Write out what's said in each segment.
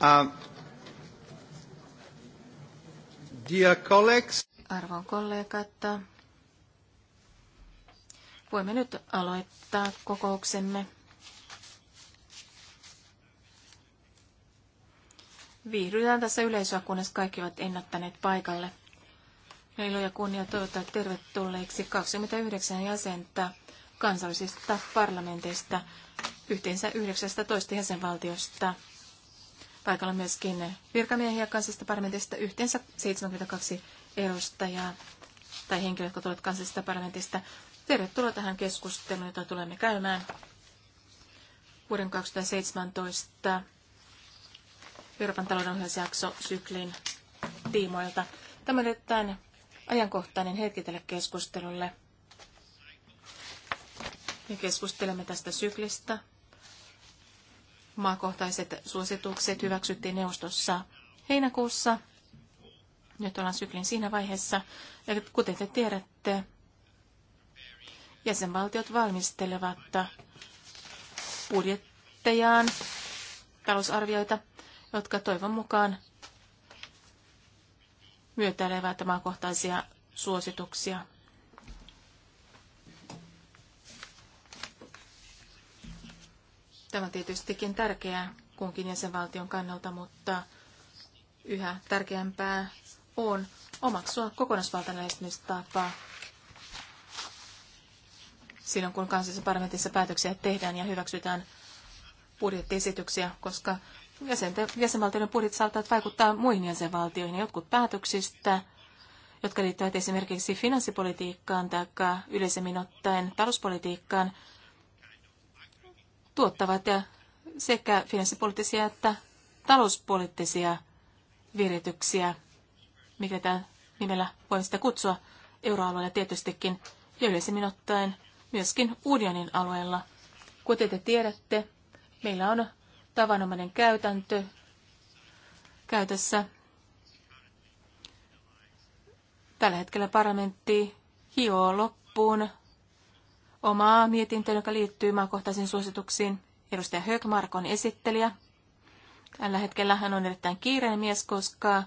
Uh, Arvon kollegat, voimme nyt aloittaa kokouksemme. Viihdytään tässä yleisöä, kunnes kaikki ovat ennättäneet paikalle. Meillä ja kunnia toivottaa tervetulleeksi 29 jäsentä kansallisista parlamenteista, yhteensä 19 jäsenvaltiosta – Paikalla myöskin virkamiehiä kansallisesta parlamentista yhteensä 72 edustajaa tai henkilöt, jotka tulevat kansallisesta parlamentista. Tervetuloa tähän keskusteluun, jota tulemme käymään vuoden 2017 Euroopan talouden ohjausjakso syklin tiimoilta. Tämä on erittäin ajankohtainen hetki tälle keskustelulle. Me keskustelemme tästä syklistä, maakohtaiset suositukset hyväksyttiin neuvostossa heinäkuussa. Nyt ollaan syklin siinä vaiheessa. Ja kuten te tiedätte, jäsenvaltiot valmistelevat budjettejaan, talousarvioita, jotka toivon mukaan myötäilevät maakohtaisia suosituksia. Tämä on tietystikin tärkeää kunkin jäsenvaltion kannalta, mutta yhä tärkeämpää on omaksua kokonaisvaltainen lähestymistapa silloin, kun kansallisessa parlamentissa päätöksiä tehdään ja hyväksytään budjettiesityksiä, koska jäsenten, jäsenvaltioiden budjetit saattavat vaikuttaa muihin jäsenvaltioihin. Jotkut päätöksistä, jotka liittyvät esimerkiksi finanssipolitiikkaan tai yleisemmin ottaen talouspolitiikkaan, tuottavat sekä finanssipoliittisia että talouspoliittisia virityksiä, mikä tämä nimellä voin sitä kutsua euroalueella tietystikin ja yleisemmin ottaen myöskin unionin alueella. Kuten te tiedätte, meillä on tavanomainen käytäntö käytössä. Tällä hetkellä parlamentti hioo loppuun omaa mietintöä, joka liittyy maakohtaisiin suosituksiin. Edustaja Högmark on esittelijä. Tällä hetkellä hän on erittäin kiireinen mies, koska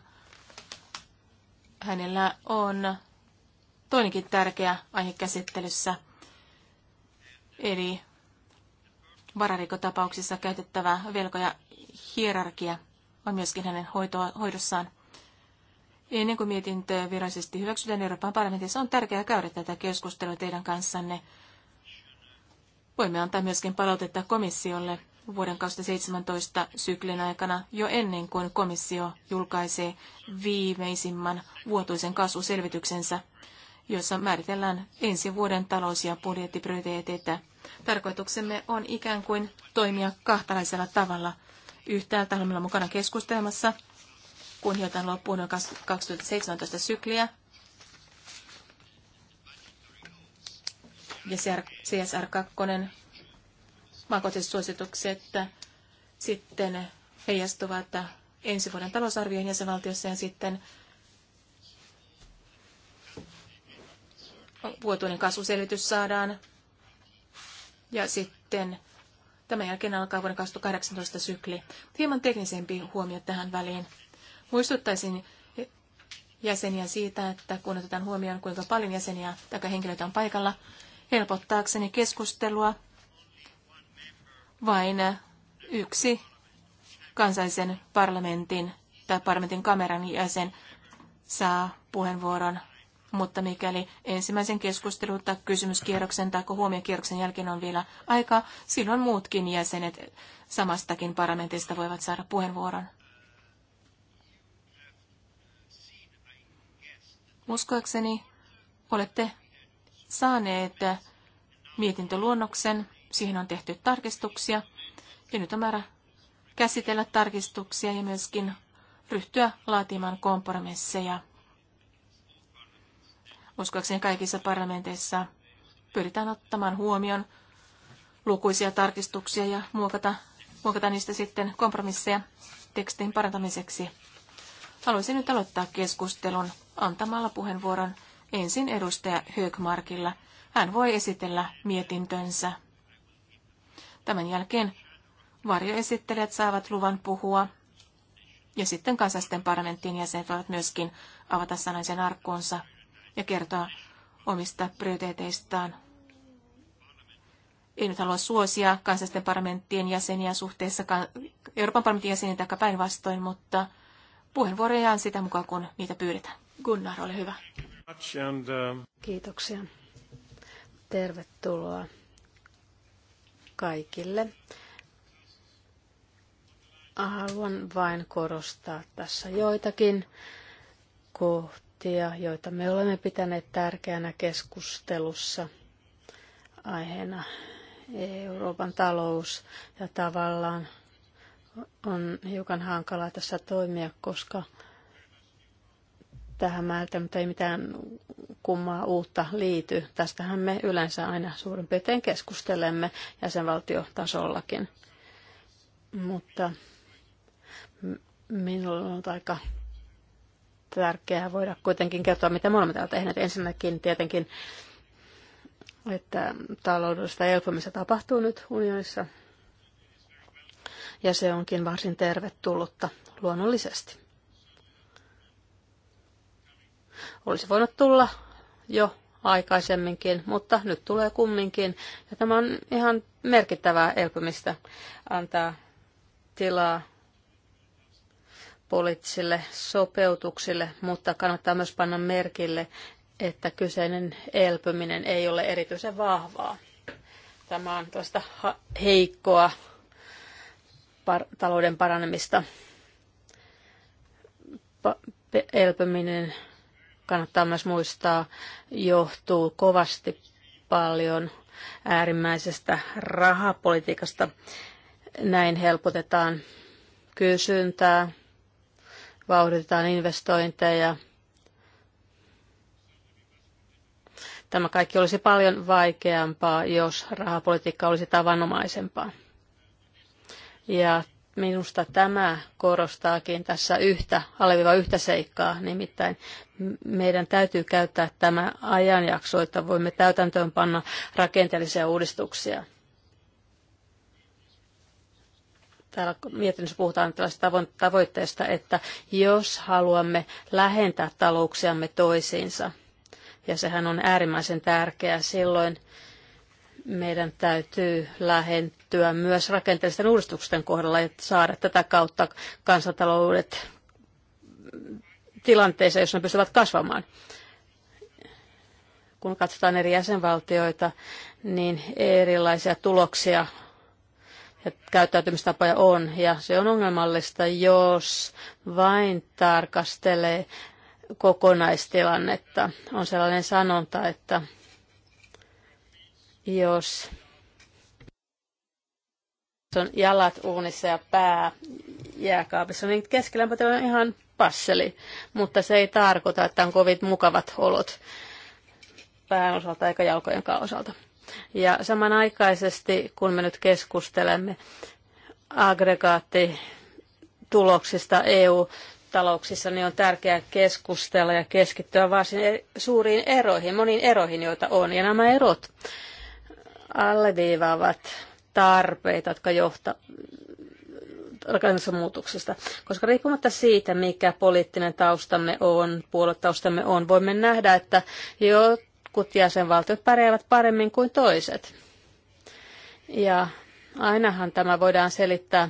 hänellä on toinenkin tärkeä aihe käsittelyssä, eli vararikotapauksissa käytettävä velkoja hierarkia on myöskin hänen hoitoa, hoidossaan. Ennen kuin mietintö virallisesti hyväksytään Euroopan parlamentissa, on tärkeää käydä tätä keskustelua teidän kanssanne Voimme antaa myöskin palautetta komissiolle vuoden 2017 syklin aikana jo ennen kuin komissio julkaisee viimeisimmän vuotuisen kasvuselvityksensä, jossa määritellään ensi vuoden talous- ja budjettiprioriteetit. Tarkoituksemme on ikään kuin toimia kahtalaisella tavalla. Yhtäältä olemme mukana keskustelemassa kun hiotaan loppuun 2017 sykliä ja CSR2 maakohtaiset suositukset sitten heijastuvat ensi vuoden talousarvioon jäsenvaltiossa ja sitten vuotuinen kasvuselvitys saadaan ja sitten tämän jälkeen alkaa vuoden 2018 sykli. Hieman teknisempi huomio tähän väliin. Muistuttaisin jäseniä siitä, että kun otetaan huomioon, kuinka paljon jäseniä tai henkilöitä on paikalla, helpottaakseni keskustelua vain yksi kansallisen parlamentin tai parlamentin kameran jäsen saa puheenvuoron. Mutta mikäli ensimmäisen keskustelun tai kysymyskierroksen tai huomiokierroksen jälkeen on vielä aikaa, silloin muutkin jäsenet samastakin parlamentista voivat saada puheenvuoron. Uskoakseni olette saaneet mietintöluonnoksen. Siihen on tehty tarkistuksia. Ja nyt on määrä käsitellä tarkistuksia ja myöskin ryhtyä laatimaan kompromisseja. Uskoakseni kaikissa parlamenteissa pyritään ottamaan huomioon lukuisia tarkistuksia ja muokata, muokata niistä sitten kompromisseja tekstin parantamiseksi. Haluaisin nyt aloittaa keskustelun antamalla puheenvuoron ensin edustaja Högmarkilla. Hän voi esitellä mietintönsä. Tämän jälkeen varjoesittelijät saavat luvan puhua. Ja sitten kansallisten parlamenttien jäsenet voivat myöskin avata sanaisen arkkuunsa ja kertoa omista prioriteeteistaan. Ei nyt halua suosia kansallisten parlamenttien jäseniä suhteessa Euroopan parlamentin jäseniin tai päinvastoin, mutta puheenvuoroja on sitä mukaan, kun niitä pyydetään. Gunnar, ole hyvä. Um, Kiitoksia. Tervetuloa kaikille. Haluan vain korostaa tässä joitakin kohtia, joita me olemme pitäneet tärkeänä keskustelussa aiheena Euroopan talous ja tavallaan on hiukan hankalaa tässä toimia, koska tähän määltä, mutta ei mitään kummaa uutta liity. Tästähän me yleensä aina suurin piirtein keskustelemme jäsenvaltiotasollakin. Mutta minulla on ollut aika tärkeää voida kuitenkin kertoa, mitä me olemme täällä tehneet. Ensinnäkin tietenkin, että taloudellista elpymistä tapahtuu nyt unionissa. Ja se onkin varsin tervetullutta luonnollisesti. Olisi voinut tulla jo aikaisemminkin, mutta nyt tulee kumminkin. Ja tämä on ihan merkittävää elpymistä antaa tilaa poliittisille sopeutuksille, mutta kannattaa myös panna merkille, että kyseinen elpyminen ei ole erityisen vahvaa. Tämä on tuosta heikkoa par- talouden paranemista. Pa- elpyminen kannattaa myös muistaa, johtuu kovasti paljon äärimmäisestä rahapolitiikasta. Näin helpotetaan kysyntää, vauhditetaan investointeja. Tämä kaikki olisi paljon vaikeampaa, jos rahapolitiikka olisi tavanomaisempaa. Ja Minusta tämä korostaakin tässä yhtä, alleviiva yhtä seikkaa, nimittäin meidän täytyy käyttää tämä ajanjakso, että voimme täytäntöön panna rakenteellisia uudistuksia. täällä mietinnössä puhutaan tällaista tavoitteesta, että jos haluamme lähentää talouksiamme toisiinsa, ja sehän on äärimmäisen tärkeää, silloin meidän täytyy lähentyä myös rakenteellisten uudistuksen kohdalla ja saada tätä kautta kansantaloudet tilanteeseen, jossa ne pystyvät kasvamaan. Kun katsotaan eri jäsenvaltioita, niin erilaisia tuloksia ja käyttäytymistapoja on, ja se on ongelmallista, jos vain tarkastelee kokonaistilannetta. On sellainen sanonta, että jos on jalat uunissa ja pää jääkaapissa, niin keskilämpötila on ihan passeli, mutta se ei tarkoita, että on kovin mukavat olot pään osalta eikä jalkojen osalta. Ja samanaikaisesti, kun me nyt keskustelemme aggregaattituloksista tuloksista EU-talouksissa, niin on tärkeää keskustella ja keskittyä varsin e- suuriin eroihin, moniin eroihin, joita on. Ja nämä erot alleviivaavat tarpeita, jotka johtavat rakennusmuutoksesta. koska riippumatta siitä, mikä poliittinen taustamme on, puoluetaustamme on, voimme nähdä, että jotkut jäsenvaltiot pärjäävät paremmin kuin toiset. Ja ainahan tämä voidaan selittää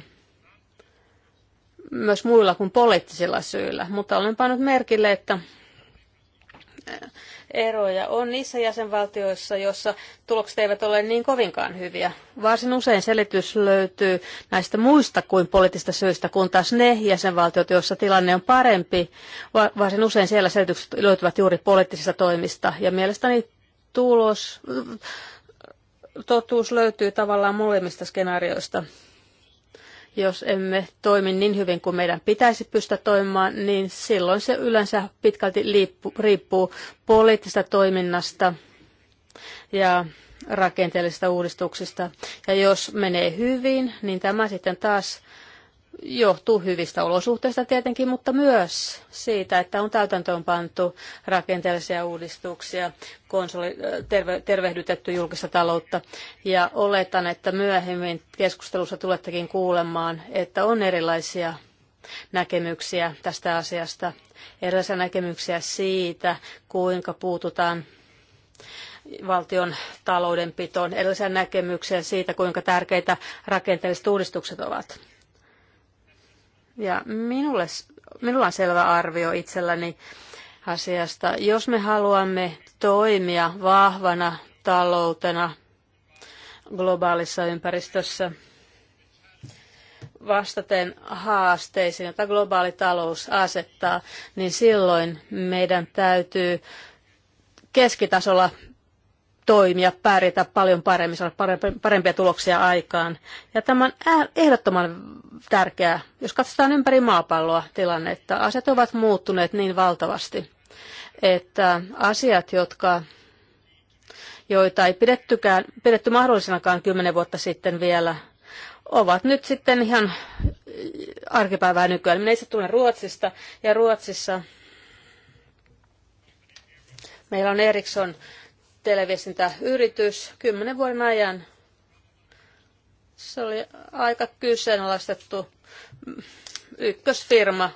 myös muilla kuin poliittisilla syillä, mutta olen pannut merkille, että eroja on niissä jäsenvaltioissa, joissa tulokset eivät ole niin kovinkaan hyviä. Varsin usein selitys löytyy näistä muista kuin poliittisista syistä, kun taas ne jäsenvaltiot, joissa tilanne on parempi, varsin usein siellä selitykset löytyvät juuri poliittisista toimista. Ja mielestäni tulos, totuus löytyy tavallaan molemmista skenaarioista. Jos emme toimi niin hyvin kuin meidän pitäisi pystyä toimimaan, niin silloin se yleensä pitkälti liippu, riippuu poliittisesta toiminnasta ja rakenteellisista uudistuksista. Ja jos menee hyvin, niin tämä sitten taas johtuu hyvistä olosuhteista tietenkin, mutta myös siitä, että on täytäntöön pantu rakenteellisia uudistuksia, konsoli, äh, terve, tervehdytetty julkista taloutta. Ja oletan, että myöhemmin keskustelussa tulettekin kuulemaan, että on erilaisia näkemyksiä tästä asiasta, erilaisia näkemyksiä siitä, kuinka puututaan valtion taloudenpitoon, erilaisia näkemyksiä siitä, kuinka tärkeitä rakenteelliset uudistukset ovat ja minulle, minulla on selvä arvio itselläni asiasta. Jos me haluamme toimia vahvana taloutena globaalissa ympäristössä, vastaten haasteisiin, joita globaali talous asettaa, niin silloin meidän täytyy keskitasolla toimia, pärjätä paljon paremmin, saada parempia tuloksia aikaan. Ja tämä on ehdottoman tärkeää, jos katsotaan ympäri maapalloa tilannetta. Asiat ovat muuttuneet niin valtavasti, että asiat, jotka, joita ei pidettykään, pidetty mahdollisinakaan kymmenen vuotta sitten vielä, ovat nyt sitten ihan arkipäivää nykyään. Minä itse tulen Ruotsista ja Ruotsissa meillä on Eriksson televisintäyritys kymmenen vuoden ajan. Se oli aika kyseenalaistettu ykkösfirma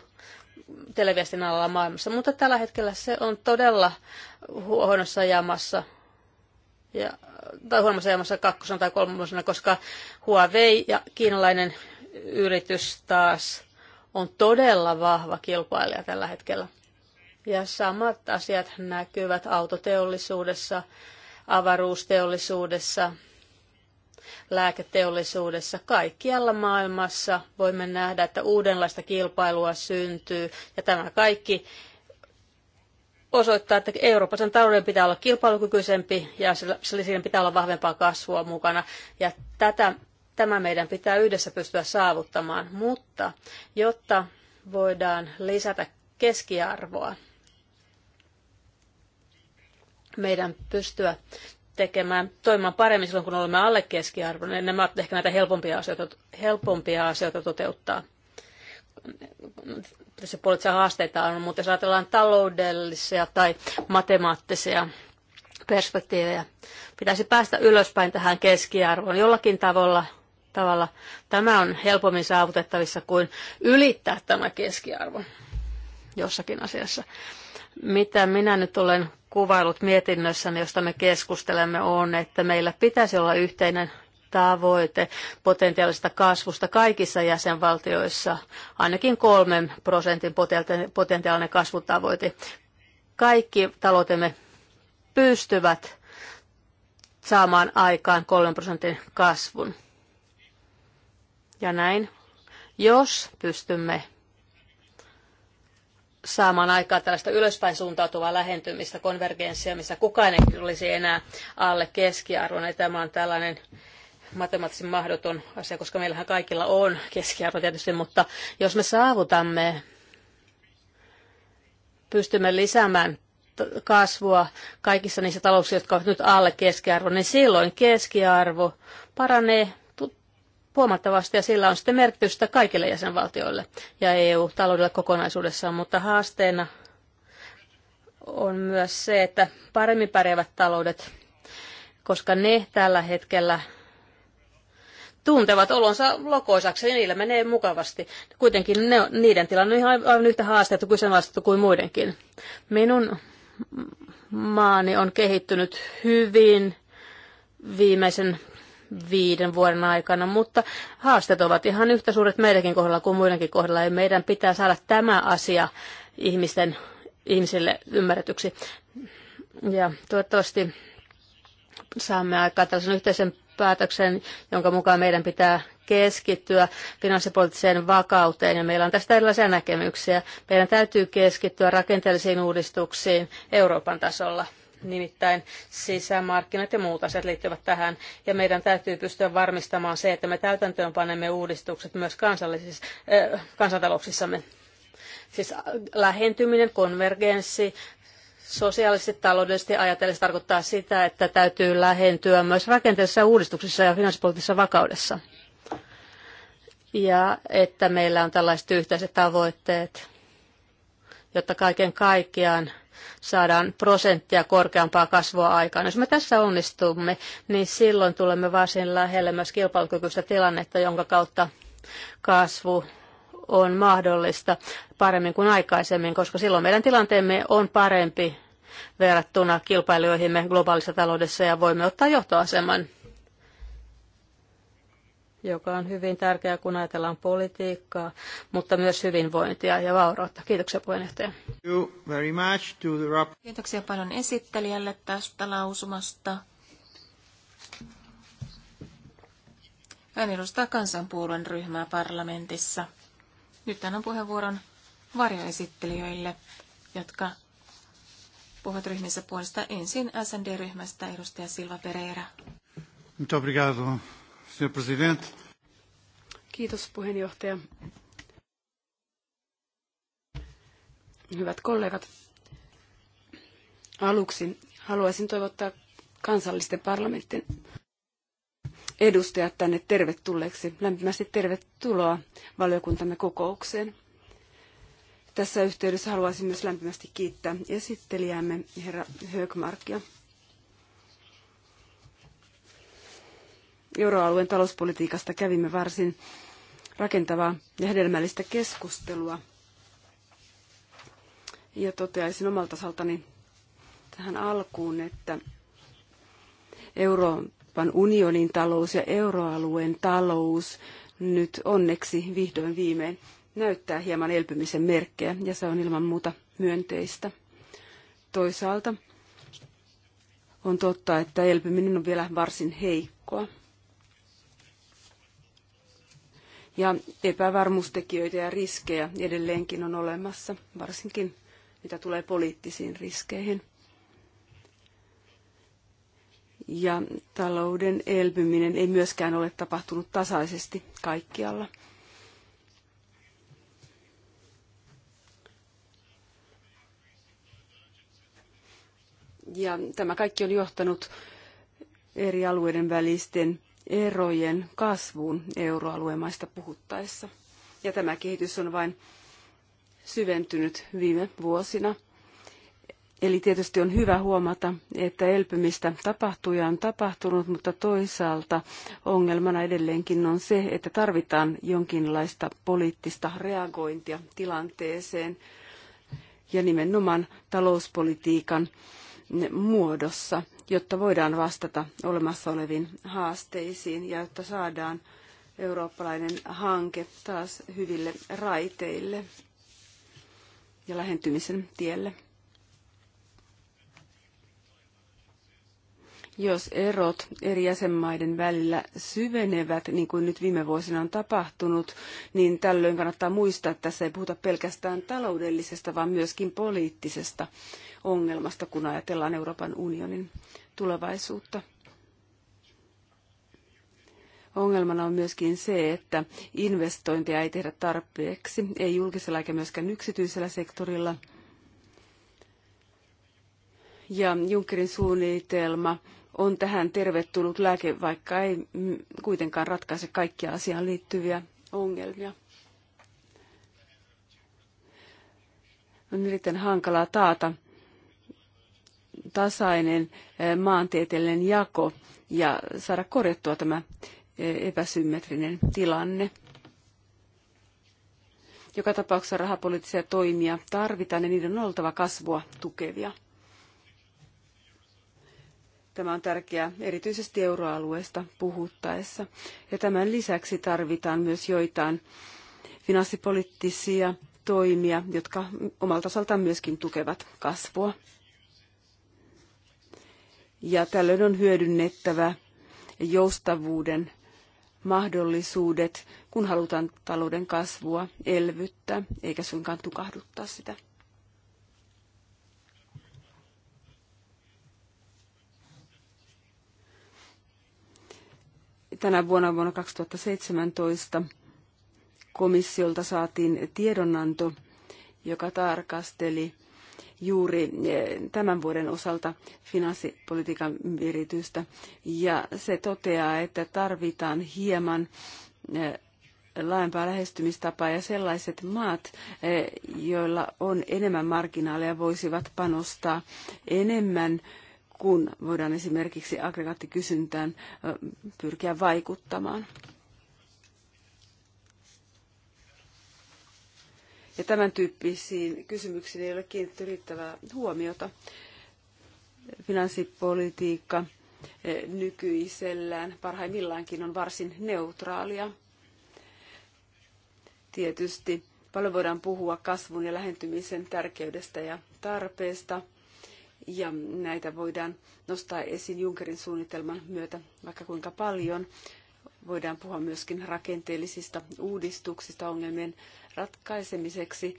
televiestin alalla maailmassa, mutta tällä hetkellä se on todella huonossa jamassa. Ja, tai huonossa jamassa kakkosena tai kolmosena, koska Huawei ja kiinalainen yritys taas on todella vahva kilpailija tällä hetkellä. Ja samat asiat näkyvät autoteollisuudessa, avaruusteollisuudessa, lääketeollisuudessa, kaikkialla maailmassa voimme nähdä, että uudenlaista kilpailua syntyy. Ja tämä kaikki osoittaa, että Euroopan talouden pitää olla kilpailukykyisempi ja siinä pitää olla vahvempaa kasvua mukana. Ja tätä, tämä meidän pitää yhdessä pystyä saavuttamaan, mutta jotta voidaan lisätä keskiarvoa, meidän pystyä tekemään, toimimaan paremmin silloin, kun olemme alle keskiarvon. Niin nämä ovat ehkä näitä helpompia asioita, helpompia asioita toteuttaa. Tässä poliittisia haasteita on, mutta jos ajatellaan taloudellisia tai matemaattisia perspektiivejä, pitäisi päästä ylöspäin tähän keskiarvoon jollakin tavalla. tavalla. Tämä on helpommin saavutettavissa kuin ylittää tämä keskiarvo jossakin asiassa. Mitä minä nyt olen kuvailut mietinnössäni, josta me keskustelemme, on, että meillä pitäisi olla yhteinen tavoite potentiaalista kasvusta kaikissa jäsenvaltioissa, ainakin kolmen prosentin potentiaalinen kasvutavoite. Kaikki taloutemme pystyvät saamaan aikaan kolmen prosentin kasvun. Ja näin, jos pystymme saamaan aikaa tällaista ylöspäin suuntautuvaa lähentymistä, konvergenssia, missä kukaan ei olisi enää alle keskiarvon. Ja tämä on tällainen matemaattisesti mahdoton asia, koska meillähän kaikilla on keskiarvo tietysti, mutta jos me saavutamme, pystymme lisäämään kasvua kaikissa niissä talouksissa, jotka ovat nyt alle keskiarvon, niin silloin keskiarvo paranee huomattavasti ja sillä on sitten merkitystä kaikille jäsenvaltioille ja EU-taloudelle kokonaisuudessaan, mutta haasteena on myös se, että paremmin pärjäävät taloudet, koska ne tällä hetkellä tuntevat olonsa lokoisaksi ja niillä menee mukavasti. Kuitenkin ne, niiden tilanne on ihan, aivan yhtä haasteettu kyseenalaistettu kuin muidenkin. Minun maani on kehittynyt hyvin viimeisen viiden vuoden aikana, mutta haasteet ovat ihan yhtä suuret meidänkin kohdalla kuin muidenkin kohdalla, ja meidän pitää saada tämä asia ihmisten, ihmisille ymmärretyksi. Ja toivottavasti saamme aikaan tällaisen yhteisen päätöksen, jonka mukaan meidän pitää keskittyä finanssipoliittiseen vakauteen, ja meillä on tästä erilaisia näkemyksiä. Meidän täytyy keskittyä rakenteellisiin uudistuksiin Euroopan tasolla nimittäin sisämarkkinat ja muut asiat liittyvät tähän, ja meidän täytyy pystyä varmistamaan se, että me täytäntöön panemme uudistukset myös kansallisissa, äh, kansantalouksissamme. Siis äh, lähentyminen, konvergenssi, sosiaalisesti, taloudellisesti ajatellen se tarkoittaa sitä, että täytyy lähentyä myös rakenteellisissa uudistuksissa ja finanssipoliittisessa vakaudessa. Ja että meillä on tällaiset yhteiset tavoitteet, jotta kaiken kaikkiaan – saadaan prosenttia korkeampaa kasvua aikaan. Jos me tässä onnistumme, niin silloin tulemme varsin lähelle myös kilpailukykyistä tilannetta, jonka kautta kasvu on mahdollista paremmin kuin aikaisemmin, koska silloin meidän tilanteemme on parempi verrattuna kilpailijoihimme globaalissa taloudessa ja voimme ottaa johtoaseman joka on hyvin tärkeä, kun ajatellaan politiikkaa, mutta myös hyvinvointia ja vaurautta. Kiitoksia puheenjohtaja. Kiitoksia paljon esittelijälle tästä lausumasta. Hän edustaa kansanpuolueen ryhmää parlamentissa. Nyt annan puheenvuoron varjoesittelijöille, jotka puhuvat ryhmissä puolesta ensin SND-ryhmästä edustaja Silva Pereira. Muito obrigado, Sr. President. Kiitos puheenjohtaja. Hyvät kollegat, aluksi haluaisin toivottaa kansallisten parlamentin edustajat tänne tervetulleeksi. Lämpimästi tervetuloa valiokuntamme kokoukseen. Tässä yhteydessä haluaisin myös lämpimästi kiittää esittelijäämme herra Högmarkia euroalueen talouspolitiikasta kävimme varsin rakentavaa ja hedelmällistä keskustelua. Ja toteaisin omalta osaltani tähän alkuun, että Euroopan unionin talous ja euroalueen talous nyt onneksi vihdoin viimein näyttää hieman elpymisen merkkejä, ja se on ilman muuta myönteistä. Toisaalta on totta, että elpyminen on vielä varsin heikkoa. Ja epävarmuustekijöitä ja riskejä edelleenkin on olemassa, varsinkin mitä tulee poliittisiin riskeihin. Ja talouden elpyminen ei myöskään ole tapahtunut tasaisesti kaikkialla. Ja tämä kaikki on johtanut eri alueiden välisten erojen kasvuun euroalueen maista puhuttaessa. Ja tämä kehitys on vain syventynyt viime vuosina. Eli tietysti on hyvä huomata, että elpymistä tapahtuu ja on tapahtunut, mutta toisaalta ongelmana edelleenkin on se, että tarvitaan jonkinlaista poliittista reagointia tilanteeseen ja nimenomaan talouspolitiikan muodossa jotta voidaan vastata olemassa oleviin haasteisiin ja jotta saadaan eurooppalainen hanke taas hyville raiteille ja lähentymisen tielle. Jos erot eri jäsenmaiden välillä syvenevät, niin kuin nyt viime vuosina on tapahtunut, niin tällöin kannattaa muistaa, että tässä ei puhuta pelkästään taloudellisesta, vaan myöskin poliittisesta ongelmasta, kun ajatellaan Euroopan unionin tulevaisuutta. Ongelmana on myöskin se, että investointeja ei tehdä tarpeeksi, ei julkisella eikä myöskään yksityisellä sektorilla. Ja Junckerin suunnitelma on tähän tervetullut lääke, vaikka ei mm, kuitenkaan ratkaise kaikkia asiaan liittyviä ongelmia. On erittäin hankalaa taata tasainen eh, maantieteellinen jako ja saada korjattua tämä eh, epäsymmetrinen tilanne. Joka tapauksessa rahapoliittisia toimia tarvitaan ja niiden on oltava kasvua tukevia. Tämä on tärkeää erityisesti euroalueesta puhuttaessa. Ja tämän lisäksi tarvitaan myös joitain finanssipoliittisia toimia, jotka omalta osaltaan myöskin tukevat kasvua ja tällöin on hyödynnettävä joustavuuden mahdollisuudet, kun halutaan talouden kasvua elvyttää, eikä suinkaan tukahduttaa sitä. Tänä vuonna vuonna 2017 komissiolta saatiin tiedonanto, joka tarkasteli juuri eh, tämän vuoden osalta finanssipolitiikan viritystä. Ja se toteaa, että tarvitaan hieman eh, laajempaa lähestymistapaa ja sellaiset maat, eh, joilla on enemmän marginaaleja, voisivat panostaa enemmän kun voidaan esimerkiksi aggregaattikysyntään pyrkiä vaikuttamaan. Ja tämän tyyppisiin kysymyksiin ei ole kiinnitetty riittävää huomiota. Finanssipolitiikka eh, nykyisellään parhaimmillaankin on varsin neutraalia. Tietysti paljon voidaan puhua kasvun ja lähentymisen tärkeydestä ja tarpeesta. Ja näitä voidaan nostaa esiin Junckerin suunnitelman myötä vaikka kuinka paljon voidaan puhua myöskin rakenteellisista uudistuksista ongelmien ratkaisemiseksi,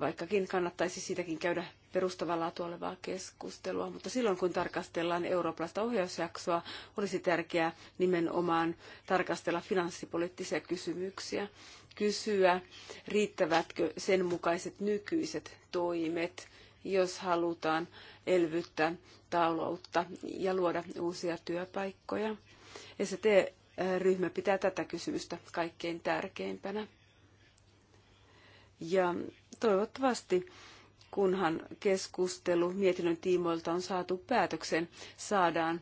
vaikkakin kannattaisi siitäkin käydä perustavalla olevaa keskustelua. Mutta silloin kun tarkastellaan eurooppalaista ohjausjaksoa, olisi tärkeää nimenomaan tarkastella finanssipoliittisia kysymyksiä, kysyä, riittävätkö sen mukaiset nykyiset toimet, jos halutaan elvyttää taloutta ja luoda uusia työpaikkoja. ST ryhmä pitää tätä kysymystä kaikkein tärkeimpänä. Ja toivottavasti, kunhan keskustelu mietinnön tiimoilta on saatu päätöksen, saadaan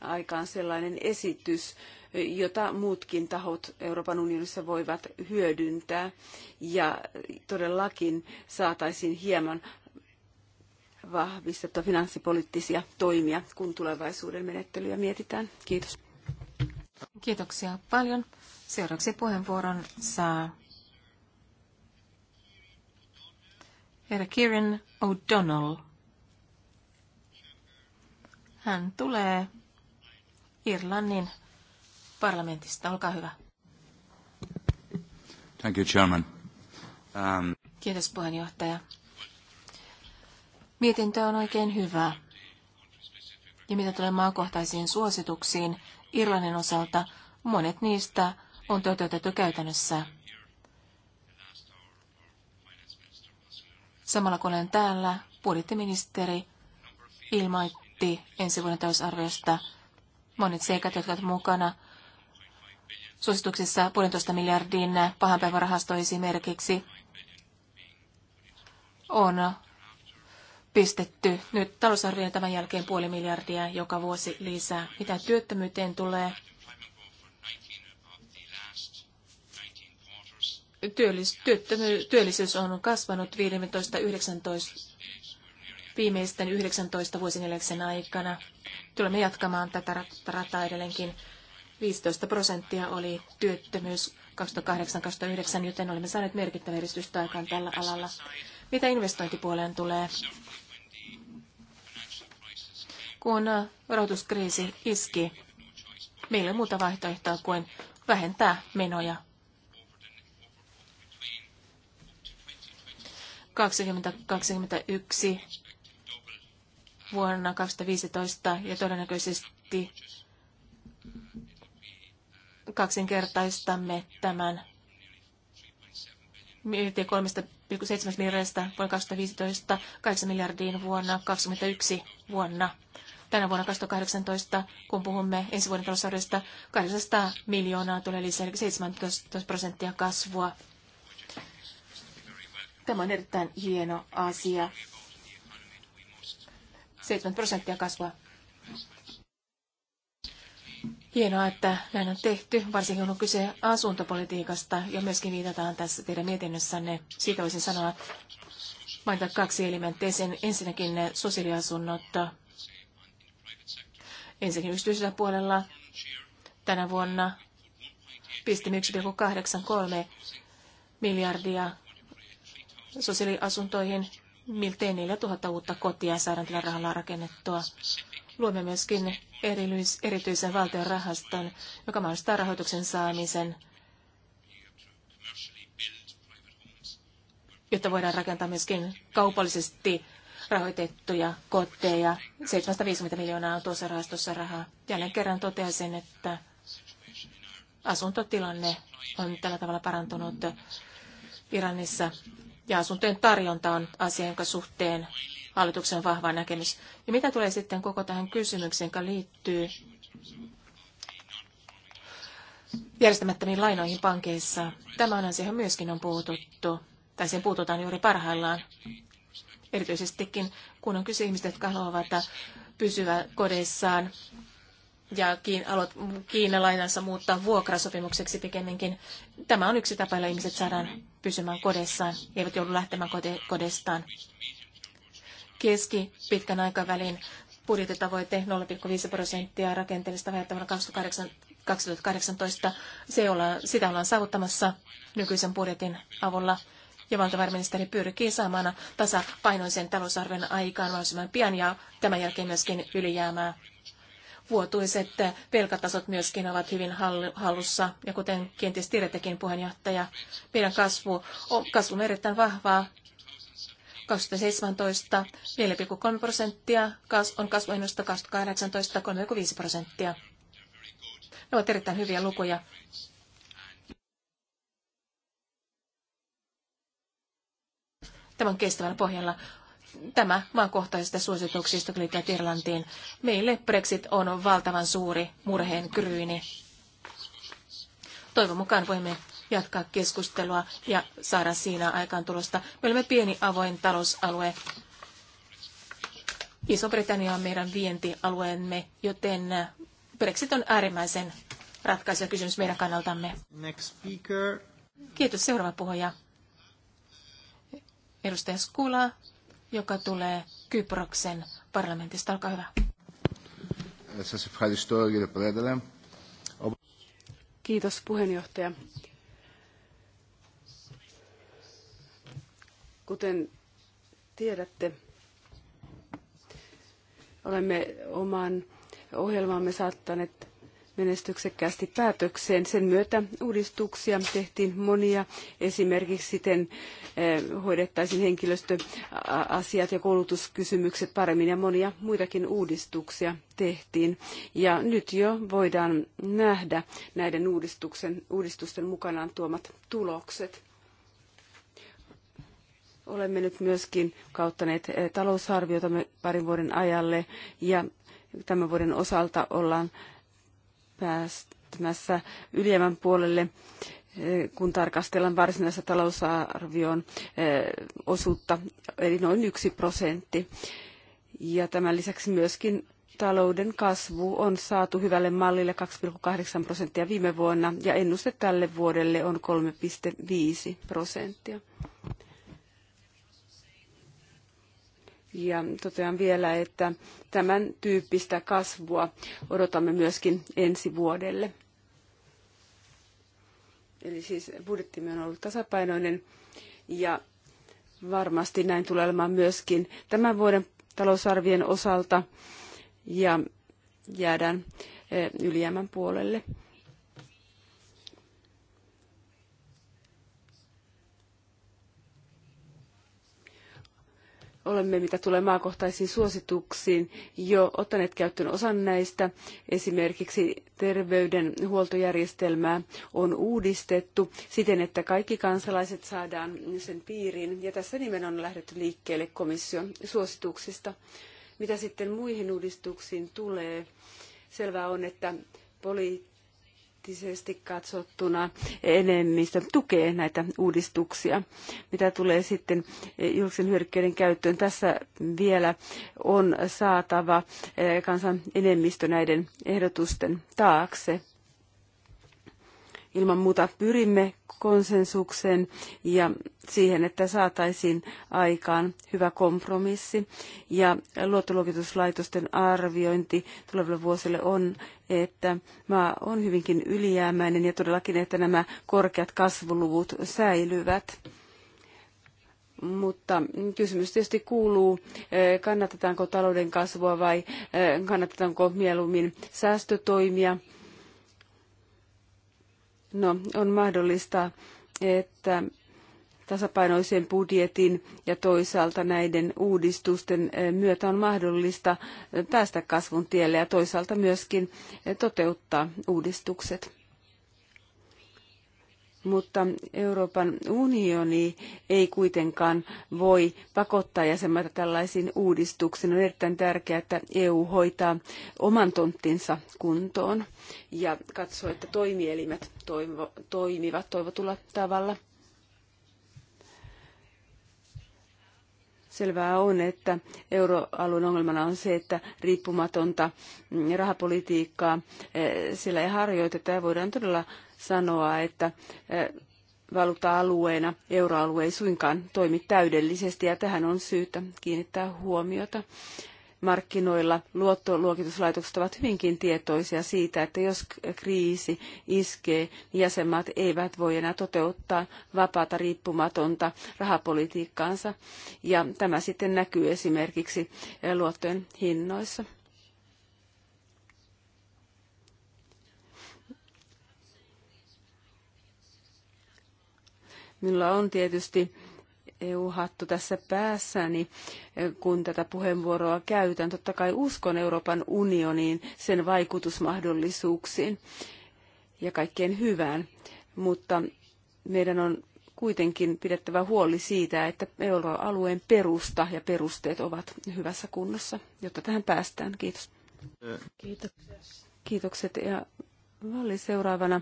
aikaan sellainen esitys, jota muutkin tahot Euroopan unionissa voivat hyödyntää. Ja todellakin saataisiin hieman vahvistettua finanssipoliittisia toimia, kun tulevaisuuden menettelyjä mietitään. Kiitos. Kiitoksia paljon. Seuraavaksi puheenvuoron saa herra Kieran O'Donnell. Hän tulee Irlannin parlamentista. Olkaa hyvä. Thank you, Chairman. Um... Kiitos puheenjohtaja. Mietintö on oikein hyvä. Ja mitä tulee maakohtaisiin suosituksiin, Irlannin osalta monet niistä on toteutettu käytännössä. Samalla kun olen täällä, budjettiministeri ilmoitti ensi vuoden talousarviosta monet seikat, jotka ovat mukana suosituksissa puolentoista miljardin pahanpäivärahasto esimerkiksi on pistetty nyt talousarvioon tämän jälkeen puoli miljardia joka vuosi lisää. Mitä työttömyyteen tulee? Työllis, työttömy, työllisyys on kasvanut 15-19 viimeisten 19 vuosineljäksen aikana. Tulemme jatkamaan tätä rataa edelleenkin. 15 prosenttia oli työttömyys 2008-2009, joten olemme saaneet merkittävä edistystä aikaan tällä alalla. Mitä investointipuoleen tulee? Kun rahoituskriisi iski, meillä ei muuta vaihtoehtoa kuin vähentää menoja 2021 vuonna 2015 ja todennäköisesti kaksinkertaistamme tämän miljardista vuonna 2015 8 miljardiin vuonna 2021 vuonna. Tänä vuonna 2018, kun puhumme ensi vuoden talousarviosta, 800 miljoonaa tulee lisää, eli 17 prosenttia kasvua. Tämä on erittäin hieno asia. 7 prosenttia kasvua Hienoa, että näin on tehty, varsinkin kun on kyse asuntopolitiikasta ja myöskin viitataan tässä teidän mietinnössänne. Siitä voisin sanoa mainita kaksi elementtiä. Sen ensinnäkin ne sosiaaliasunnot ensinnäkin yksityisellä puolella tänä vuonna pistimme 1,83 miljardia sosiaaliasuntoihin, miltei 4000 uutta kotia saadaan tällä rahalla rakennettua. Luomme myöskin erityisen valtion rahaston, joka mahdollistaa rahoituksen saamisen, jotta voidaan rakentaa myöskin kaupallisesti rahoitettuja koteja. 750 miljoonaa on tuossa rahastossa rahaa. Jälleen kerran toteaisin, että asuntotilanne on tällä tavalla parantunut Iranissa ja asuntojen tarjonta on asia, jonka suhteen hallituksen vahva näkemys. Ja mitä tulee sitten koko tähän kysymykseen, joka liittyy järjestämättömiin lainoihin pankeissa. Tämä on asia, myöskin on puututtu, tai siihen puututaan juuri parhaillaan. Erityisestikin, kun on kyse ihmistä, jotka haluavat pysyä kodeissaan ja aloit kiinalainansa muuttaa vuokrasopimukseksi pikemminkin. Tämä on yksi tapa, jolla ihmiset saadaan pysymään kodessaan, eivät joudu lähtemään kodestaan. Keski pitkän aikavälin budjettitavoite 0,5 prosenttia rakenteellista vähettä vuonna 2018. Se olla, sitä ollaan saavuttamassa nykyisen budjetin avulla ja valtavarministeri pyrkii saamaan tasapainoisen talousarven aikaan mahdollisimman pian ja tämän jälkeen myöskin ylijäämää vuotuiset velkatasot myöskin ovat hyvin hallussa. Ja kuten kenties tiedättekin puheenjohtaja, meidän kasvu on, kasvu on erittäin vahvaa. 2017 4,3 prosenttia on kasvuennusta 2018 3,5 prosenttia. Ne ovat erittäin hyviä lukuja. Tämän kestävällä pohjalla tämä maakohtaisista suosituksista liittyvät Irlantiin. Meille Brexit on valtavan suuri murheen kryyni. Toivon mukaan voimme jatkaa keskustelua ja saada siinä aikaan tulosta. Me olemme pieni avoin talousalue. Iso-Britannia on meidän vientialueemme, joten Brexit on äärimmäisen ratkaiseva kysymys meidän kannaltamme. Next speaker. Kiitos. Seuraava puhuja. Edustaja Skula joka tulee Kyproksen parlamentista. Olkaa hyvä. Kiitos puheenjohtaja. Kuten tiedätte, olemme oman ohjelmaamme saattaneet menestyksekkäästi päätökseen. Sen myötä uudistuksia tehtiin monia. Esimerkiksi siten eh, hoidettaisiin henkilöstöasiat ja koulutuskysymykset paremmin ja monia muitakin uudistuksia tehtiin. Ja nyt jo voidaan nähdä näiden uudistuksen, uudistusten mukanaan tuomat tulokset. Olemme nyt myöskin kauttaneet eh, talousarviotamme parin vuoden ajalle ja tämän vuoden osalta ollaan päästämässä ylijäämän puolelle, eh, kun tarkastellaan varsinaista talousarvion eh, osuutta, eli noin yksi prosentti. Ja tämän lisäksi myöskin talouden kasvu on saatu hyvälle mallille 2,8 prosenttia viime vuonna ja ennuste tälle vuodelle on 3,5 prosenttia. Ja totean vielä, että tämän tyyppistä kasvua odotamme myöskin ensi vuodelle. Eli siis budjettimme on ollut tasapainoinen ja varmasti näin tulee olemaan myöskin tämän vuoden talousarvien osalta ja jäädään eh, ylijäämän puolelle. olemme, mitä tulee maakohtaisiin suosituksiin, jo ottaneet käyttöön osan näistä. Esimerkiksi terveydenhuoltojärjestelmää on uudistettu siten, että kaikki kansalaiset saadaan sen piiriin. Ja tässä nimenomaan on lähdetty liikkeelle komission suosituksista. Mitä sitten muihin uudistuksiin tulee, selvää on, että poliittinen poliittisesti katsottuna enemmistö tukee näitä uudistuksia. Mitä tulee sitten julkisen hyödykkeiden käyttöön, tässä vielä on saatava eh, kansan enemmistö näiden ehdotusten taakse ilman muuta pyrimme konsensukseen ja siihen, että saataisiin aikaan hyvä kompromissi. Ja luottoluokituslaitosten arviointi tuleville vuosille on, että maa on hyvinkin ylijäämäinen ja todellakin, että nämä korkeat kasvuluvut säilyvät. Mutta kysymys tietysti kuuluu, eh, kannatetaanko talouden kasvua vai eh, kannatetaanko mieluummin säästötoimia – No, on mahdollista, että tasapainoisen budjetin ja toisaalta näiden uudistusten eh, myötä on mahdollista eh, päästä kasvun tielle ja toisaalta myöskin eh, toteuttaa uudistukset mutta Euroopan unioni ei kuitenkaan voi pakottaa jäsenmaita tällaisiin uudistuksiin. On erittäin tärkeää, että EU hoitaa oman tonttinsa kuntoon ja katsoo, että toimielimet toivo, toimivat toivotulla tavalla. Selvää on, että euroalueen ongelmana on se, että riippumatonta rahapolitiikkaa eh, siellä ei harjoiteta ja voidaan todella sanoa, että eh, valuutta-alueena euroalue ei suinkaan toimi täydellisesti ja tähän on syytä kiinnittää huomiota. Markkinoilla luottoluokituslaitokset ovat hyvinkin tietoisia siitä, että jos kriisi iskee, niin jäsenmaat eivät voi enää toteuttaa vapaata riippumatonta rahapolitiikkaansa. Ja tämä sitten näkyy esimerkiksi luottojen hinnoissa. Minulla on tietysti EU-hattu tässä päässäni, kun tätä puheenvuoroa käytän. Totta kai uskon Euroopan unioniin, sen vaikutusmahdollisuuksiin ja kaikkeen hyvään, mutta meidän on kuitenkin pidettävä huoli siitä, että euroalueen perusta ja perusteet ovat hyvässä kunnossa, jotta tähän päästään. Kiitos. Kiitokset. Kiitokset. Ja Valli seuraavana.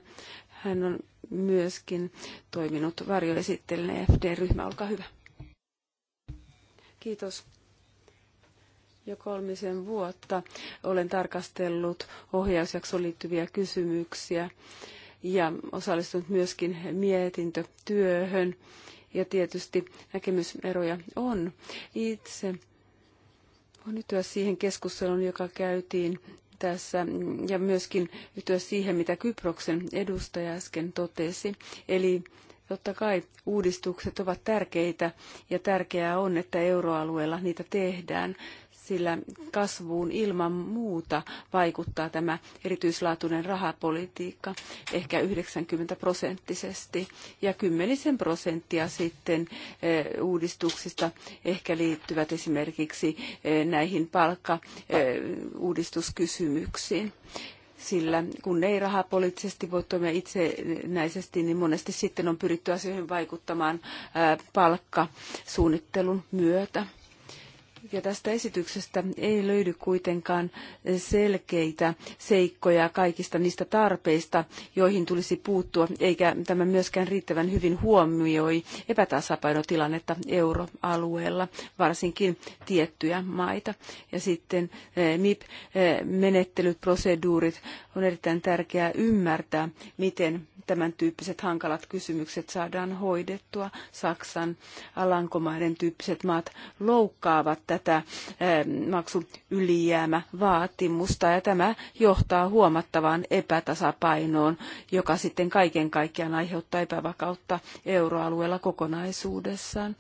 Hän on myöskin toiminut varjoesittelijänä FD-ryhmä. Olkaa hyvä. Kiitos. Jo kolmisen vuotta olen tarkastellut ohjausjaksoon liittyviä kysymyksiä ja osallistunut myöskin mietintötyöhön. Ja tietysti näkemyseroja on. Itse on nytyä siihen keskusteluun, joka käytiin tässä mm, ja myöskin yhtyä siihen, mitä Kyproksen edustaja äsken totesi. Eli totta kai uudistukset ovat tärkeitä ja tärkeää on, että euroalueella niitä tehdään sillä kasvuun ilman muuta vaikuttaa tämä erityislaatuinen rahapolitiikka ehkä 90 prosenttisesti ja kymmenisen prosenttia sitten eh, uudistuksista ehkä liittyvät esimerkiksi eh, näihin palkkauudistuskysymyksiin eh, sillä kun ei rahapoliittisesti voi toimia itsenäisesti, niin monesti sitten on pyritty asioihin vaikuttamaan palkkasuunnittelun myötä. Ja tästä esityksestä ei löydy kuitenkaan selkeitä seikkoja kaikista niistä tarpeista, joihin tulisi puuttua, eikä tämä myöskään riittävän hyvin huomioi epätasapainotilannetta euroalueella, varsinkin tiettyjä maita. Ja sitten eh, MIP-menettelyt, eh, proseduurit, on erittäin tärkeää ymmärtää, miten tämän tyyppiset hankalat kysymykset saadaan hoidettua. Saksan, Alankomaiden tyyppiset maat loukkaavat tätä tätä ähm, vaatimusta ja tämä johtaa huomattavaan epätasapainoon, joka sitten kaiken kaikkiaan aiheuttaa epävakautta euroalueella kokonaisuudessaan.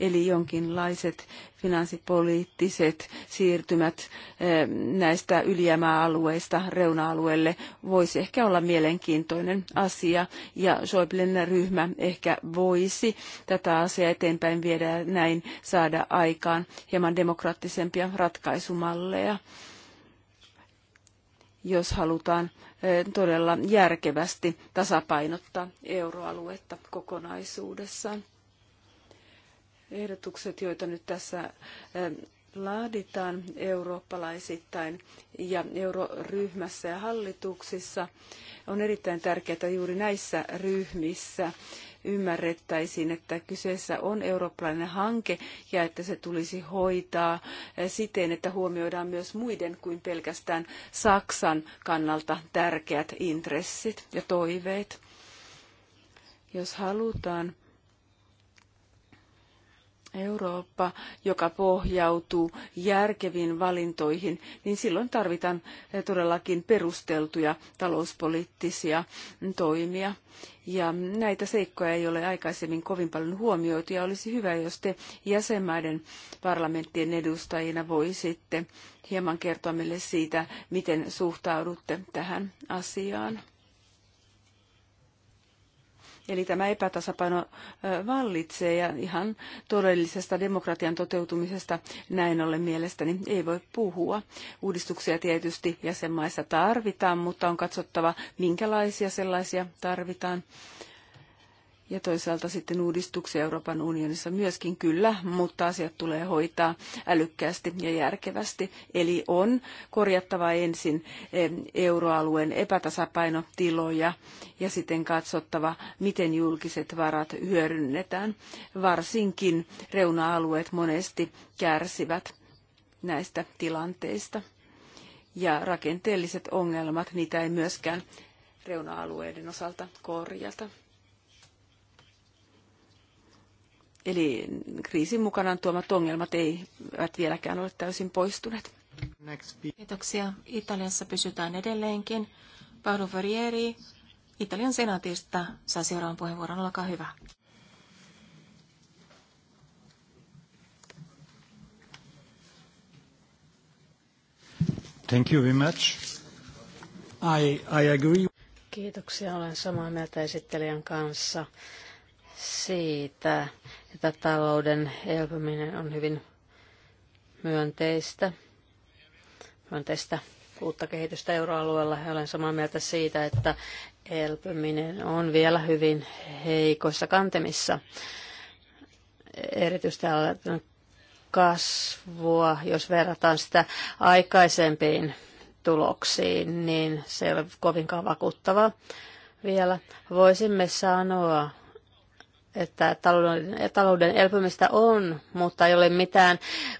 Eli jonkinlaiset finanssipoliittiset siirtymät eh, näistä ylijäämäalueista reuna-alueelle voisi ehkä olla mielenkiintoinen asia ja Schäublen ryhmä ehkä voisi tätä asiaa eteenpäin viedä ja näin saada aikaan hieman demokraattisempia ratkaisumalleja jos halutaan eh, todella järkevästi tasapainottaa euroaluetta kokonaisuudessaan ehdotukset, joita nyt tässä ähm, laaditaan eurooppalaisittain ja euroryhmässä ja hallituksissa. On erittäin tärkeää että juuri näissä ryhmissä ymmärrettäisiin, että kyseessä on eurooppalainen hanke ja että se tulisi hoitaa äh, siten, että huomioidaan myös muiden kuin pelkästään Saksan kannalta tärkeät intressit ja toiveet. Jos halutaan Eurooppa, joka pohjautuu järkeviin valintoihin, niin silloin tarvitaan eh, todellakin perusteltuja talouspoliittisia toimia. Ja näitä seikkoja ei ole aikaisemmin kovin paljon huomioitu ja olisi hyvä, jos te jäsenmaiden parlamenttien edustajina voisitte hieman kertoa meille siitä, miten suhtaudutte tähän asiaan. Eli tämä epätasapaino vallitsee ja ihan todellisesta demokratian toteutumisesta näin ollen mielestäni ei voi puhua. Uudistuksia tietysti jäsenmaissa tarvitaan, mutta on katsottava, minkälaisia sellaisia tarvitaan ja toisaalta sitten uudistuksia Euroopan unionissa myöskin kyllä, mutta asiat tulee hoitaa älykkäästi ja järkevästi. Eli on korjattava ensin eh, euroalueen epätasapainotiloja ja sitten katsottava, miten julkiset varat hyödynnetään. Varsinkin reuna-alueet monesti kärsivät näistä tilanteista. Ja rakenteelliset ongelmat, niitä ei myöskään reuna-alueiden osalta korjata. Eli kriisin mukanaan tuomat ongelmat eivät vieläkään ole täysin poistuneet. Kiitoksia. Italiassa pysytään edelleenkin. Paolo Ferrieri Italian senaatista saa seuraavan puheenvuoron. Olkaa hyvä. Thank you very much. I, I agree. Kiitoksia. Olen samaa mieltä esittelijän kanssa siitä, että talouden elpyminen on hyvin myönteistä, myönteistä uutta kehitystä euroalueella. Ja olen samaa mieltä siitä, että elpyminen on vielä hyvin heikoissa kantemissa. Erityisesti kasvua, jos verrataan sitä aikaisempiin tuloksiin, niin se ei ole kovinkaan vakuuttavaa vielä. Voisimme sanoa, että talouden, talouden elpymistä on, mutta ei ole mitään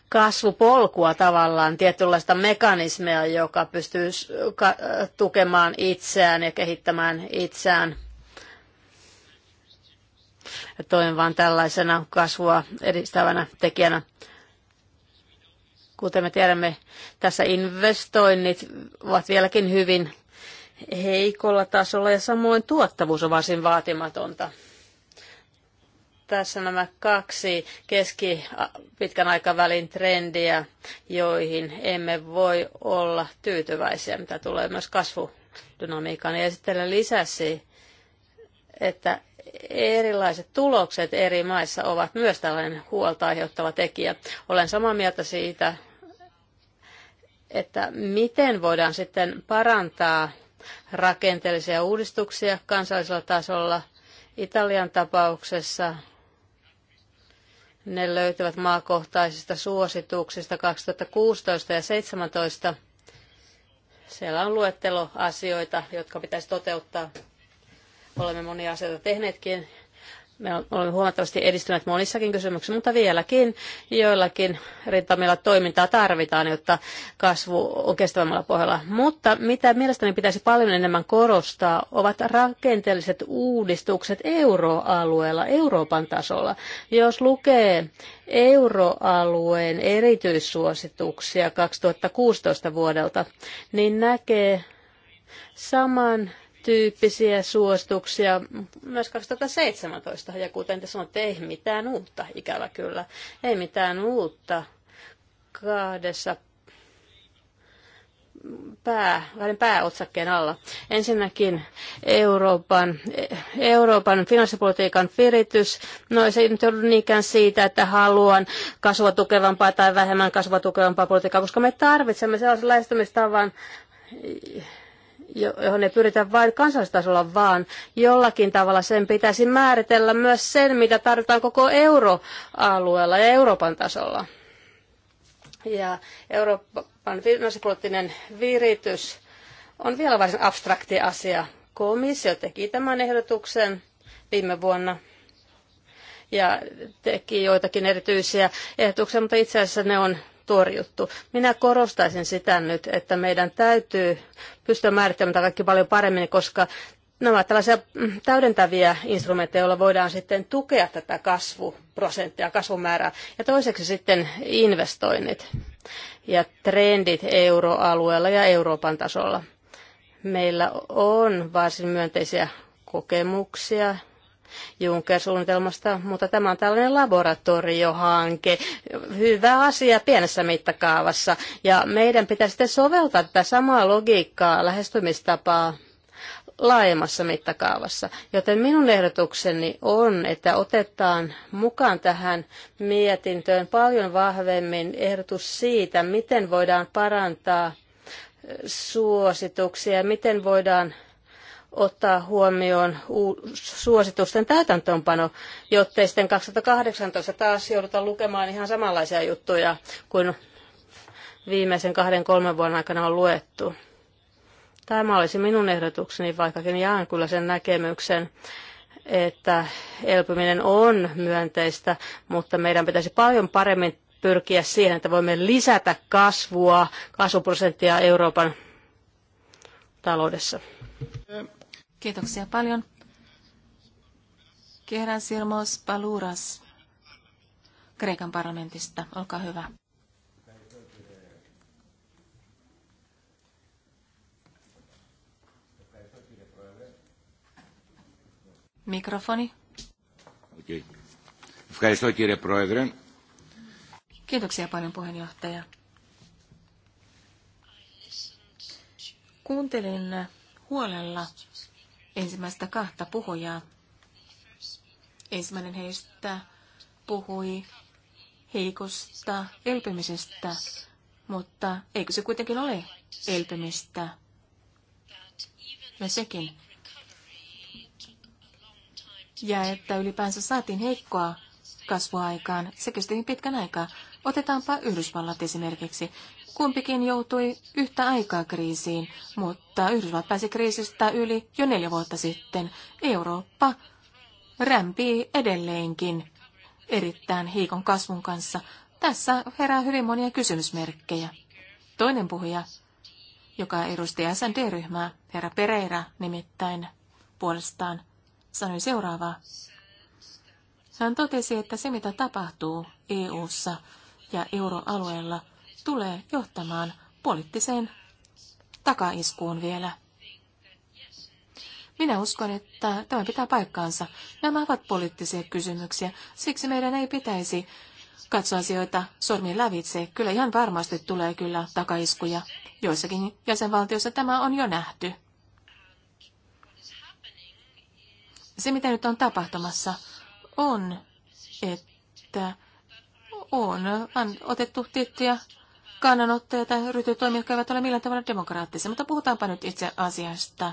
kasvupolkua tavallaan, tietynlaista mekanismia, joka pystyy tukemaan itseään ja kehittämään itseään. Ja toin vain tällaisena kasvua edistävänä tekijänä. Kuten me tiedämme, tässä investoinnit ovat vieläkin hyvin heikolla tasolla ja samoin tuottavuus on varsin vaatimatonta tässä nämä kaksi keski pitkän aikavälin trendiä, joihin emme voi olla tyytyväisiä, mitä tulee myös kasvudynamiikkaan. Ja sitten lisäsi, että erilaiset tulokset eri maissa ovat myös tällainen huolta aiheuttava tekijä. Olen samaa mieltä siitä, että miten voidaan sitten parantaa rakenteellisia uudistuksia kansallisella tasolla. Italian tapauksessa ne löytyvät maakohtaisista suosituksista 2016 ja 2017. Siellä on luettelo asioita, jotka pitäisi toteuttaa. Olemme monia asioita tehneetkin me olemme huomattavasti edistyneet monissakin kysymyksissä, mutta vieläkin joillakin rintamilla toimintaa tarvitaan, jotta kasvu on kestävämmällä pohjalla. Mutta mitä mielestäni pitäisi paljon enemmän korostaa, ovat rakenteelliset uudistukset euroalueella, Euroopan tasolla. Jos lukee euroalueen erityissuosituksia 2016 vuodelta, niin näkee saman tyyppisiä suosituksia myös 2017. Ja kuten te sanoitte, ei mitään uutta, ikävä kyllä. Ei mitään uutta kahdessa pää, pääotsakkeen alla. Ensinnäkin Euroopan, Euroopan finanssipolitiikan viritys. No se ei nyt ollut niinkään siitä, että haluan kasvua tukevampaa tai vähemmän kasvua tukevampaa politiikkaa, koska me tarvitsemme sellaisen lähestymistavan, johon ei pyritä vain kansallistasolla, vaan jollakin tavalla sen pitäisi määritellä myös sen, mitä tarvitaan koko euroalueella ja Euroopan tasolla. Ja Euroopan finanssipoliittinen viritys on vielä varsin abstrakti asia. Komissio teki tämän ehdotuksen viime vuonna ja teki joitakin erityisiä ehdotuksia, mutta itse asiassa ne on torjuttu. Minä korostaisin sitä nyt, että meidän täytyy pystyä määrittämään kaikki paljon paremmin, koska nämä tällaisia mm, täydentäviä instrumentteja, joilla voidaan sitten tukea tätä kasvuprosenttia, kasvumäärää. Ja toiseksi sitten investoinnit ja trendit euroalueella ja Euroopan tasolla. Meillä on varsin myönteisiä kokemuksia Juncker-suunnitelmasta, mutta tämä on tällainen laboratoriohanke. Hyvä asia pienessä mittakaavassa. Ja meidän pitää sitten soveltaa tätä samaa logiikkaa, lähestymistapaa laajemmassa mittakaavassa. Joten minun ehdotukseni on, että otetaan mukaan tähän mietintöön paljon vahvemmin ehdotus siitä, miten voidaan parantaa suosituksia, miten voidaan ottaa huomioon suositusten täytäntöönpano, jottei sitten 2018 taas jouduta lukemaan ihan samanlaisia juttuja kuin viimeisen kahden kolmen vuoden aikana on luettu. Tämä olisi minun ehdotukseni, vaikkakin jaan kyllä sen näkemyksen, että elpyminen on myönteistä, mutta meidän pitäisi paljon paremmin pyrkiä siihen, että voimme lisätä kasvua, kasvuprosenttia Euroopan taloudessa. Kiitoksia paljon. Sirmos Paluras Kreikan parlamentista. Olkaa hyvä. Mikrofoni. Kiitoksia paljon puheenjohtaja. Kuuntelin huolella ensimmäistä kahta puhujaa. Ensimmäinen heistä puhui heikosta elpymisestä, mutta eikö se kuitenkin ole elpymistä? Ja sekin. Ja että ylipäänsä saatiin heikkoa kasvuaikaan, se kesti niin pitkän aikaa. Otetaanpa Yhdysvallat esimerkiksi. Kumpikin joutui yhtä aikaa kriisiin, mutta Yhdysvallat pääsi kriisistä yli jo neljä vuotta sitten. Eurooppa rämpii edelleenkin erittäin heikon kasvun kanssa. Tässä herää hyvin monia kysymysmerkkejä. Toinen puhuja, joka edusti SND-ryhmää, herra Pereira nimittäin puolestaan, sanoi seuraavaa. Hän totesi, että se mitä tapahtuu EU:ssa ja euroalueella – tulee johtamaan poliittiseen takaiskuun vielä. Minä uskon, että tämä pitää paikkaansa. Nämä ovat poliittisia kysymyksiä, siksi meidän ei pitäisi katsoa asioita sormien lävitse. Kyllä ihan varmasti tulee kyllä takaiskuja. Joissakin jäsenvaltioissa tämä on jo nähty. Se, mitä nyt on tapahtumassa, on, että on otettu tiettyjä kannanottoja tai ryhtyy toimia, jotka eivät ole millään tavalla demokraattisia. Mutta puhutaanpa nyt itse asiasta.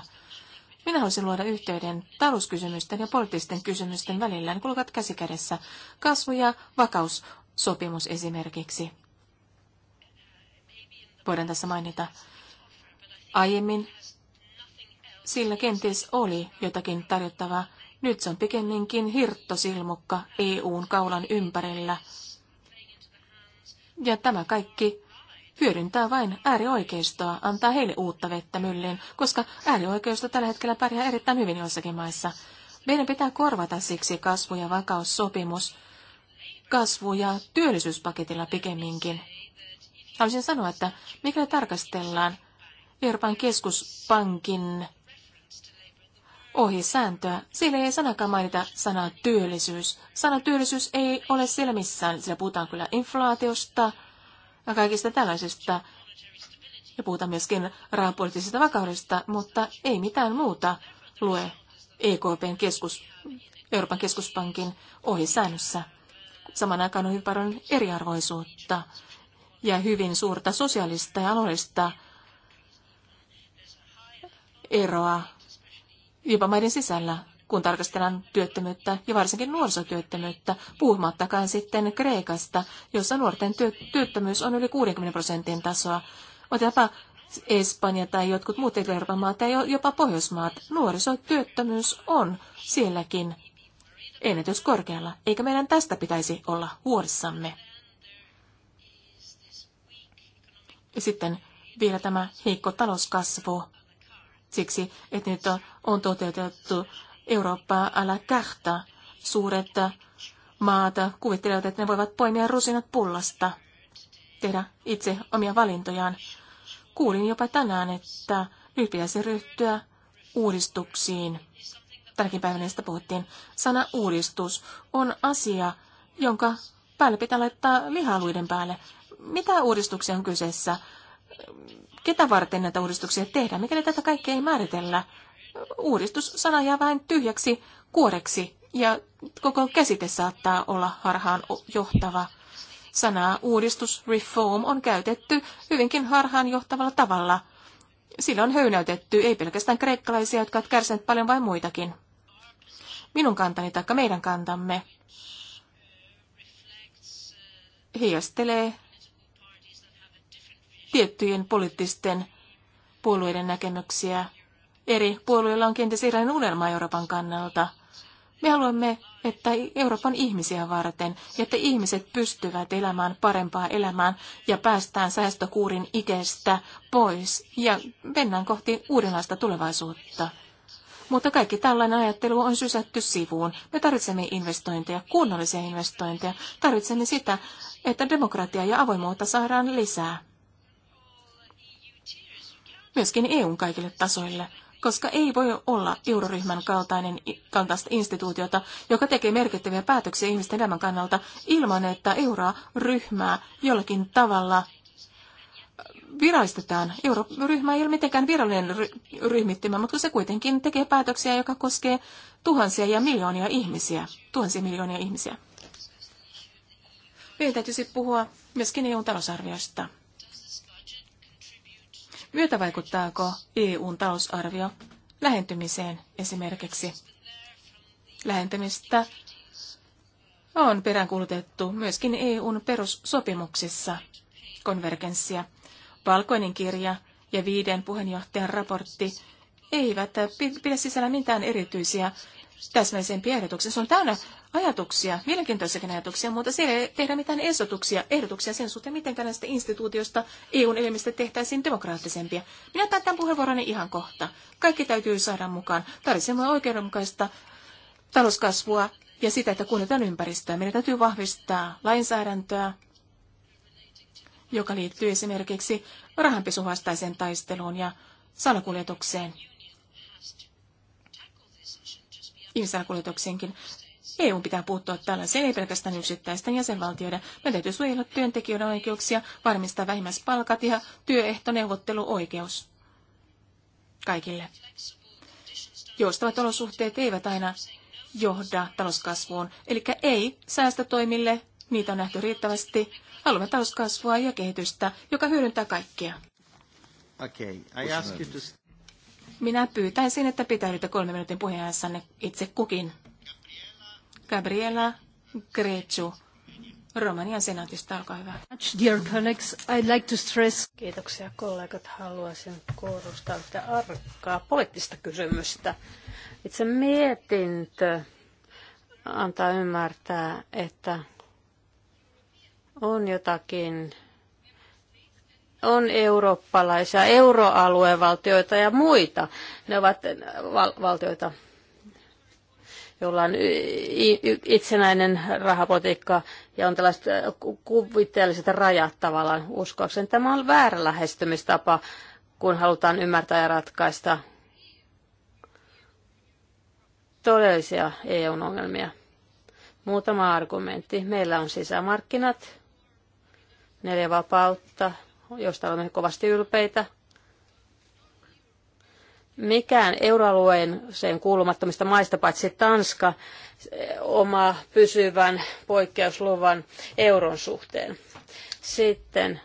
Minä haluaisin luoda yhteyden talouskysymysten ja poliittisten kysymysten välillä. Ne kulkevat käsikädessä. Kasvu- ja vakaussopimus esimerkiksi. Voidaan tässä mainita. Aiemmin sillä kenties oli jotakin tarjottavaa. Nyt se on pikemminkin hirttosilmukka EUn kaulan ympärillä. Ja tämä kaikki hyödyntää vain äärioikeistoa, antaa heille uutta vettä myllyyn, koska äärioikeisto tällä hetkellä pärjää erittäin hyvin joissakin maissa. Meidän pitää korvata siksi kasvu- ja vakaussopimus kasvu- ja työllisyyspaketilla pikemminkin. Haluaisin sanoa, että mikäli tarkastellaan Euroopan keskuspankin ohisääntöä. Siellä ei sanakaan mainita sanaa työllisyys. Sana työllisyys ei ole siellä missään. sillä puhutaan kyllä inflaatiosta – kaikista tällaisista Ja puhutaan myöskin rahapoliittisesta vakaudesta, mutta ei mitään muuta lue EKPn keskus, Euroopan keskuspankin ohisäännössä Saman aikaan on hyvin paljon eriarvoisuutta ja hyvin suurta sosiaalista ja alueellista eroa jopa maiden sisällä kun tarkastellaan työttömyyttä ja varsinkin nuorisotyöttömyyttä, puhumattakaan sitten Kreikasta, jossa nuorten työttömyys on yli 60 prosentin tasoa. Otetaanpa Espanja tai jotkut muut euroopan maat tai jopa Pohjoismaat. Nuorisotyöttömyys on sielläkin ennätys korkealla, eikä meidän tästä pitäisi olla huorissamme. Ja sitten vielä tämä heikko talouskasvu siksi, että nyt on toteutettu Eurooppaa ala kahta. Suuret maata kuvittelevat, että ne voivat poimia rusinat pullasta, tehdä itse omia valintojaan. Kuulin jopa tänään, että nyt pitäisi ryhtyä uudistuksiin. Tänäkin päivänä sitä puhuttiin. Sana uudistus on asia, jonka päälle pitää laittaa lihaluiden päälle. Mitä uudistuksia on kyseessä? Ketä varten näitä uudistuksia tehdään? Mikäli tätä kaikkea ei määritellä, uudistus sana jää vain tyhjäksi kuoreksi ja koko käsite saattaa olla harhaan johtava. Sanaa uudistus, reform, on käytetty hyvinkin harhaan johtavalla tavalla. Sillä on höynäytetty ei pelkästään kreikkalaisia, jotka ovat kärsineet paljon, vaan muitakin. Minun kantani taikka meidän kantamme heijastelee tiettyjen poliittisten puolueiden näkemyksiä eri puolueilla on kenties erilainen unelma Euroopan kannalta. Me haluamme, että Euroopan ihmisiä varten, että ihmiset pystyvät elämään parempaa elämään ja päästään säästökuurin ikestä pois ja mennään kohti uudenlaista tulevaisuutta. Mutta kaikki tällainen ajattelu on sysätty sivuun. Me tarvitsemme investointeja, kunnollisia investointeja. Tarvitsemme sitä, että demokratia ja avoimuutta saadaan lisää. Myöskin EUn kaikille tasoille koska ei voi olla euroryhmän kaltainen, kaltaista instituutiota, joka tekee merkittäviä päätöksiä ihmisten elämän kannalta ilman, että euroryhmää jollakin tavalla äh, virallistetaan. Euroryhmä ei ole mitenkään virallinen ryhmittymä, mutta se kuitenkin tekee päätöksiä, joka koskee tuhansia ja miljoonia ihmisiä. Tuhansia miljoonia ihmisiä. Meidän täytyisi puhua myöskin eu talousarviosta Myötävaikuttaako EUn talousarvio lähentymiseen esimerkiksi? Lähentymistä on peräänkuulutettu myöskin EUn perussopimuksissa konvergenssia. Valkoinen kirja ja viiden puheenjohtajan raportti eivät pidä sisällä mitään erityisiä täsmällisempiä ehdotuksia. Se on täynnä ajatuksia, mielenkiintoisiakin ajatuksia, mutta siellä ei tehdä mitään ehdotuksia, ehdotuksia sen suhteen, miten näistä instituutioista EUn elimistä tehtäisiin demokraattisempia. Minä otan tämän puheenvuoroni ihan kohta. Kaikki täytyy saada mukaan. Tarvitsemme oikeudenmukaista talouskasvua ja sitä, että kunnioitetaan ympäristöä. Meidän täytyy vahvistaa lainsäädäntöä, joka liittyy esimerkiksi rahanpesuvastaiseen taisteluun ja salakuljetukseen ihmisarkuljetuksienkin. EU pitää puuttua tällaiseen, ei pelkästään yksittäisten jäsenvaltioiden. Me täytyy suojella työntekijöiden oikeuksia, varmistaa vähimmäispalkat ja työehtoneuvotteluoikeus kaikille. Joustavat olosuhteet eivät aina johda talouskasvuun, eli ei säästötoimille, niitä on nähty riittävästi. Haluamme talouskasvua ja kehitystä, joka hyödyntää kaikkia. Okay, I ask you to... Minä pyytäisin, että pitäydytte kolme minuutin puheenjohtajassanne itse kukin. Gabriela Greciu. Romanian senaatista, olkaa hyvä. Dear colleagues, I'd like to stress... Kiitoksia kollegat. Haluaisin korostaa tätä arkkaa poliittista kysymystä. Itse mietintö antaa ymmärtää, että on jotakin on eurooppalaisia, euroaluevaltioita ja muita. Ne ovat val- valtioita, jolla on itsenäinen rahapolitiikka ja on tällaiset kuvitteelliset rajat tavallaan uskoakseni. Tämä on väärä lähestymistapa, kun halutaan ymmärtää ja ratkaista todellisia eu ongelmia. Muutama argumentti. Meillä on sisämarkkinat, neljä vapautta, joista olemme kovasti ylpeitä mikään euroalueen sen kuulumattomista maista, paitsi Tanska, oma pysyvän poikkeusluvan euron suhteen. Sitten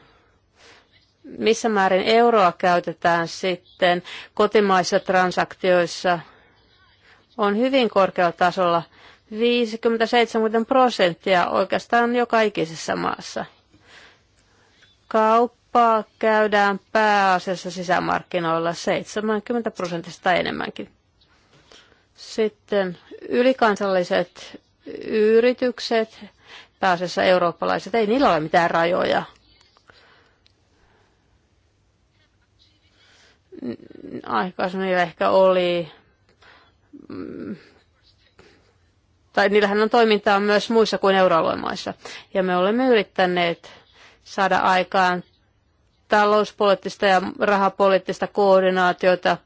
missä määrin euroa käytetään sitten kotimaisissa transaktioissa on hyvin korkealla tasolla 50-70 prosenttia oikeastaan joka ikisessä maassa. Kauppa kauppaa käydään pääasiassa sisämarkkinoilla 70 prosentista enemmänkin. Sitten ylikansalliset yritykset, pääasiassa eurooppalaiset, ei niillä ole mitään rajoja. Aikaisemmin ehkä oli, mm, tai niillähän on toimintaa myös muissa kuin euroalueen maissa. Ja me olemme yrittäneet saada aikaan talouspoliittista ja rahapoliittista koordinaatiota,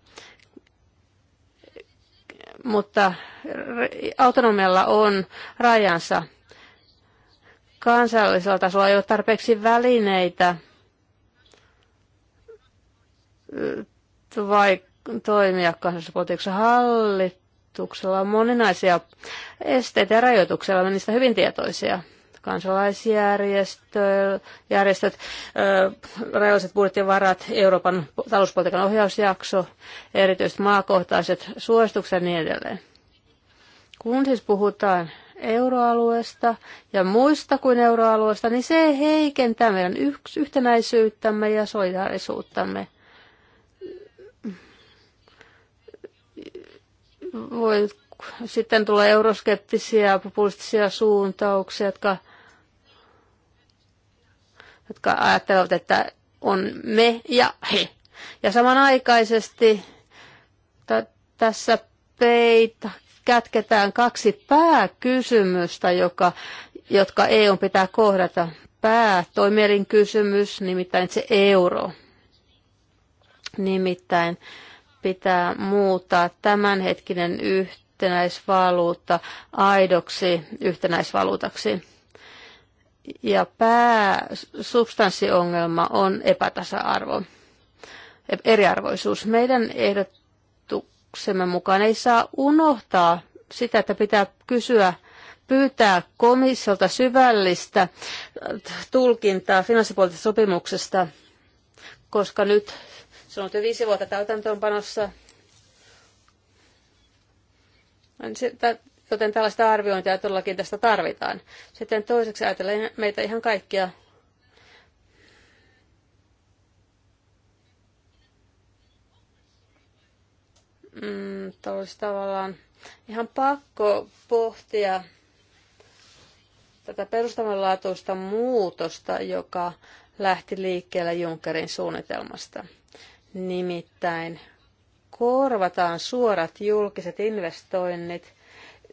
mutta autonomialla on rajansa. Kansallisella tasolla ei ole tarpeeksi välineitä vai toimia kansallisessa hallituksella on moninaisia esteitä ja rajoituksia, olemme niistä hyvin tietoisia kansalaisjärjestöt, rajalliset budjettivarat, Euroopan talouspolitiikan ohjausjakso, erityisesti maakohtaiset suositukset ja niin edelleen. Kun siis puhutaan euroalueesta ja muista kuin euroalueesta, niin se heikentää meidän yhtenäisyyttämme ja solidaarisuuttamme. Voi, sitten tulee euroskeptisiä ja populistisia suuntauksia, jotka jotka ajattelevat, että on me ja he. Ja samanaikaisesti tässä peitä kätketään kaksi pääkysymystä, joka, jotka EU pitää kohdata. Päätoimielin kysymys, nimittäin se euro. Nimittäin pitää muuttaa tämänhetkinen yhtenäisvaluutta aidoksi yhtenäisvaluutaksi ja pääsubstanssiongelma on epätasa-arvo, eriarvoisuus. Meidän ehdotuksemme mukaan ei saa unohtaa sitä, että pitää kysyä, pyytää komissiolta syvällistä tulkintaa finanssipoliittisesta sopimuksesta, koska nyt se on jo viisi vuotta täytäntöönpanossa. Joten tällaista arviointia todellakin tästä tarvitaan. Sitten toiseksi ajatellen meitä ihan kaikkia. Mm, olisi tavallaan ihan pakko pohtia tätä perustavanlaatuista muutosta, joka lähti liikkeelle Junckerin suunnitelmasta. Nimittäin korvataan suorat julkiset investoinnit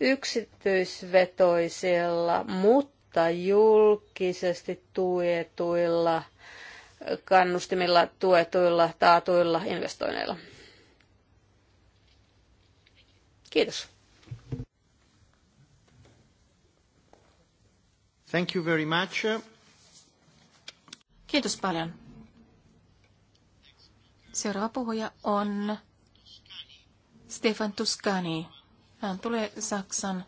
yksityisvetoisilla, mutta julkisesti tuetuilla, kannustimilla tuetuilla, taatuilla investoinneilla. Kiitos. Thank you very much. Kiitos paljon. Seuraava puhuja on Stefan Tuscani. Hän tulee Saksan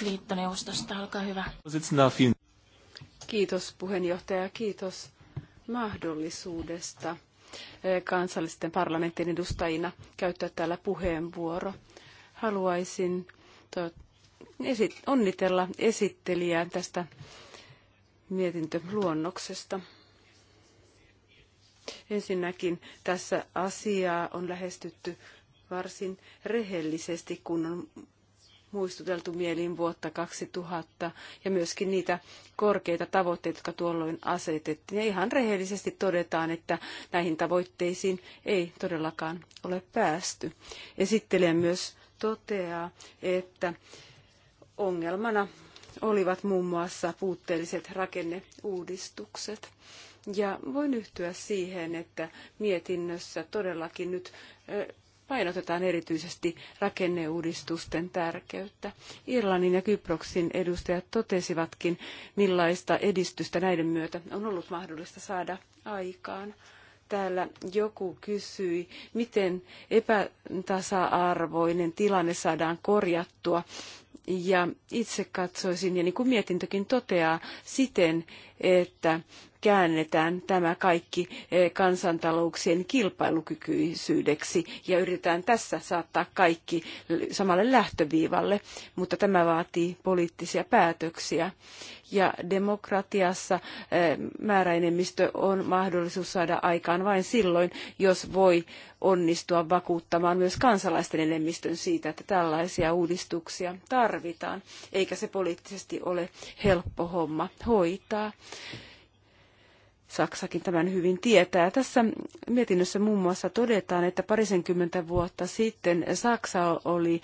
liittoneuvostosta. Olkaa hyvä. Kiitos puheenjohtaja, kiitos mahdollisuudesta eh, kansallisten parlamenttien edustajina käyttää täällä puheenvuoro. Haluaisin onnitella esittelijää tästä mietintöluonnoksesta. Ensinnäkin tässä asiaa on lähestytty varsin rehellisesti, kun on muistuteltu mieliin vuotta 2000 ja myöskin niitä korkeita tavoitteita, jotka tuolloin asetettiin. Ja ihan rehellisesti todetaan, että näihin tavoitteisiin ei todellakaan ole päästy. Esittelijä myös toteaa, että ongelmana olivat muun muassa puutteelliset rakenneuudistukset. Ja voin yhtyä siihen, että mietinnössä todellakin nyt painotetaan erityisesti rakenneuudistusten tärkeyttä. Irlannin ja Kyproksin edustajat totesivatkin, millaista edistystä näiden myötä on ollut mahdollista saada aikaan. Täällä joku kysyi, miten epätasa-arvoinen tilanne saadaan korjattua. Ja itse katsoisin, ja niin kuin mietintökin toteaa, siten, että käännetään tämä kaikki eh, kansantalouksien kilpailukykyisyydeksi ja yritetään tässä saattaa kaikki samalle lähtöviivalle, mutta tämä vaatii poliittisia päätöksiä. Ja demokratiassa eh, määräenemmistö on mahdollisuus saada aikaan vain silloin, jos voi onnistua vakuuttamaan myös kansalaisten enemmistön siitä, että tällaisia uudistuksia tarvitaan, eikä se poliittisesti ole helppo homma hoitaa. Saksakin tämän hyvin tietää. Tässä mietinnössä muun muassa todetaan, että parisenkymmentä vuotta sitten Saksa oli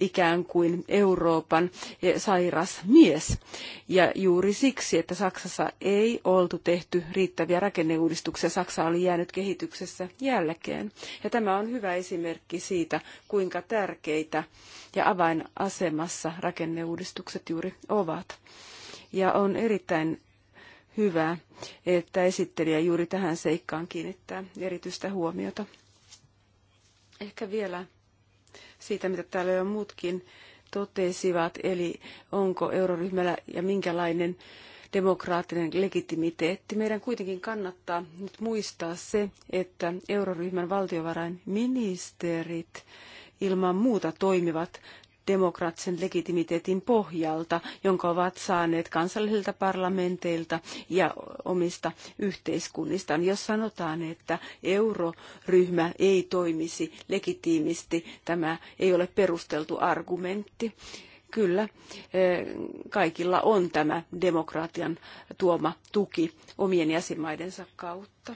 ikään kuin Euroopan sairas mies. Ja juuri siksi, että Saksassa ei oltu tehty riittäviä rakenneuudistuksia, Saksa oli jäänyt kehityksessä jälkeen. Ja tämä on hyvä esimerkki siitä, kuinka tärkeitä ja avainasemassa rakenneuudistukset juuri ovat. Ja on erittäin hyvä, että esittelijä juuri tähän seikkaan kiinnittää erityistä huomiota. Ehkä vielä siitä, mitä täällä jo muutkin totesivat, eli onko euroryhmällä ja minkälainen demokraattinen legitimiteetti. Meidän kuitenkin kannattaa nyt muistaa se, että euroryhmän valtiovarainministerit ilman muuta toimivat demokraattisen legitimiteetin pohjalta, jonka ovat saaneet kansallisilta parlamenteilta ja omista yhteiskunnistaan. Jos sanotaan, että euroryhmä ei toimisi legitiimisti, tämä ei ole perusteltu argumentti. Kyllä, eh, kaikilla on tämä demokratian tuoma tuki omien jäsenmaidensa kautta.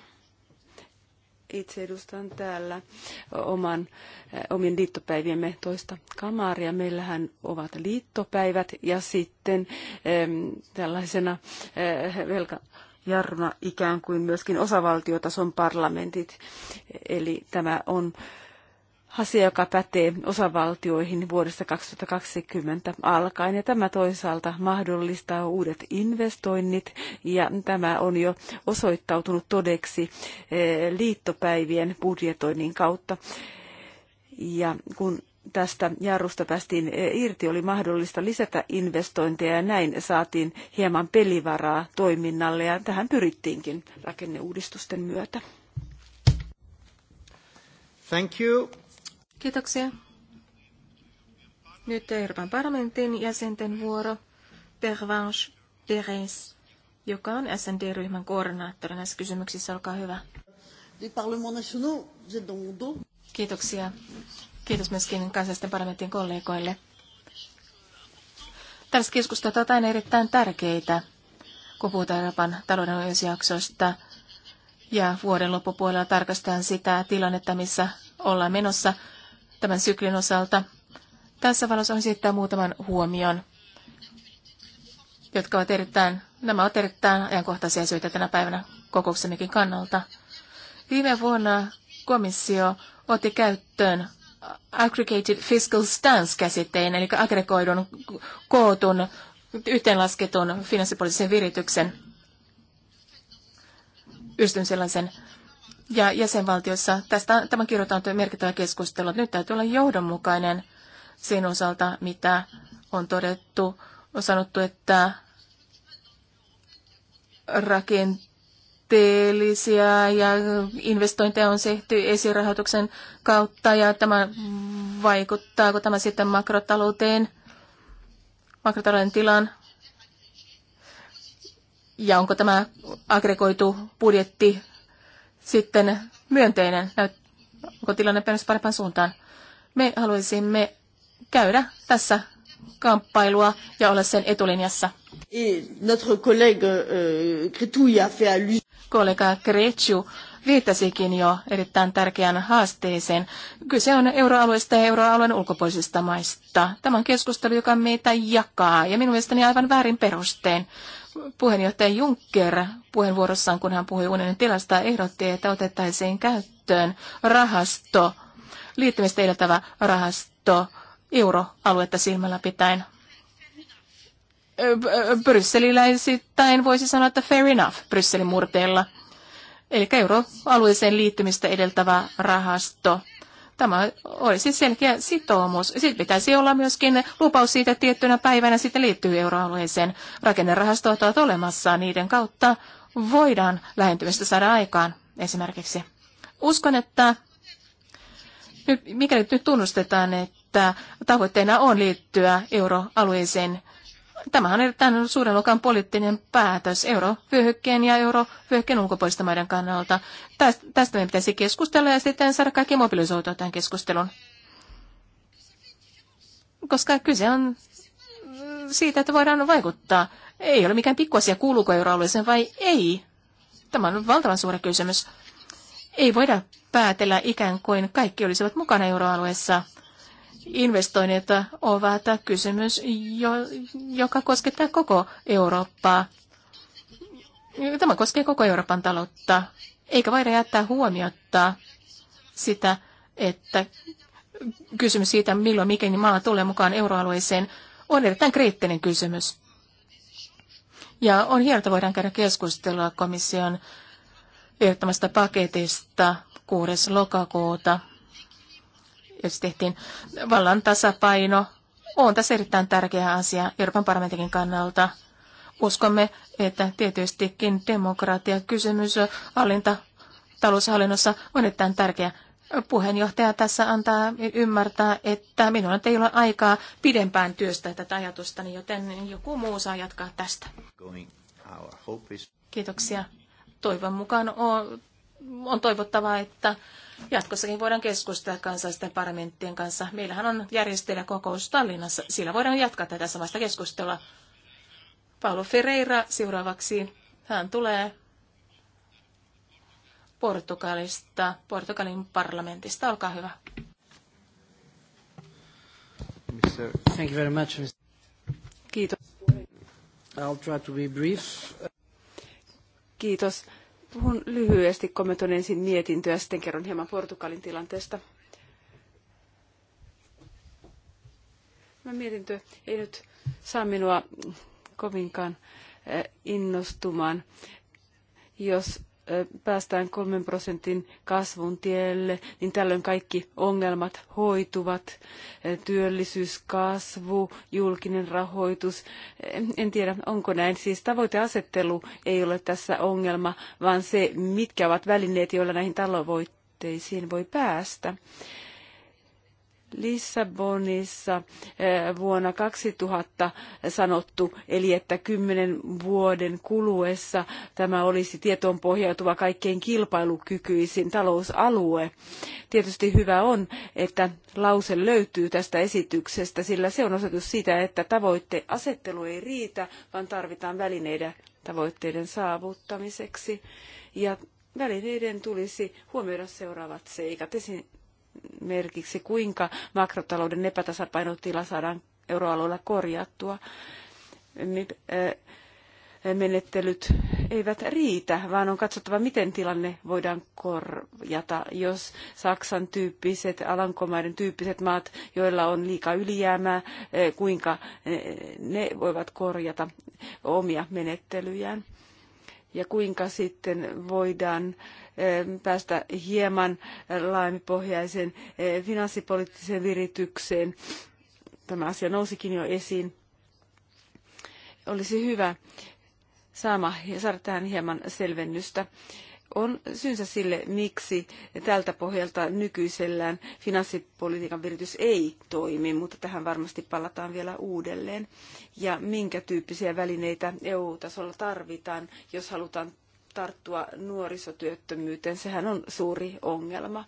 Itse edustan täällä oman, eh, omien liittopäiviemme toista kamaria. Meillähän ovat liittopäivät ja sitten äm, tällaisena äh, eh, velka jarruna ikään kuin myöskin osavaltiotason parlamentit. Eli tämä on äh, asia, joka pätee osavaltioihin vuodesta 2020 alkaen. Ja tämä toisaalta mahdollistaa uudet investoinnit ja tämä on jo osoittautunut todeksi eh, liittopäivien budjetoinnin kautta. Ja kun tästä jarrusta päästiin eh, irti, oli mahdollista lisätä investointeja ja näin saatiin hieman pelivaraa toiminnalle ja tähän pyrittiinkin rakenneuudistusten myötä. Thank you. Kiitoksia. Nyt Euroopan parlamentin jäsenten vuoro. Pervanche Teres, joka on SND-ryhmän koordinaattori näissä kysymyksissä. Olkaa hyvä. Kiitoksia. Kiitos myöskin kansallisten parlamentin kollegoille. Tällaiset keskustelut ovat aina erittäin tärkeitä, kun puhutaan Euroopan talouden ohjausjaksosta. Ja vuoden loppupuolella tarkastetaan sitä tilannetta, missä ollaan menossa tämän syklin osalta. Tässä valossa on esittää muutaman huomion, jotka ovat erittäin, nämä ovat erittäin ajankohtaisia syitä tänä päivänä kokouksemmekin kannalta. Viime vuonna komissio otti käyttöön aggregated fiscal stance-käsitteen, eli aggregoidun, kootun, yhteenlasketun finanssipoliittisen virityksen, yhdistyn sellaisen ja jäsenvaltiossa. Tästä, tämä kirjoitan merkittävä keskustelu. Nyt täytyy olla johdonmukainen sen osalta, mitä on todettu. On sanottu, että rakenteellisia ja investointeja on tehty esirahoituksen kautta ja tämä vaikuttaako tämä sitten makrotalouteen, makrotalouden tilaan ja onko tämä agregoitu budjetti sitten myönteinen, onko tilanne päässyt parempaan suuntaan. Me haluaisimme käydä tässä kamppailua ja olla sen etulinjassa. Notre collègue, euh, a fait Kollega Kretsu viittasikin jo erittäin tärkeään haasteeseen. Kyse on euroalueesta ja euroalueen ulkopuolisista maista. Tämä on keskustelu, joka meitä jakaa ja minun mielestäni aivan väärin perustein puheenjohtaja Juncker puheenvuorossaan, kun hän puhui unionin tilasta, ehdotti, että otettaisiin käyttöön rahasto, liittymistä edeltävä rahasto euroaluetta silmällä pitäen. Brysseliläisittäin voisi sanoa, että fair enough Brysselin murteella. Eli euroalueeseen liittymistä edeltävä rahasto. Tämä olisi siis selkeä sitoumus. Sitten pitäisi olla myöskin lupaus siitä, että tiettynä päivänä sitten liittyy euroalueeseen. Rakennerahastot ovat olemassa, niiden kautta voidaan lähentymistä saada aikaan esimerkiksi. Uskon, että nyt, mikäli nyt tunnustetaan, että tavoitteena on liittyä euroalueeseen Tämä on erittäin suuren luokan poliittinen päätös eurovyöhykkeen ja eurovyöhykkeen ulkopuolisten maiden kannalta. Tästä meidän pitäisi keskustella ja sitten saada kaikki mobilisoitua tämän keskustelun. Koska kyse on siitä, että voidaan vaikuttaa. Ei ole mikään pikkuasia, kuuluuko euroalueeseen vai ei. Tämä on valtavan suuri kysymys. Ei voida päätellä ikään kuin kaikki olisivat mukana euroalueessa – investoinnit ovat kysymys, jo, joka koskettaa koko Eurooppaa. Tämä koskee koko Euroopan taloutta, eikä voida jättää huomiota sitä, että kysymys siitä, milloin mikäni maa tulee mukaan euroalueeseen, on erittäin kriittinen kysymys. Ja on hienoa, että voidaan käydä keskustelua komission ehdottomasta paketista 6. lokakuuta jos tehtiin vallan tasapaino, on tässä erittäin tärkeä asia Euroopan parlamentin kannalta. Uskomme, että tietystikin demokratia kysymys hallinta taloushallinnossa on erittäin tärkeä. Puheenjohtaja tässä antaa ymmärtää, että minulla ei ole aikaa pidempään työstä tätä ajatustani, joten joku muu saa jatkaa tästä. Kiitoksia. Toivon mukaan on toivottavaa, että jatkossakin voidaan keskustella kansallisten parlamenttien kanssa. Meillähän on järjestäjä kokous Tallinnassa. Sillä voidaan jatkaa tätä samasta keskustelua. Paulo Ferreira seuraavaksi. Hän tulee Portugalista, Portugalin parlamentista. Olkaa hyvä. Thank you very much. Kiitos. I'll try to be brief. Kiitos. Puhun lyhyesti, kommentoin ensin mietintöä, sitten kerron hieman Portugalin tilanteesta. Tämä mietintö ei nyt saa minua kovinkaan eh, innostumaan, jos päästään kolmen prosentin kasvun tielle, niin tällöin kaikki ongelmat hoituvat. Työllisyys, kasvu, julkinen rahoitus. En tiedä, onko näin. Siis tavoiteasettelu ei ole tässä ongelma, vaan se, mitkä ovat välineet, joilla näihin tavoitteisiin voi päästä. Lissabonissa eh, vuonna 2000 sanottu, eli että kymmenen vuoden kuluessa tämä olisi tietoon pohjautuva kaikkein kilpailukykyisin talousalue. Tietysti hyvä on, että lause löytyy tästä esityksestä, sillä se on osoitus siitä, että tavoitte asettelu ei riitä, vaan tarvitaan välineitä tavoitteiden saavuttamiseksi. Ja välineiden tulisi huomioida seuraavat seikat. Ensin esimerkiksi, kuinka makrotalouden epätasapainotila saadaan euroalueella korjattua. Eh, menettelyt eivät riitä, vaan on katsottava, miten tilanne voidaan korjata, jos Saksan tyyppiset, Alankomaiden tyyppiset maat, joilla on liikaa ylijäämää, eh, kuinka eh, ne voivat korjata omia menettelyjään ja kuinka sitten voidaan päästä hieman laajempipohjaiseen finanssipoliittiseen viritykseen. Tämä asia nousikin jo esiin. Olisi hyvä saama, saada tähän hieman selvennystä on syynsä sille, miksi tältä pohjalta nykyisellään finanssipolitiikan viritys ei toimi, mutta tähän varmasti palataan vielä uudelleen. Ja minkä tyyppisiä välineitä EU-tasolla tarvitaan, jos halutaan tarttua nuorisotyöttömyyteen. Sehän on suuri ongelma.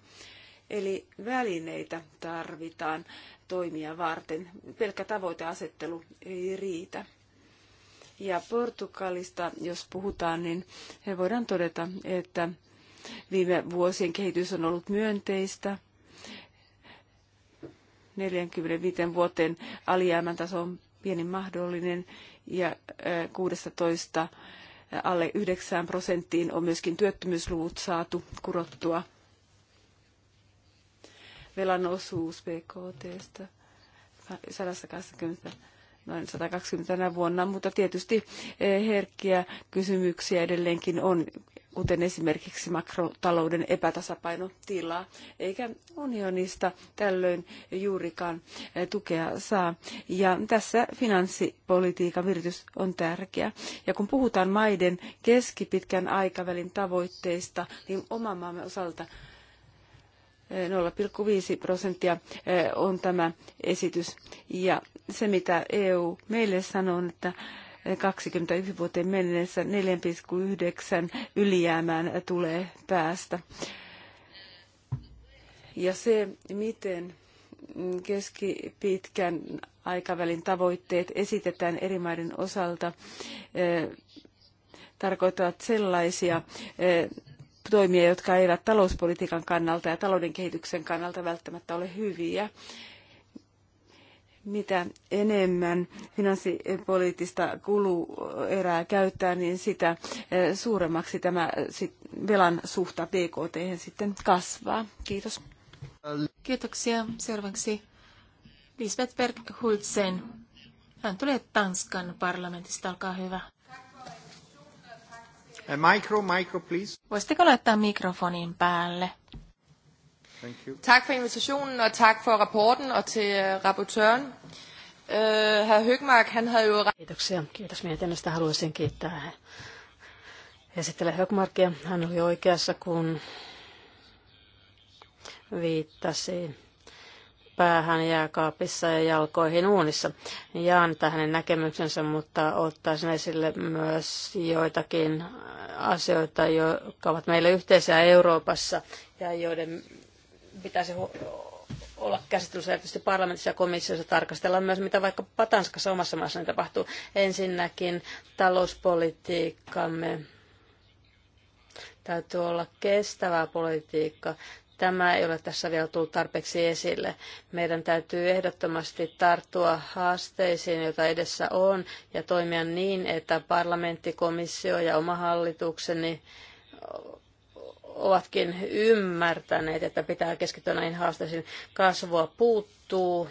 Eli välineitä tarvitaan toimia varten. Pelkkä tavoiteasettelu ei riitä. Ja Portugalista, jos puhutaan, niin he voidaan todeta, että viime vuosien kehitys on ollut myönteistä. 45 vuoteen alijäämän taso on pienin mahdollinen ja 16 alle 9 prosenttiin on myöskin työttömyysluvut saatu kurottua. Velan osuus BKTstä 120 noin 120 tänä vuonna, mutta tietysti eh, herkkiä kysymyksiä edelleenkin on, kuten esimerkiksi makrotalouden epätasapainotilaa, eikä unionista tällöin juurikaan eh, tukea saa. Ja tässä finanssipolitiikan viritys on tärkeä. Ja kun puhutaan maiden keskipitkän aikavälin tavoitteista, niin oman maamme osalta 0,5 prosenttia eh, on tämä esitys. Ja se, mitä EU meille sanoo, on, että 21 eh, vuoteen mennessä 4,9 ylijäämään tulee päästä. Ja se, miten keskipitkän aikavälin tavoitteet esitetään eri maiden osalta, eh, tarkoittavat sellaisia toimia, jotka eivät talouspolitiikan kannalta ja talouden kehityksen kannalta välttämättä ole hyviä. Mitä enemmän finanssipoliittista kuluerää käyttää, niin sitä eh, suuremmaksi tämä velan suhta BKT sitten kasvaa. Kiitos. Kiitoksia. Seuraavaksi Lisbeth Berg-Hultsen. Hän tulee Tanskan parlamentista. Olkaa hyvä. Uh, micro, micro, please. Voisitteko laittaa mikrofonin päälle? Thank you. Tak for invitationen og tak for rapporten og til øh, rapportøren. Øh, herr Høgmark, han havde jo... Kiitoksia. Kiitos mietinnöstä. Haluaisin kiittää esittelee Högmarkia. Hän oli oikeassa, kun viittasi päähän jääkaapissa ja jalkoihin uunissa. Jaan tähän näkemyksensä, mutta ottaisin esille myös joitakin asioita, jotka ovat meille yhteisiä Euroopassa ja joiden pitäisi olla käsittelyssä erityisesti parlamentissa ja komissiossa tarkastellaan myös, mitä vaikka Patanskassa omassa maassani tapahtuu. Ensinnäkin talouspolitiikkamme täytyy olla kestävää politiikkaa. Tämä ei ole tässä vielä tullut tarpeeksi esille. Meidän täytyy ehdottomasti tarttua haasteisiin, joita edessä on, ja toimia niin, että parlamentti, komissio ja oma hallitukseni ovatkin ymmärtäneet, että pitää keskittyä näihin haasteisiin. Kasvua puuttuu,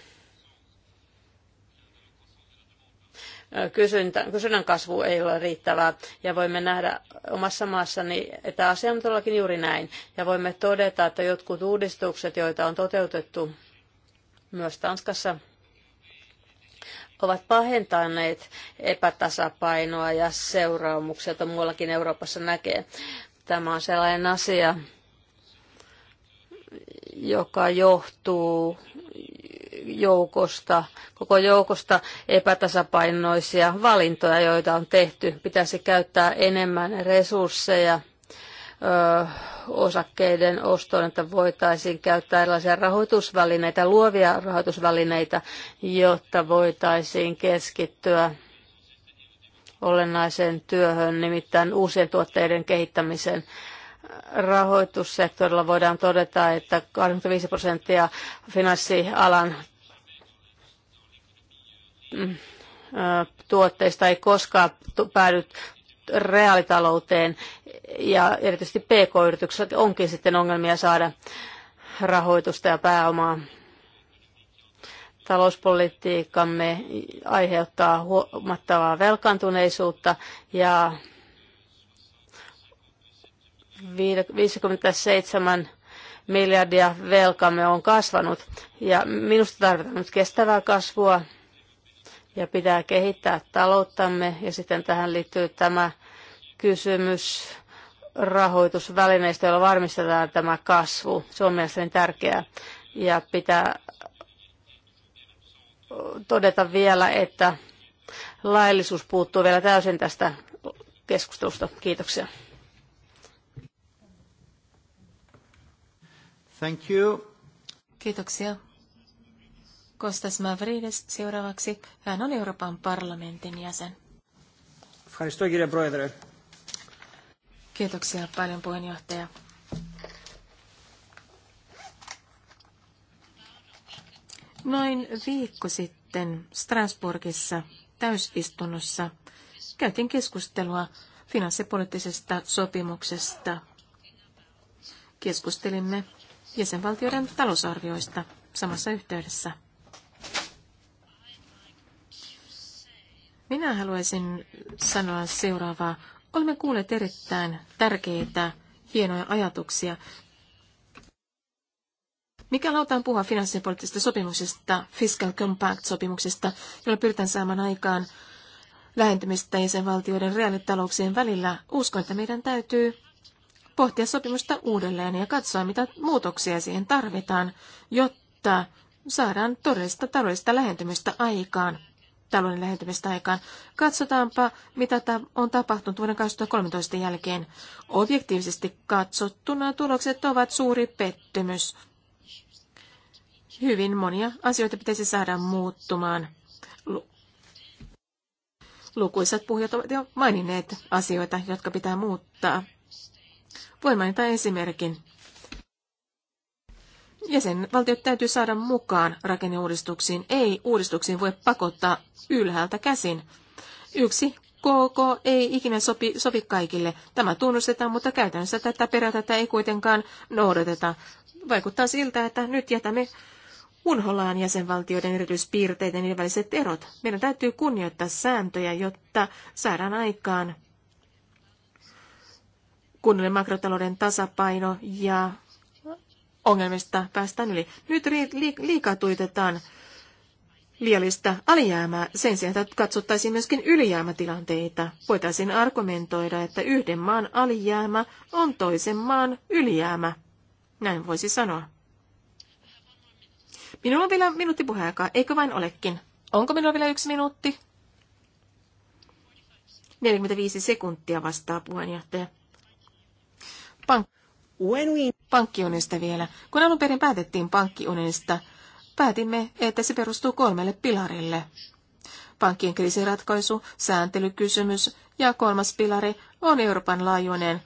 kysynnän kasvu ei ole riittävää. Ja voimme nähdä omassa maassani, että asia on todellakin juuri näin. Ja voimme todeta, että jotkut uudistukset, joita on toteutettu myös Tanskassa, ovat pahentaneet epätasapainoa ja seuraamuksia, joita muuallakin Euroopassa näkee. Tämä on sellainen asia, joka johtuu joukosta, koko joukosta epätasapainoisia valintoja, joita on tehty. Pitäisi käyttää enemmän resursseja ö, osakkeiden ostoon, että voitaisiin käyttää erilaisia rahoitusvälineitä, luovia rahoitusvälineitä, jotta voitaisiin keskittyä olennaiseen työhön, nimittäin uusien tuotteiden kehittämiseen rahoitussektorilla voidaan todeta, että 25 prosenttia finanssialan tuotteista ei koskaan päädy reaalitalouteen ja erityisesti PK-yrityksillä onkin sitten ongelmia saada rahoitusta ja pääomaa. Talouspolitiikkamme aiheuttaa huomattavaa velkaantuneisuutta ja 57 miljardia velkamme on kasvanut ja minusta tarvitaan nyt kestävää kasvua ja pitää kehittää talouttamme. Ja sitten tähän liittyy tämä kysymys rahoitusvälineistä, joilla varmistetaan tämä kasvu. Se on mielestäni tärkeää. Ja pitää todeta vielä, että laillisuus puuttuu vielä täysin tästä keskustelusta. Kiitoksia. Thank you. Kiitoksia. Kostas Mavridis seuraavaksi. Hän on Euroopan parlamentin jäsen. Kiitoksia paljon puheenjohtaja. Noin viikko sitten Strasbourgissa täysistunnossa käytiin keskustelua finanssipoliittisesta sopimuksesta. Keskustelimme jäsenvaltioiden talousarvioista samassa yhteydessä. Minä haluaisin sanoa seuraavaa. Olemme kuulleet erittäin tärkeitä, hienoja ajatuksia. Mikä lautaan puhua finanssipoliittisesta sopimuksesta, fiscal compact-sopimuksesta, jolla pyritään saamaan aikaan lähentymistä jäsenvaltioiden reaalitalouksien välillä? Uskon, että meidän täytyy pohtia sopimusta uudelleen ja katsoa, mitä muutoksia siihen tarvitaan, jotta saadaan todellista taloudellista lähentymistä aikaan talouden lähentymistä aikaan. Katsotaanpa, mitä on tapahtunut vuoden 2013 jälkeen. Objektiivisesti katsottuna tulokset ovat suuri pettymys. Hyvin monia asioita pitäisi saada muuttumaan. Lukuisat puhujat ovat jo maininneet asioita, jotka pitää muuttaa. Voin mainita esimerkin. Jäsenvaltiot täytyy saada mukaan rakenneuudistuksiin. Ei uudistuksiin voi pakottaa ylhäältä käsin. Yksi KK ei ikinä sopi, sovi kaikille. Tämä tunnustetaan, mutta käytännössä tätä periaatetta ei kuitenkaan noudateta. Vaikuttaa siltä, että nyt jätämme unholaan jäsenvaltioiden erityispiirteiden ja niiden väliset erot. Meidän täytyy kunnioittaa sääntöjä, jotta saadaan aikaan kunnille makrotalouden tasapaino ja ongelmista päästään yli. Nyt liikaa tuitetaan liiallista alijäämää sen sijaan, että katsottaisiin myöskin ylijäämätilanteita. Voitaisiin argumentoida, että yhden maan alijäämä on toisen maan ylijäämä. Näin voisi sanoa. Minulla on vielä minuutti puheaikaa, eikö vain olekin? Onko minulla vielä yksi minuutti? 45 sekuntia vastaa puheenjohtaja. Pank- When vielä. Kun alun perin päätettiin pankkiunionista, päätimme, että se perustuu kolmelle pilarille. Pankkien kriisiratkaisu, sääntelykysymys ja kolmas pilari on Euroopan laajuinen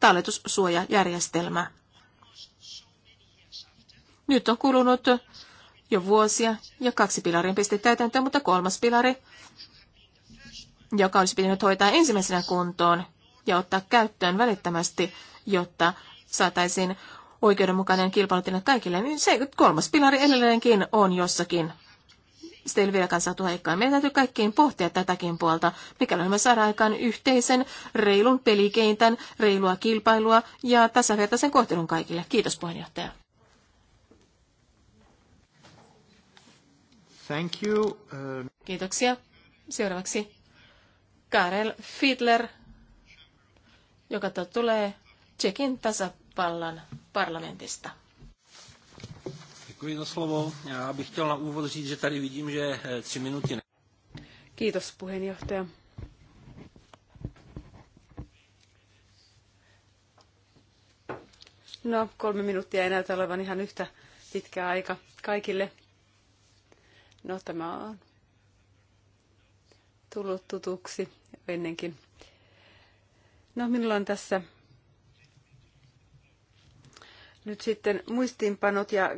talletussuojajärjestelmä. Nyt on kulunut jo vuosia ja kaksi pilarin pisti täytäntöön, mutta kolmas pilari, joka olisi pitänyt hoitaa ensimmäisenä kuntoon ja ottaa käyttöön välittömästi, jotta saataisiin oikeudenmukainen kilpailutilanne kaikille, niin se kolmas pilari edelleenkin on jossakin. Sitä ei ole vieläkään saatu aikaan. Meidän täytyy kaikkiin pohtia tätäkin puolta, mikäli me saadaan aikaan yhteisen, reilun pelikeintän, reilua kilpailua ja tasavertaisen kohtelun kaikille. Kiitos puheenjohtaja. Thank you. Uh, Kiitoksia. Seuraavaksi Karel Fiedler, joka tulee Tsekin tasavallan parlamentista. Děkuji za slovo. Já bych chtěl na úvod říct, že tady vidím, že eh, tři minuty ne. Kiitos puheenjohtaja. No, kolme minuuttia ei näytä olevan ihan yhtä pitkä aika kaikille. No, tämä on tullut tutuksi ennenkin. No, minulla on tässä nyt sitten muistiinpanot ja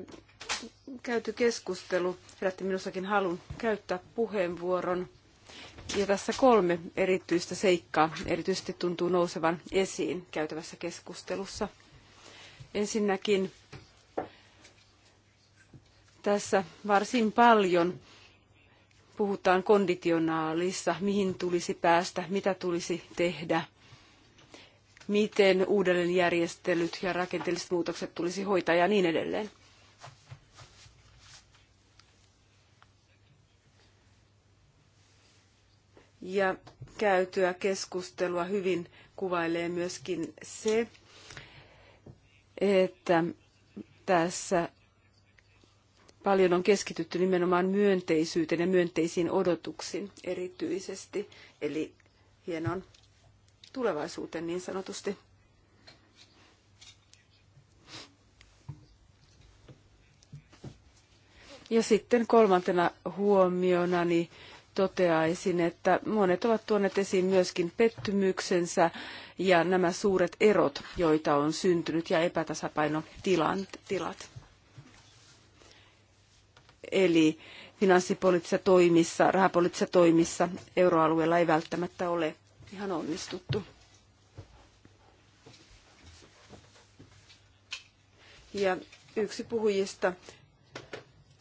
käyty keskustelu herätti minussakin halun käyttää puheenvuoron. Ja tässä kolme erityistä seikkaa erityisesti tuntuu nousevan esiin käytävässä keskustelussa. Ensinnäkin tässä varsin paljon puhutaan konditionaalissa, mihin tulisi päästä, mitä tulisi tehdä – miten uudelleenjärjestelyt ja rakenteelliset muutokset tulisi hoitaa ja niin edelleen. Ja käytyä keskustelua hyvin kuvailee myöskin se, että tässä paljon on keskitytty nimenomaan myönteisyyteen ja myönteisiin odotuksiin erityisesti, eli hienon tulevaisuuteen niin sanotusti. Ja sitten kolmantena huomionani niin toteaisin, että monet ovat tuoneet esiin myöskin pettymyksensä ja nämä suuret erot, joita on syntynyt ja epätasapainotilat. Eli finanssipoliittisissa toimissa, rahapoliittisissa toimissa euroalueella ei välttämättä ole ihan onnistuttu. Ja yksi puhujista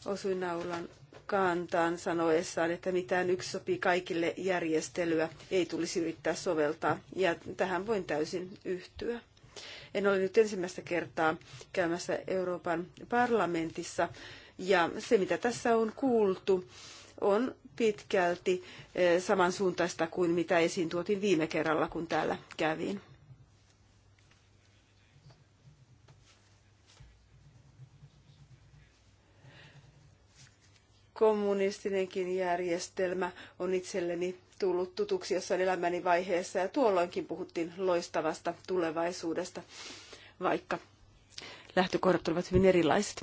osui naulan kantaan sanoessaan, että mitään yksi sopii kaikille järjestelyä ei tulisi yrittää soveltaa. Ja tähän voin täysin yhtyä. En ole nyt ensimmäistä kertaa käymässä Euroopan parlamentissa. Ja se, mitä tässä on kuultu, on pitkälti eh, samansuuntaista kuin mitä esiin tuotiin viime kerralla, kun täällä kävin. kommunistinenkin järjestelmä on itselleni tullut tutuksi jossain elämäni vaiheessa ja tuolloinkin puhuttiin loistavasta tulevaisuudesta, vaikka lähtökohdat olivat hyvin erilaiset.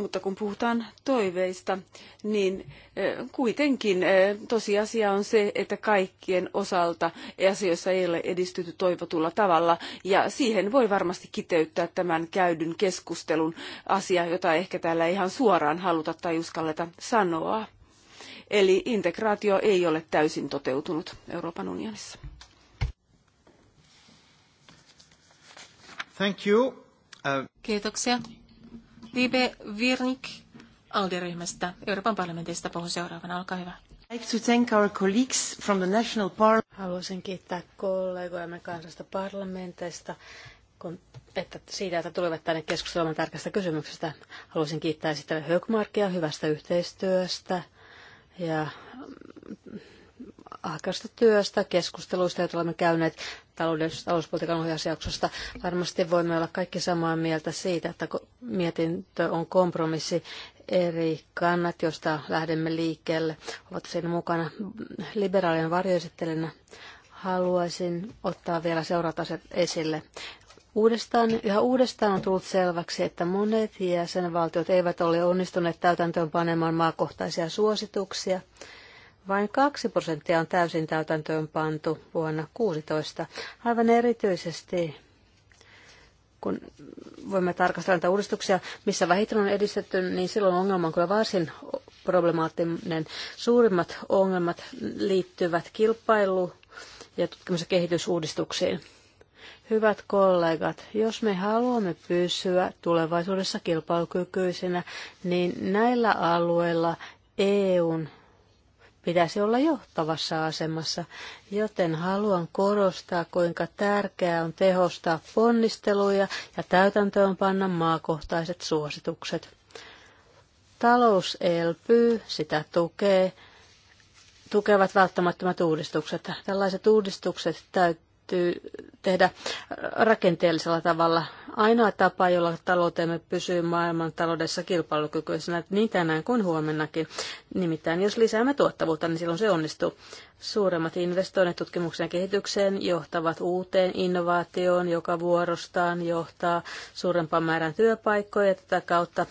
mutta kun puhutaan toiveista, niin kuitenkin tosiasia on se, että kaikkien osalta asioissa ei ole edistytty toivotulla tavalla. Ja siihen voi varmasti kiteyttää tämän käydyn keskustelun asia, jota ehkä täällä ei ihan suoraan haluta tai uskalleta sanoa. Eli integraatio ei ole täysin toteutunut Euroopan unionissa. Thank you. Uh... Kiitoksia. Virnik ALDE-ryhmästä Euroopan parlamentista puhuu seuraavana. Olkaa hyvä. Haluaisin kiittää kollegojamme kansasta parlamenteista kun, että siitä, että tulivat tänne keskustelemaan tärkeästä kysymyksestä. Haluaisin kiittää sitä Högmarkia hyvästä yhteistyöstä ja mm, ahkerasta työstä, keskusteluista, joita olemme käyneet talouden, talouspolitiikan ohjausjaksosta. Varmasti voimme olla kaikki samaa mieltä siitä, että mietintö on kompromissi eri kannat, joista lähdemme liikkeelle, ovat siinä mukana. Liberaalien varjoesittelijänä haluaisin ottaa vielä seuraavat asiat esille. Uudestaan, yhä uudestaan on tullut selväksi, että monet jäsenvaltiot eivät ole onnistuneet täytäntöön panemaan maakohtaisia suosituksia – vain 2 prosenttia on täysin täytäntöön pantu vuonna 16. Aivan erityisesti kun voimme tarkastella näitä uudistuksia, missä vähiten on edistetty, niin silloin ongelma on kyllä varsin problemaattinen. Suurimmat ongelmat liittyvät kilpailu- ja tutkimus- ja kehitysuudistuksiin. Hyvät kollegat, jos me haluamme pysyä tulevaisuudessa kilpailukykyisinä, niin näillä alueilla EUn pitäisi olla johtavassa asemassa, joten haluan korostaa, kuinka tärkeää on tehostaa ponnisteluja ja täytäntöön panna maakohtaiset suositukset. Talous elpyy, sitä tukee, tukevat välttämättömät uudistukset. Tällaiset uudistukset täytyy täytyy tehdä rakenteellisella tavalla. Ainoa tapa, jolla taloutemme pysyy maailman taloudessa kilpailukykyisenä niin tänään kuin huomennakin. Nimittäin jos lisäämme tuottavuutta, niin silloin se onnistuu. Suuremmat investoinnit tutkimuksen ja kehitykseen johtavat uuteen innovaatioon, joka vuorostaan johtaa suurempaan määrään työpaikkoja ja tätä kautta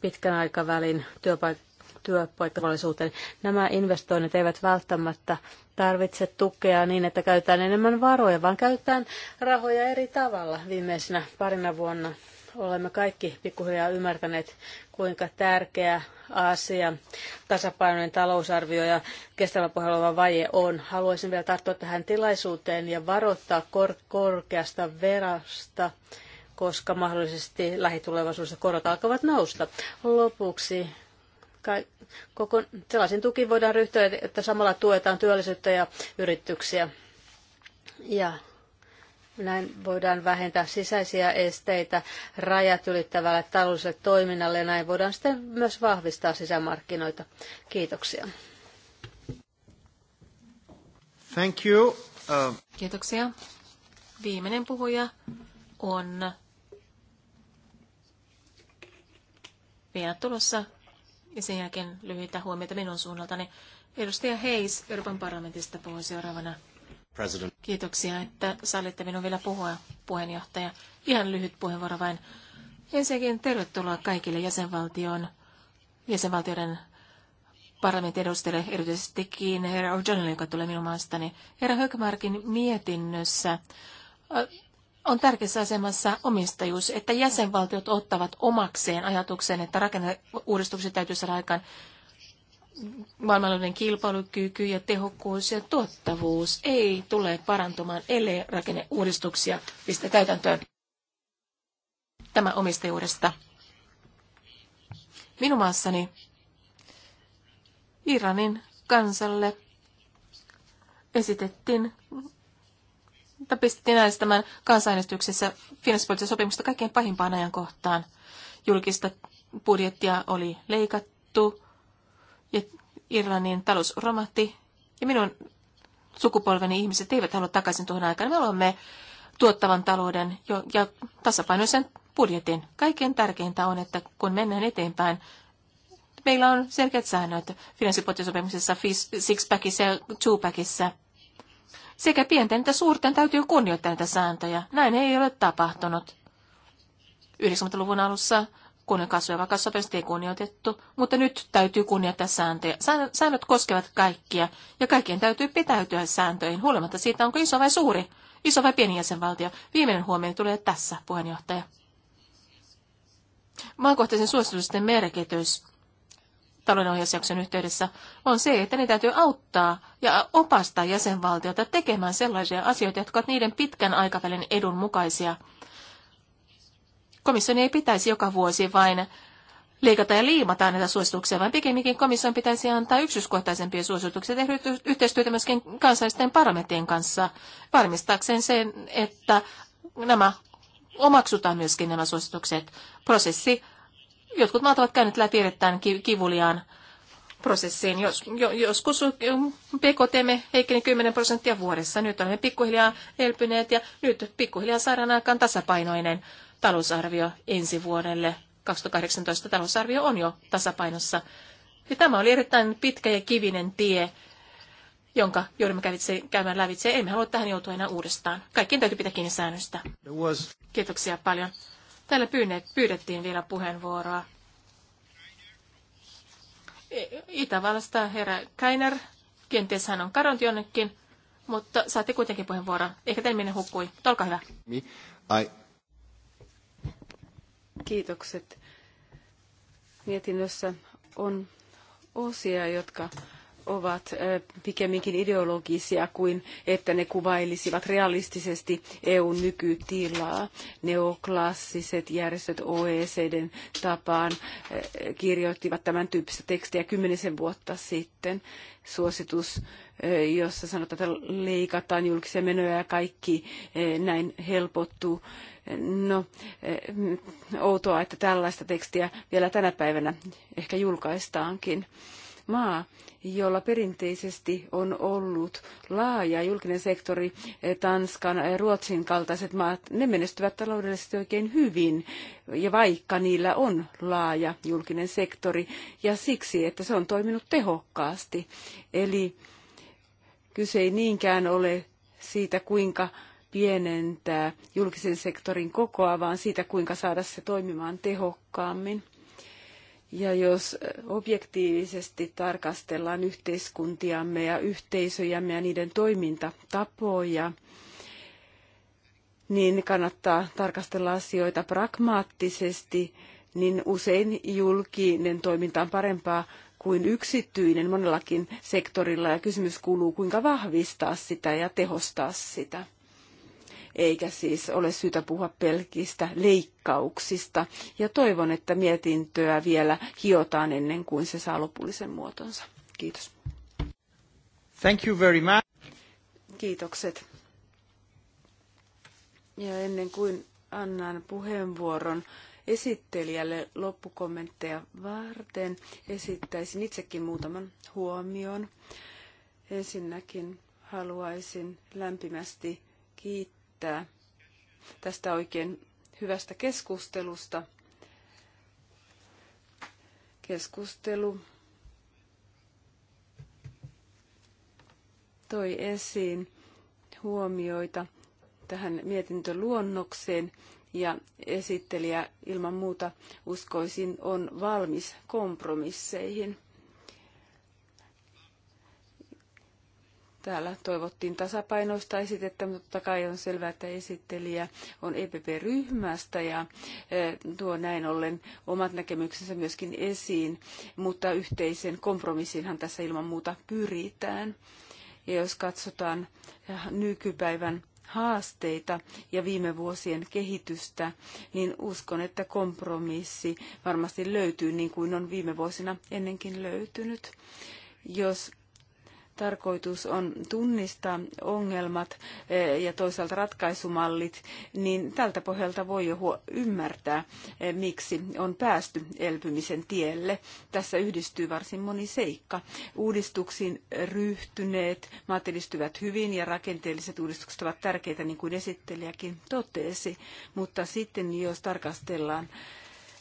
pitkän aikavälin työpaikkoja työpaikkavallisuuteen. Nämä investoinnit eivät välttämättä tarvitse tukea niin, että käytetään enemmän varoja, vaan käytetään rahoja eri tavalla viimeisenä parina vuonna. Olemme kaikki pikkuhiljaa ymmärtäneet, kuinka tärkeä asia tasapainoinen talousarvio ja kestävä pohjelma vaje on. Haluaisin vielä tarttua tähän tilaisuuteen ja varoittaa kor- korkeasta verasta, koska mahdollisesti lähitulevaisuudessa korot alkavat nousta. Lopuksi koko, sellaisen tukiin voidaan ryhtyä, että samalla tuetaan työllisyyttä ja yrityksiä. Ja näin voidaan vähentää sisäisiä esteitä rajat ylittävälle taloudelliselle toiminnalle ja näin voidaan sitten myös vahvistaa sisämarkkinoita. Kiitoksia. Thank you. Uh... Kiitoksia. Viimeinen puhuja on vielä tulossa ja sen jälkeen lyhyitä huomioita minun suunnaltani. Edustaja Hayes Euroopan parlamentista puhuu seuraavana. President. Kiitoksia, että sallitte minun vielä puhua, puheenjohtaja. Ihan lyhyt puheenvuoro vain. Ensinnäkin tervetuloa kaikille jäsenvaltion, jäsenvaltioiden parlamentin edustajille, erityisestikin herra O'Donnell, joka tulee minun maastani. Herra Högmarkin mietinnössä on tärkeässä asemassa omistajuus, että jäsenvaltiot ottavat omakseen ajatuksen, että rakenneuudistukset täytyy saada aikaan maailmanlainen kilpailukyky ja tehokkuus ja tuottavuus ei tule parantumaan, ellei rakenneuudistuksia pistä täytäntöön. Tämä omistajuudesta. Minun maassani Iranin kansalle esitettiin pistettiin äänestämään kansanäänestyksessä finanssipoliittisen sopimusta kaikkein pahimpaan ajankohtaan. Julkista budjettia oli leikattu ja Irlannin talous romahti. Ja minun sukupolveni ihmiset eivät halua takaisin tuohon aikaan. Me olemme tuottavan talouden ja tasapainoisen budjetin. Kaikkein tärkeintä on, että kun mennään eteenpäin, meillä on selkeät säännöt finanssipoliittisessa sopimuksessa, six-packissa ja two-packissa – sekä pienten että suurten täytyy kunnioittaa näitä sääntöjä. Näin ei ole tapahtunut. 90-luvun alussa kuningas- ja vakaussopimusta ei kunnioitettu, mutta nyt täytyy kunnioittaa sääntöjä. Säännöt koskevat kaikkia, ja kaikkien täytyy pitäytyä sääntöihin, huolimatta siitä, onko iso vai suuri, iso vai pieni jäsenvaltio. Viimeinen huomio tulee tässä, puheenjohtaja. Maakohtaisen suositusten merkitys talouden yhteydessä, on se, että ne täytyy auttaa ja opastaa jäsenvaltiota tekemään sellaisia asioita, jotka ovat niiden pitkän aikavälin edun mukaisia. Komission ei pitäisi joka vuosi vain leikata ja liimata näitä suosituksia, vaan pikemminkin komission pitäisi antaa yksityiskohtaisempia suosituksia tehdä yhteistyötä myöskin kansallisten parametien kanssa varmistaakseen sen, että nämä omaksutaan myöskin nämä suositukset. Prosessi jotkut maat ovat käyneet läpi erittäin kivuliaan prosessiin. Jos, jo, joskus mm, PKT heikkeni 10 prosenttia vuodessa. Nyt olemme pikkuhiljaa elpyneet ja nyt pikkuhiljaa saadaan aikaan tasapainoinen talousarvio ensi vuodelle. 2018 talousarvio on jo tasapainossa. Ja tämä oli erittäin pitkä ja kivinen tie, jonka joudumme kävitse, käymään lävitse. Emme halua tähän joutua enää uudestaan. Kaikkien täytyy pitää kiinni säännöstä. Kiitoksia paljon. Täällä pyydettiin vielä puheenvuoroa. E, Itävallasta herra Kainer, kenties hän on kadonnut jonnekin, mutta saatte kuitenkin puheenvuoron. Ehkä teidän hukkui. Olkaa hyvä. I... Kiitokset. Mietinnössä on osia, jotka ovat pikemminkin ideologisia kuin että ne kuvailisivat realistisesti EUn nykytilaa. Neoklassiset järjestöt OECDn tapaan kirjoittivat tämän tyyppistä tekstiä kymmenisen vuotta sitten. Suositus, jossa sanotaan, että leikataan julkisia menoja ja kaikki näin helpottuu. No, outoa, että tällaista tekstiä vielä tänä päivänä ehkä julkaistaankin maa, jolla perinteisesti on ollut laaja julkinen sektori, eh, Tanskan ja Ruotsin kaltaiset maat, ne menestyvät taloudellisesti oikein hyvin, ja vaikka niillä on laaja julkinen sektori, ja siksi, että se on toiminut tehokkaasti. Eli kyse ei niinkään ole siitä, kuinka pienentää julkisen sektorin kokoa, vaan siitä, kuinka saada se toimimaan tehokkaammin. Ja jos objektiivisesti tarkastellaan yhteiskuntiamme ja yhteisöjämme ja niiden toimintatapoja, niin kannattaa tarkastella asioita pragmaattisesti, niin usein julkinen toiminta on parempaa kuin yksityinen monellakin sektorilla ja kysymys kuuluu, kuinka vahvistaa sitä ja tehostaa sitä eikä siis ole syytä puhua pelkistä leikkauksista. Ja toivon, että mietintöä vielä hiotaan ennen kuin se saa lopullisen muotonsa. Kiitos. Thank you very much. Kiitokset. Ja ennen kuin annan puheenvuoron esittelijälle loppukommentteja varten, esittäisin itsekin muutaman huomion. Ensinnäkin haluaisin lämpimästi kiittää kiittää tästä oikein hyvästä keskustelusta. Keskustelu toi esiin huomioita tähän mietintöluonnokseen ja esittelijä ilman muuta uskoisin on valmis kompromisseihin. Täällä toivottiin tasapainoista esitettä, mutta totta kai on selvää, että esittelijä on EPP-ryhmästä ja e, tuo näin ollen omat näkemyksensä myöskin esiin, mutta yhteisen kompromissinhan tässä ilman muuta pyritään. Ja jos katsotaan nykypäivän haasteita ja viime vuosien kehitystä, niin uskon, että kompromissi varmasti löytyy niin kuin on viime vuosina ennenkin löytynyt. Jos tarkoitus on tunnistaa ongelmat eh, ja toisaalta ratkaisumallit, niin tältä pohjalta voi jo ymmärtää, eh, miksi on päästy elpymisen tielle. Tässä yhdistyy varsin moni seikka. Uudistuksiin ryhtyneet maat edistyvät hyvin ja rakenteelliset uudistukset ovat tärkeitä, niin kuin esittelijäkin totesi. Mutta sitten jos tarkastellaan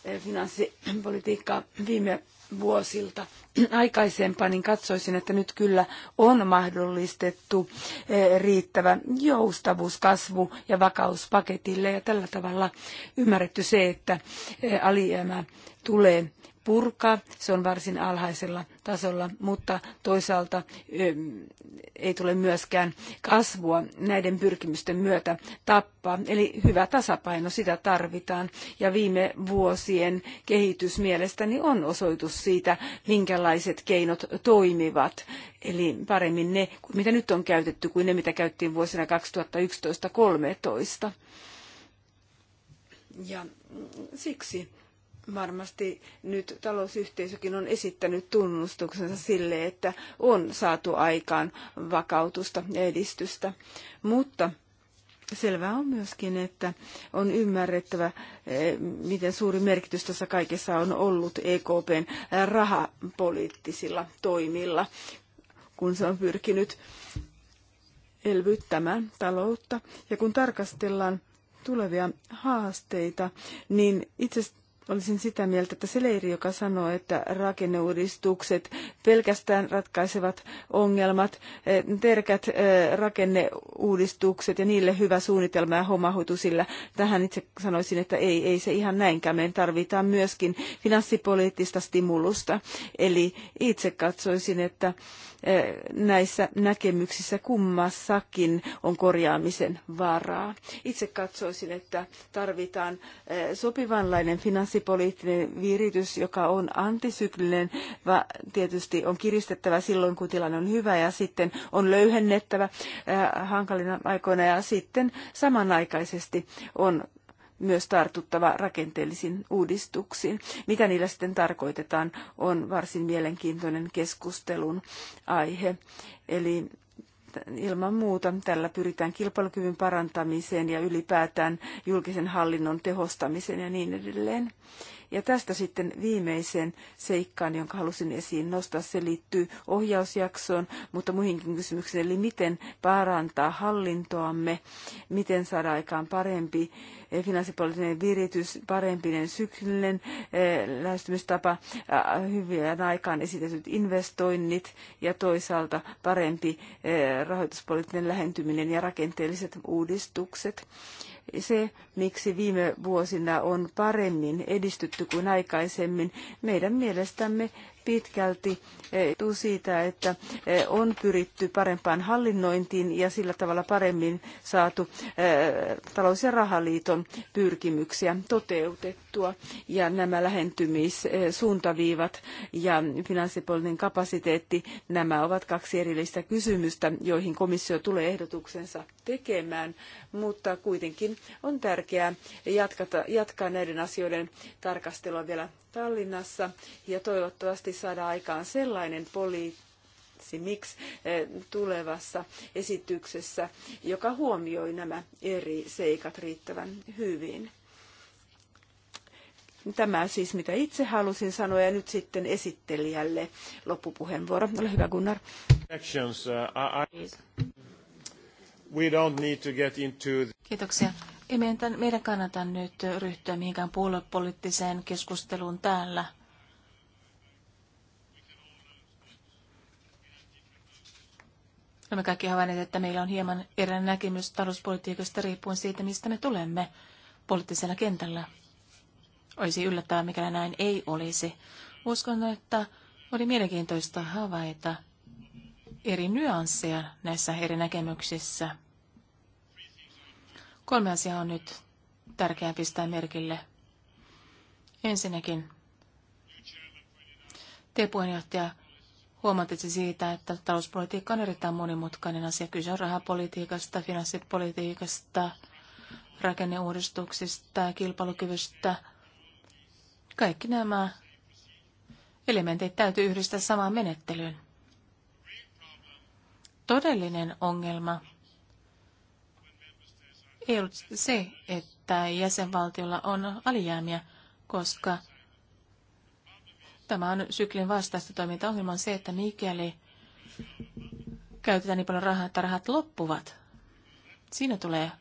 eh, finanssipolitiikkaa viime vuosilta aikaisempaa, niin katsoisin, että nyt kyllä on mahdollistettu eh, riittävä joustavuus kasvu- ja vakauspaketille ja tällä tavalla ymmärretty se, että eh, alijäämä tulee purkaa. Se on varsin alhaisella tasolla, mutta toisaalta ei tule myöskään kasvua näiden pyrkimysten myötä tappaa. Eli hyvä tasapaino, sitä tarvitaan. Ja viime vuosien kehitys mielestäni on osoitus siitä, minkälaiset keinot toimivat. Eli paremmin ne, mitä nyt on käytetty, kuin ne, mitä käyttiin vuosina 2011-2013. Ja siksi Varmasti nyt talousyhteisökin on esittänyt tunnustuksensa sille, että on saatu aikaan vakautusta ja edistystä. Mutta Selvää on myöskin, että on ymmärrettävä, eh, miten suuri merkitys tässä kaikessa on ollut EKPn rahapoliittisilla toimilla, kun se on pyrkinyt elvyttämään taloutta. Ja kun tarkastellaan tulevia haasteita, niin itse Olisin sitä mieltä, että se leiri, joka sanoo, että rakenneuudistukset pelkästään ratkaisevat ongelmat, e, terkät e, rakenneuudistukset ja niille hyvä suunnitelma ja homahoitu sillä, tähän itse sanoisin, että ei, ei se ihan näinkään. Meidän tarvitaan myöskin finanssipoliittista stimulusta. Eli itse katsoisin, että Eh, näissä näkemyksissä kummassakin on korjaamisen varaa. Itse katsoisin, että tarvitaan eh, sopivanlainen finanssipoliittinen viritys, joka on antisyklinen. Tietysti on kiristettävä silloin, kun tilanne on hyvä ja sitten on löyhennettävä eh, hankalina aikoina ja sitten samanaikaisesti on myös tartuttava rakenteellisiin uudistuksiin. Mitä niillä sitten tarkoitetaan, on varsin mielenkiintoinen keskustelun aihe. Eli ilman muuta tällä pyritään kilpailukyvyn parantamiseen ja ylipäätään julkisen hallinnon tehostamiseen ja niin edelleen. Ja tästä sitten viimeiseen seikkaan, jonka halusin esiin nostaa, se liittyy ohjausjaksoon, mutta muihinkin kysymyksiin, eli miten parantaa hallintoamme, miten saada aikaan parempi eh, finanssipoliittinen viritys, parempinen syklinen eh, lähestymistapa, eh, hyvien aikaan esitetyt investoinnit ja toisaalta parempi rahoituspoliittinen lähentyminen ja rakenteelliset uudistukset se, miksi viime vuosina on paremmin edistytty kuin aikaisemmin, meidän mielestämme pitkälti eh, tuu siitä, että eh, on pyritty parempaan hallinnointiin ja sillä tavalla paremmin saatu eh, talous- ja rahaliiton pyrkimyksiä toteutettua. Ja nämä lähentymissuuntaviivat ja finanssipoliittinen kapasiteetti, nämä ovat kaksi erillistä kysymystä, joihin komissio tulee ehdotuksensa tekemään, mutta kuitenkin on tärkeää jatkata, jatkaa näiden asioiden tarkastelua vielä Tallinnassa ja toivottavasti saada aikaan sellainen poliittinen miksi eh, tulevassa esityksessä, joka huomioi nämä eri seikat riittävän hyvin. Tämä siis mitä itse halusin sanoa ja nyt sitten esittelijälle loppupuheenvuoro. Ole hyvä Gunnar. Uh, We don't need to get into... Kiitoksia. Ei meidän, meidän kannata nyt ryhtyä mihinkään puoluepoliittiseen keskusteluun täällä. Olemme kaikki havainneet, että meillä on hieman erään näkemys talouspolitiikasta riippuen siitä, mistä me tulemme poliittisella kentällä. Olisi yllättävää, mikä näin ei olisi. Uskon, että oli mielenkiintoista havaita, eri nyansseja näissä eri näkemyksissä. Kolme asiaa on nyt tärkeää pistää merkille. Ensinnäkin te puheenjohtaja huomautitte siitä, että talouspolitiikka on erittäin monimutkainen asia. Kyse on rahapolitiikasta, finanssipolitiikasta, rakenneuudistuksista, kilpailukyvystä. Kaikki nämä elementit täytyy yhdistää samaan menettelyyn. Todellinen ongelma ei ollut se, että jäsenvaltiolla on alijäämiä, koska tämä on syklin vastaista toimintaa. Ongelma on se, että mikäli käytetään niin paljon rahaa, että rahat loppuvat, siinä tulee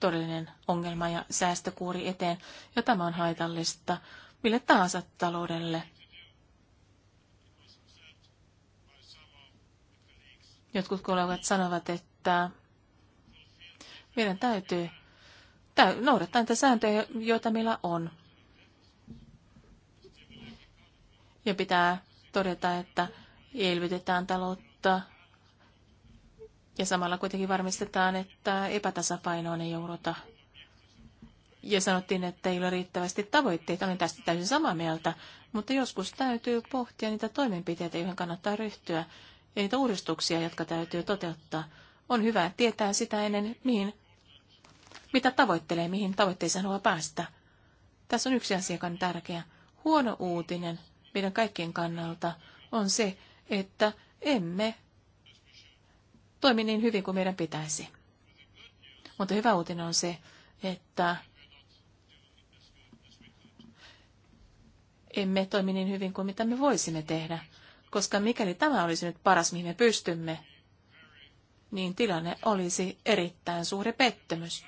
todellinen ongelma ja säästökuuri eteen, ja tämä on haitallista mille tahansa taloudelle Jotkut kollegat sanovat, että meidän täytyy täy, noudattaa niitä sääntöjä, joita meillä on. Ja pitää todeta, että elvytetään taloutta ja samalla kuitenkin varmistetaan, että epätasapainoon ei jouduta. Ja sanottiin, että ei ole riittävästi tavoitteita. Olen tästä täysin samaa mieltä, mutta joskus täytyy pohtia niitä toimenpiteitä, joihin kannattaa ryhtyä ja niitä uudistuksia, jotka täytyy toteuttaa. On hyvä tietää sitä ennen, mihin, mitä tavoittelee, mihin tavoitteeseen haluaa päästä. Tässä on yksi asia, joka on tärkeä. Huono uutinen meidän kaikkien kannalta on se, että emme toimi niin hyvin kuin meidän pitäisi. Mutta hyvä uutinen on se, että emme toimi niin hyvin kuin mitä me voisimme tehdä koska mikäli tämä olisi nyt paras, mihin me pystymme, niin tilanne olisi erittäin suuri pettymys.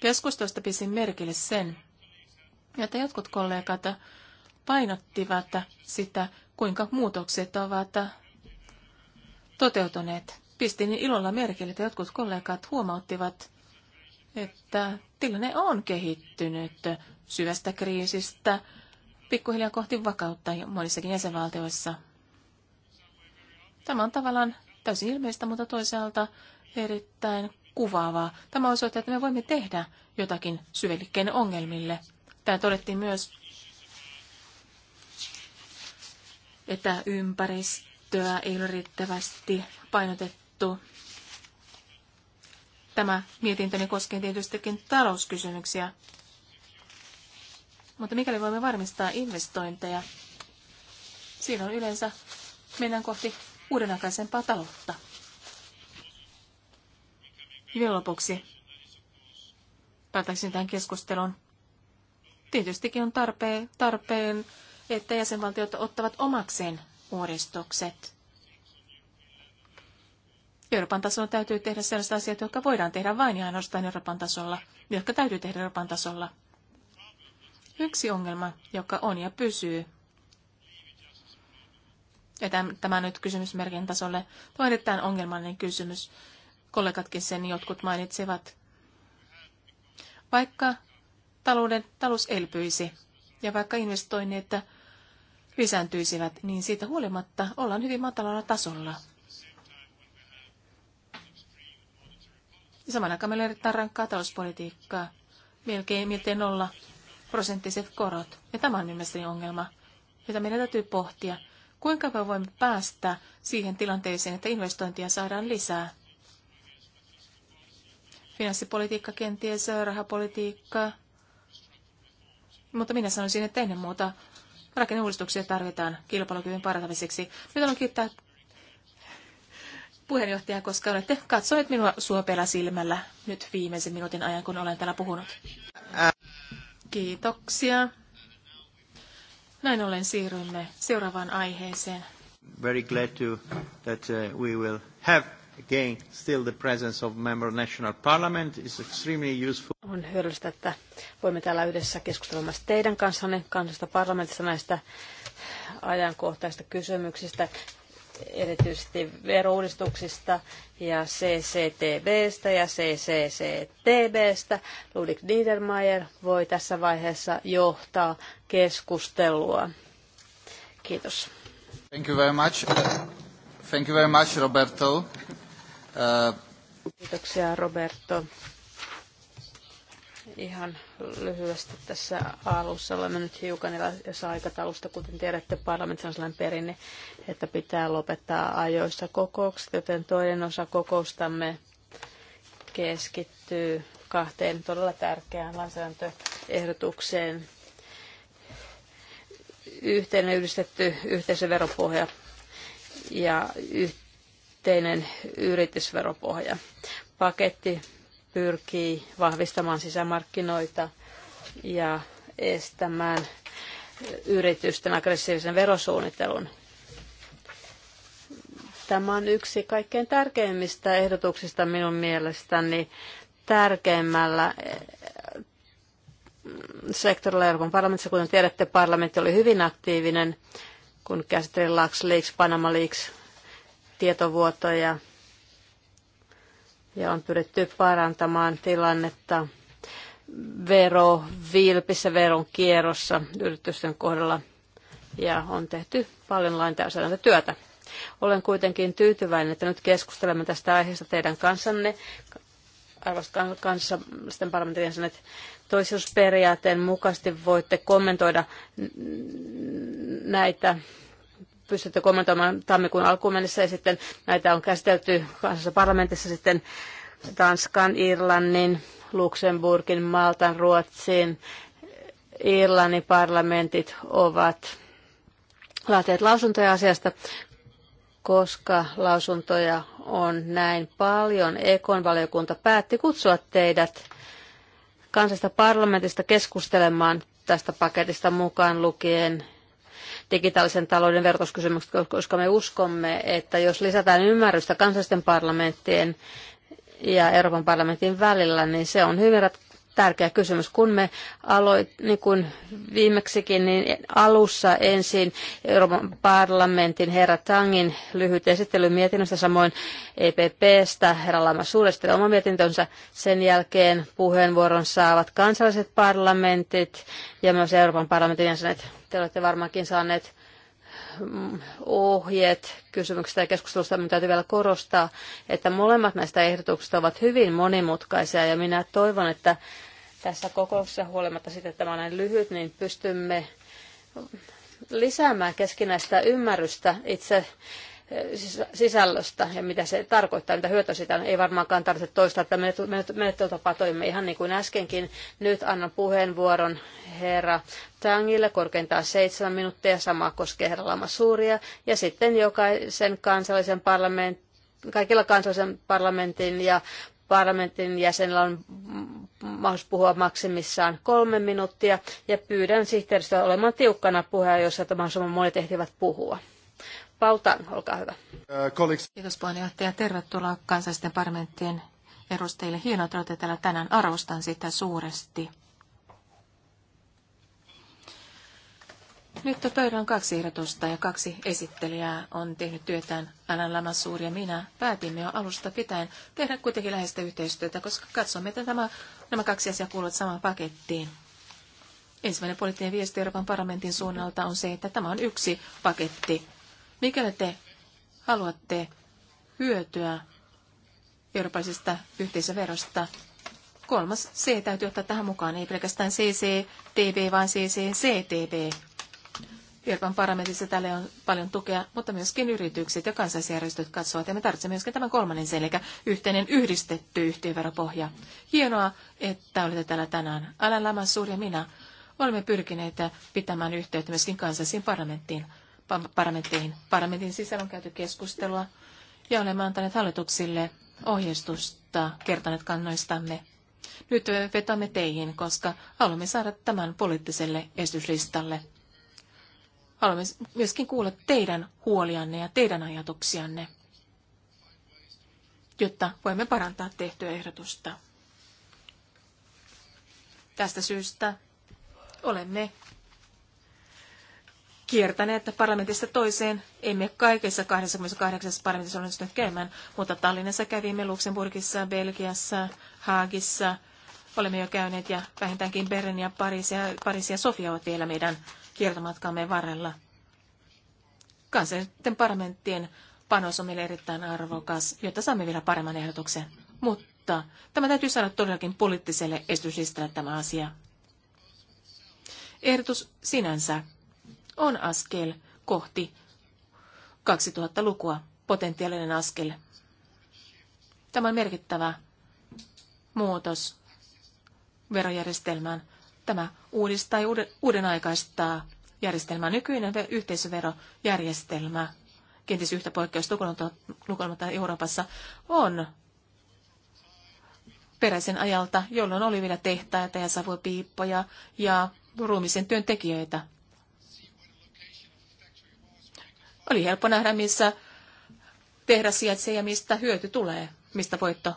Keskustelusta pisin merkille sen, että jotkut kollegat painottivat sitä, kuinka muutokset ovat toteutuneet. Pistin ilolla merkille, että jotkut kollegat huomauttivat, että tilanne on kehittynyt syvästä kriisistä pikkuhiljaa kohti vakautta monissakin jäsenvaltioissa. Tämä on tavallaan täysin ilmeistä, mutta toisaalta erittäin kuvaavaa. Tämä osoittaa, että me voimme tehdä jotakin syvellikkeen ongelmille. Tämä todettiin myös, että ympäristöä ei ole riittävästi painotettu. Tämä mietintöni koskee tietystikin talouskysymyksiä. Mutta mikäli voimme varmistaa investointeja, silloin yleensä mennään kohti uudenaikaisempaa taloutta. Vielä lopuksi päätäisin tämän keskustelun. Tietystikin on tarpeen, tarpeen, että jäsenvaltiot ottavat omakseen uudistukset. Euroopan tasolla täytyy tehdä sellaiset asiat, jotka voidaan tehdä vain ja ainoastaan Euroopan tasolla, jotka täytyy tehdä Euroopan tasolla. Yksi ongelma, joka on ja pysyy, ja tämä nyt kysymysmerkin tasolle, toinen ongelmallinen kysymys. Kollegatkin sen jotkut mainitsevat. Vaikka talouden, talous elpyisi ja vaikka investoinnit lisääntyisivät, niin siitä huolimatta ollaan hyvin matalalla tasolla. Ja saman aikaan meillä on erittäin rankkaa talouspolitiikkaa, melkein miltei nolla prosenttiset korot. Ja tämä on mielestäni ongelma, jota meidän täytyy pohtia. Kuinka me voimme päästä siihen tilanteeseen, että investointia saadaan lisää? Finanssipolitiikka, kenties rahapolitiikka, mutta minä sanoisin, että ennen muuta rakenneuudistuksia tarvitaan kilpailukyvyn parantamiseksi. Nyt on kiittää puheenjohtaja, koska olette katsoneet minua suopealla silmällä nyt viimeisen minuutin ajan, kun olen täällä puhunut. Kiitoksia. Näin ollen siirrymme seuraavaan aiheeseen. Very glad to, that uh, we will have again still the presence of member national parliament is extremely useful. On hyödyllistä, että voimme täällä yhdessä keskustella myös teidän kanssanne kansasta parlamentissa näistä ajankohtaisista kysymyksistä, erityisesti verouudistuksista ja CCTBstä ja CCCTBstä. Ludwig Niedermayer voi tässä vaiheessa johtaa keskustelua. Kiitos. Thank you very much. Thank you very much, Roberto. Uh... Kiitoksia, Roberto. Ihan lyhyesti tässä alussa olemme nyt hiukan elässä aikataulusta, kuten tiedätte, parlamentissa on sellainen perinne, että pitää lopettaa ajoissa kokoukset, joten toinen osa kokoustamme keskittyy kahteen todella tärkeään lainsäädäntöehdotukseen. Yhteinen yhdistetty yhteisöveropohja ja yhteinen yritysveropohja. Paketti pyrkii vahvistamaan sisämarkkinoita ja estämään yritysten aggressiivisen verosuunnittelun. Tämä on yksi kaikkein tärkeimmistä ehdotuksista minun mielestäni tärkeimmällä eh, sektorilla Euroopan parlamentissa. Kuten tiedätte, parlamentti oli hyvin aktiivinen, kun käsitteli Lux Leaks, Panama Leaks, tietovuotoja ja on pyritty parantamaan tilannetta vero vilpissä veron kierrossa yritysten kohdalla ja on tehty paljon lainsäädäntötyötä. Olen kuitenkin tyytyväinen, että nyt keskustelemme tästä aiheesta teidän kanssanne, arvoisat kansallisten parlamentin jäsenet, toisuusperiaatteen mukaisesti voitte kommentoida näitä pystytte kommentoimaan tammikuun alkuun mennessä ja sitten näitä on käsitelty kansallisessa parlamentissa sitten Tanskan, Irlannin, Luxemburgin, Maltan, Ruotsin, Irlannin parlamentit ovat laatineet lausuntoja asiasta, koska lausuntoja on näin paljon. Ekon valiokunta päätti kutsua teidät kansallisesta parlamentista keskustelemaan tästä paketista mukaan lukien digitaalisen talouden verotuskysymykset, koska me uskomme, että jos lisätään ymmärrystä kansallisten parlamenttien ja Euroopan parlamentin välillä, niin se on hyvin tärkeä kysymys. Kun me aloit, niin kuin viimeksikin, niin alussa ensin Euroopan parlamentin herra Tangin lyhyt esittely mietinnöstä, samoin EPPstä, herra Lama Suuresti oma mietintönsä. Sen jälkeen puheenvuoron saavat kansalliset parlamentit ja myös Euroopan parlamentin jäsenet. Te olette varmaankin saaneet mm, ohjeet kysymyksistä ja keskustelusta, mutta täytyy vielä korostaa, että molemmat näistä ehdotuksista ovat hyvin monimutkaisia ja minä toivon, että tässä kokouksessa huolimatta siitä, että tämä on näin lyhyt, niin pystymme lisäämään keskinäistä ymmärrystä itse sisällöstä ja mitä se tarkoittaa, mitä hyötyä sitä on. Ei varmaankaan tarvitse toistaa, että menettelytapaa toimimme ihan niin kuin äskenkin. Nyt annan puheenvuoron herra Tangille korkeintaan seitsemän minuuttia, sama koskee herra Lamassuuria, ja sitten jokaisen kansallisen parlamentin kaikilla kansallisen parlamentin ja parlamentin jäsenillä on mahdollisuus puhua maksimissaan kolme minuuttia ja pyydän sihteeristöä olemaan tiukkana puheen, jossa mahdollisimman monet ehtivät puhua. Pautan, olkaa hyvä. Äh, Kiitos puheenjohtaja. Tervetuloa kansallisten parlamenttien edustajille. Hienoa, että olette täällä tänään. Arvostan sitä suuresti. Nyt on pöydän kaksi ehdotusta ja kaksi esittelijää on tehnyt työtään. Alan Lamassuuri ja minä päätimme jo alusta pitäen tehdä kuitenkin läheistä yhteistyötä, koska katsomme, että tämä, nämä kaksi asiaa kuuluvat samaan pakettiin. Ensimmäinen poliittinen viesti Euroopan parlamentin suunnalta on se, että tämä on yksi paketti. Mikäli te haluatte hyötyä eurooppalaisesta yhteisöverosta, kolmas C täytyy ottaa tähän mukaan, ei pelkästään CCTB, vaan CCCTB. Euroopan parlamentissa tälle on paljon tukea, mutta myöskin yritykset ja kansallisjärjestöt katsovat, ja me tarvitsemme myöskin tämän kolmannen sen, eli yhteinen yhdistetty yhtiöveropohja. Hienoa, että olette täällä tänään. Alan Lamassuur ja minä olemme pyrkineet pitämään yhteyttä myöskin kansallisiin parlamenttiin parlamentteihin. Parlamentin sisällä on käyty keskustelua ja olemme antaneet hallituksille ohjeistusta kertaneet kannoistamme. Nyt vetoamme teihin, koska haluamme saada tämän poliittiselle esityslistalle. Haluamme myöskin kuulla teidän huolianne ja teidän ajatuksianne, jotta voimme parantaa tehtyä ehdotusta. Tästä syystä olemme kiertäneet parlamentista toiseen. Emme kaikessa 28. parlamentissa onnistuneet käymään, mutta Tallinnassa kävimme, Luxemburgissa, Belgiassa, Haagissa. Olemme jo käyneet ja vähintäänkin Bern ja Pariisi ja, Pariisi ja Sofia ovat vielä meidän kiertomatkamme varrella. Kansallisten parlamenttien panos on meille erittäin arvokas, jotta saamme vielä paremman ehdotuksen. Mutta tämä täytyy saada todellakin poliittiselle esityslistalle tämä asia. Ehdotus sinänsä on askel kohti 2000-lukua, potentiaalinen askel. Tämä on merkittävä muutos verojärjestelmään. Tämä uudistaa ja uuden aikaistaa järjestelmää. Nykyinen yhteisöverojärjestelmä, kenties yhtä poikkeus lukunotta Euroopassa, on peräisen ajalta, jolloin oli vielä tehtaita ja savupiippoja ja ruumisen työntekijöitä. Oli helppo nähdä, missä tehdä sijaitsee ja mistä hyöty tulee, mistä voitto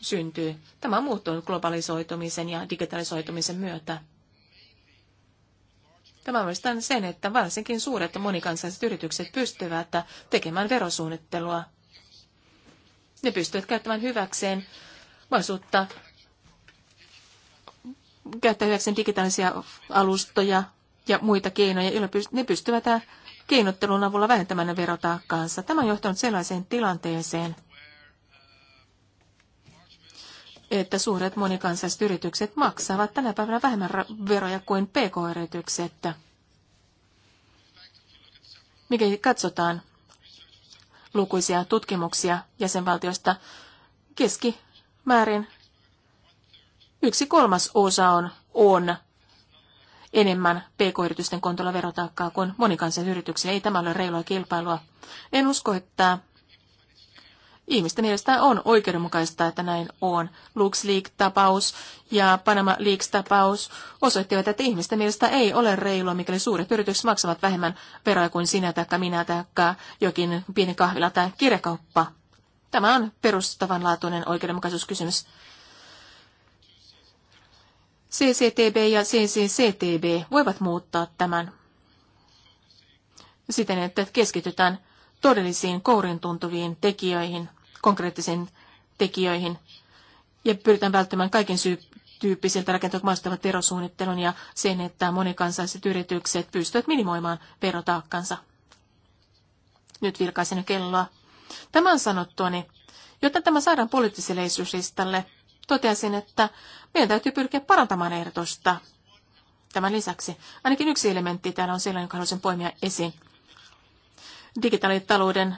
syntyy. Tämä on muuttunut globalisoitumisen ja digitalisoitumisen myötä. Tämä mahdollistaa sen, että varsinkin suuret monikansalliset yritykset pystyvät tekemään verosuunnittelua. Ne pystyvät käyttämään hyväkseen mahdollisuutta käyttää hyväkseen digitaalisia alustoja ja muita keinoja, joilla ne pystyvät keinottelun avulla vähentämään verotaakkaansa. Tämä on johtanut sellaiseen tilanteeseen, että suuret monikansalliset yritykset maksavat tänä päivänä vähemmän veroja kuin pk-yritykset. Mikä katsotaan lukuisia tutkimuksia jäsenvaltioista, keskimäärin yksi kolmas osa on, on enemmän pk-yritysten kontolla verotaakkaa kuin monikansan yrityksen. Ei tämä ole reilua kilpailua. En usko, että ihmisten mielestä on oikeudenmukaista, että näin on. LuxLeaks-tapaus ja Panama Leaks-tapaus osoittivat, että ihmisten mielestä ei ole reilua, mikäli suuret yritykset maksavat vähemmän veroja kuin sinä tai minä tai jokin pieni kahvila tai kirjakauppa. Tämä on perustavanlaatuinen oikeudenmukaisuuskysymys. CCTB ja CCCTB voivat muuttaa tämän siten, että keskitytään todellisiin kourin tuntuviin tekijöihin, konkreettisiin tekijöihin, ja pyritään välttämään kaiken syy tyyppisiltä rakenteelta maistavat verosuunnittelun ja sen, että monikansalliset yritykset pystyvät minimoimaan verotaakkansa. Nyt vilkaisen kelloa. Tämän sanottuani, jotta tämä saadaan poliittiselle isyyslistalle, totesin, että meidän täytyy pyrkiä parantamaan ehdotusta. Tämän lisäksi ainakin yksi elementti täällä on sellainen, jonka haluaisin poimia esiin. Digitaalitalouden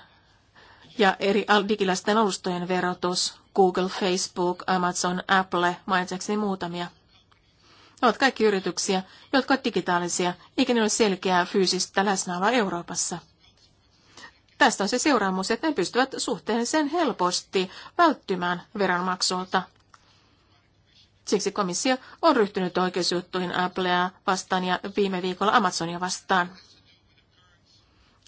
ja eri digilaisten alustojen verotus, Google, Facebook, Amazon, Apple, mainitsekseni muutamia. Ne ovat kaikki yrityksiä, jotka ovat digitaalisia, eikä ne ole selkeää fyysistä läsnäoloa Euroopassa. Tästä on se seuraamus, että ne pystyvät suhteellisen helposti välttymään veronmaksulta Siksi komissio on ryhtynyt oikeusjuttuihin Applea vastaan ja viime viikolla Amazonia vastaan.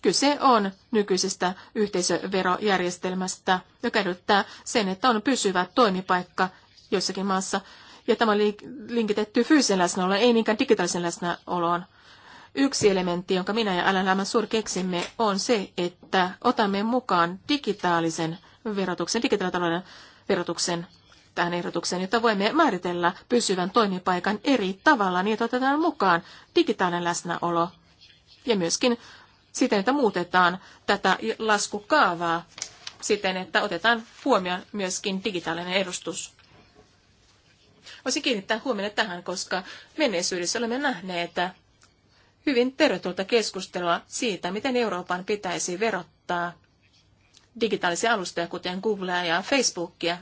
Kyse on nykyisestä yhteisöverojärjestelmästä, joka edellyttää sen, että on pysyvä toimipaikka jossakin maassa. Ja tämä on linkitetty fyysisen läsnäoloon, ei niinkään digitaalisen läsnäoloon. Yksi elementti, jonka minä ja Alan Lämän Sur keksimme, on se, että otamme mukaan digitaalisen verotuksen, digitaalitalouden verotuksen tähän ehdotukseen, jotta voimme määritellä pysyvän toimipaikan eri tavalla, niin että otetaan mukaan digitaalinen läsnäolo ja myöskin siten, että muutetaan tätä laskukaavaa siten, että otetaan huomioon myöskin digitaalinen edustus. Voisin kiinnittää huomioon tähän, koska menneisyydessä olemme nähneet hyvin tervetulta keskustelua siitä, miten Euroopan pitäisi verottaa digitaalisia alustoja, kuten Googlea ja Facebookia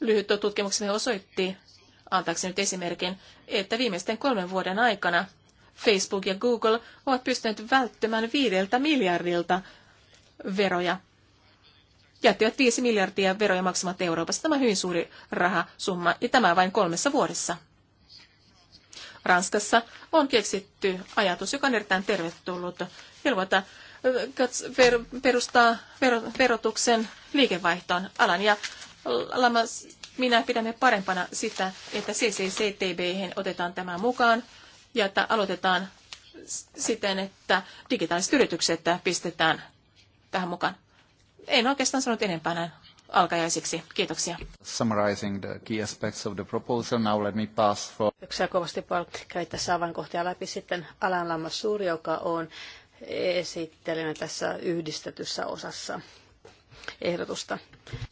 Lyhyt tutkimuksemme osoitti, antaakseni nyt esimerkin, että viimeisten kolmen vuoden aikana Facebook ja Google ovat pystyneet välttämään viideltä miljardilta veroja. Jättivät 5 miljardia veroja maksamatta Euroopassa. Tämä on hyvin suuri rahasumma, ja tämä vain kolmessa vuodessa. Ranskassa on keksitty ajatus, joka on erittäin tervetullut. Helvota äh, perustaa verotuksen liikevaihtoon alan ja Lamas, minä pidämme parempana sitä, että CCCTB otetaan tämä mukaan ja että aloitetaan siten, että digitaaliset yritykset pistetään tähän mukaan. En oikeastaan sanonut enempää näin alkajaisiksi. Kiitoksia. Summarizing the key aspects of the proposal, now let me pass for... Yksiä kovasti paljon käy tässä avainkohtia läpi sitten Alan Lammas Suuri, joka on esittelijänä tässä yhdistetyssä osassa ehdotusta.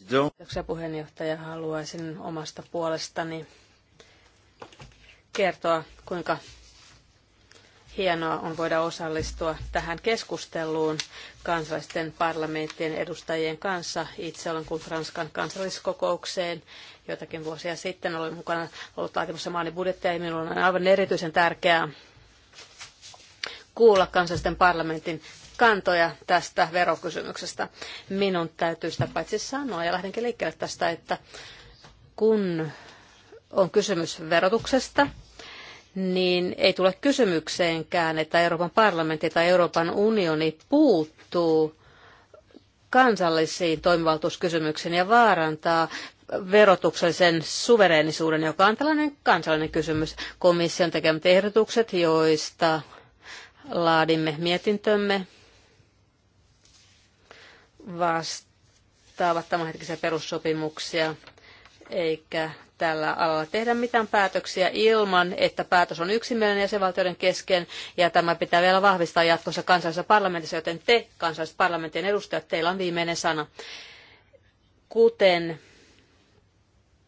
Kiitoksia puheenjohtaja. Haluaisin omasta puolestani kertoa, kuinka hienoa on voida osallistua tähän keskusteluun kansallisten parlamenttien edustajien kanssa. Itse olen kun Ranskan kansalliskokoukseen joitakin vuosia sitten. Olen mukana ollut laatimassa maani budjettia ja minulla on aivan erityisen tärkeää kuulla kansallisten parlamentin kantoja tästä verokysymyksestä. Minun täytyy sitä paitsi sanoa ja lähdenkin liikkeelle tästä, että kun on kysymys verotuksesta, niin ei tule kysymykseenkään, että Euroopan parlamentti tai Euroopan unioni puuttuu kansallisiin toimivaltuuskysymyksiin ja vaarantaa verotuksellisen suvereenisuuden, joka on tällainen kansallinen kysymys. Komission tekemät ehdotukset, joista laadimme mietintömme, vastaavat tämänhetkisiä perussopimuksia, eikä tällä alalla tehdä mitään päätöksiä ilman, että päätös on yksimielinen jäsenvaltioiden kesken, ja tämä pitää vielä vahvistaa jatkossa kansallisessa parlamentissa, joten te, kansalliset parlamentin edustajat, teillä on viimeinen sana. Kuten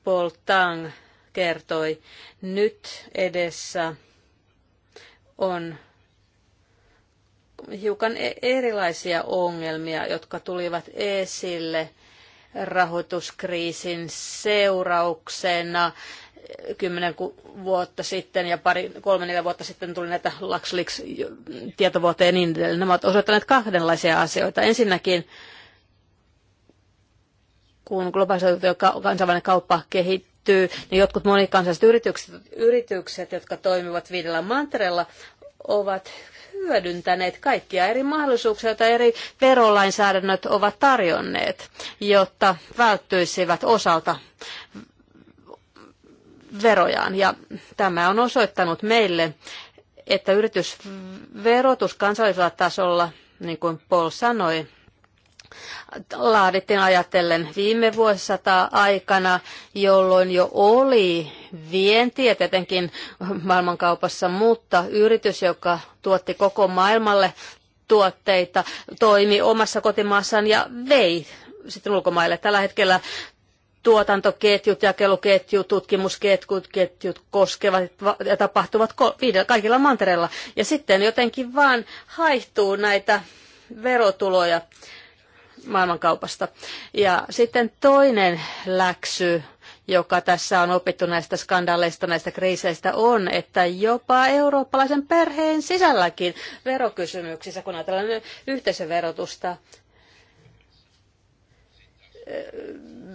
Paul Tang kertoi, nyt edessä on hiukan e- erilaisia ongelmia, jotka tulivat esille rahoituskriisin seurauksena. Kymmenen vuotta sitten ja pari, kolme, neljä vuotta sitten tuli näitä LuxLeaks-tietovuotoja ja niin edelleen. Nämä ovat osoittaneet kahdenlaisia asioita. Ensinnäkin kun globalisaatio ja kansainvälinen kauppa kehittyy, niin jotkut monikansalliset yritykset, yritykset jotka toimivat viidellä mantereella, ovat hyödyntäneet kaikkia eri mahdollisuuksia, joita eri verolainsäädännöt ovat tarjonneet, jotta välttyisivät osalta verojaan. Ja tämä on osoittanut meille, että yritysverotus kansallisella tasolla, niin kuin Paul sanoi, laadittiin ajatellen viime vuosisataa aikana, jolloin jo oli vientiä tietenkin maailmankaupassa, mutta yritys, joka tuotti koko maailmalle tuotteita, toimi omassa kotimaassaan ja vei sitten ulkomaille. Tällä hetkellä tuotantoketjut, jakeluketjut, tutkimusketjut ketjut koskevat ja tapahtuvat kaikilla mantereilla. Ja sitten jotenkin vaan haihtuu näitä verotuloja maailmankaupasta. Ja sitten toinen läksy, joka tässä on opittu näistä skandaaleista, näistä kriiseistä, on, että jopa eurooppalaisen perheen sisälläkin verokysymyksissä, kun ajatellaan yhteisöverotusta,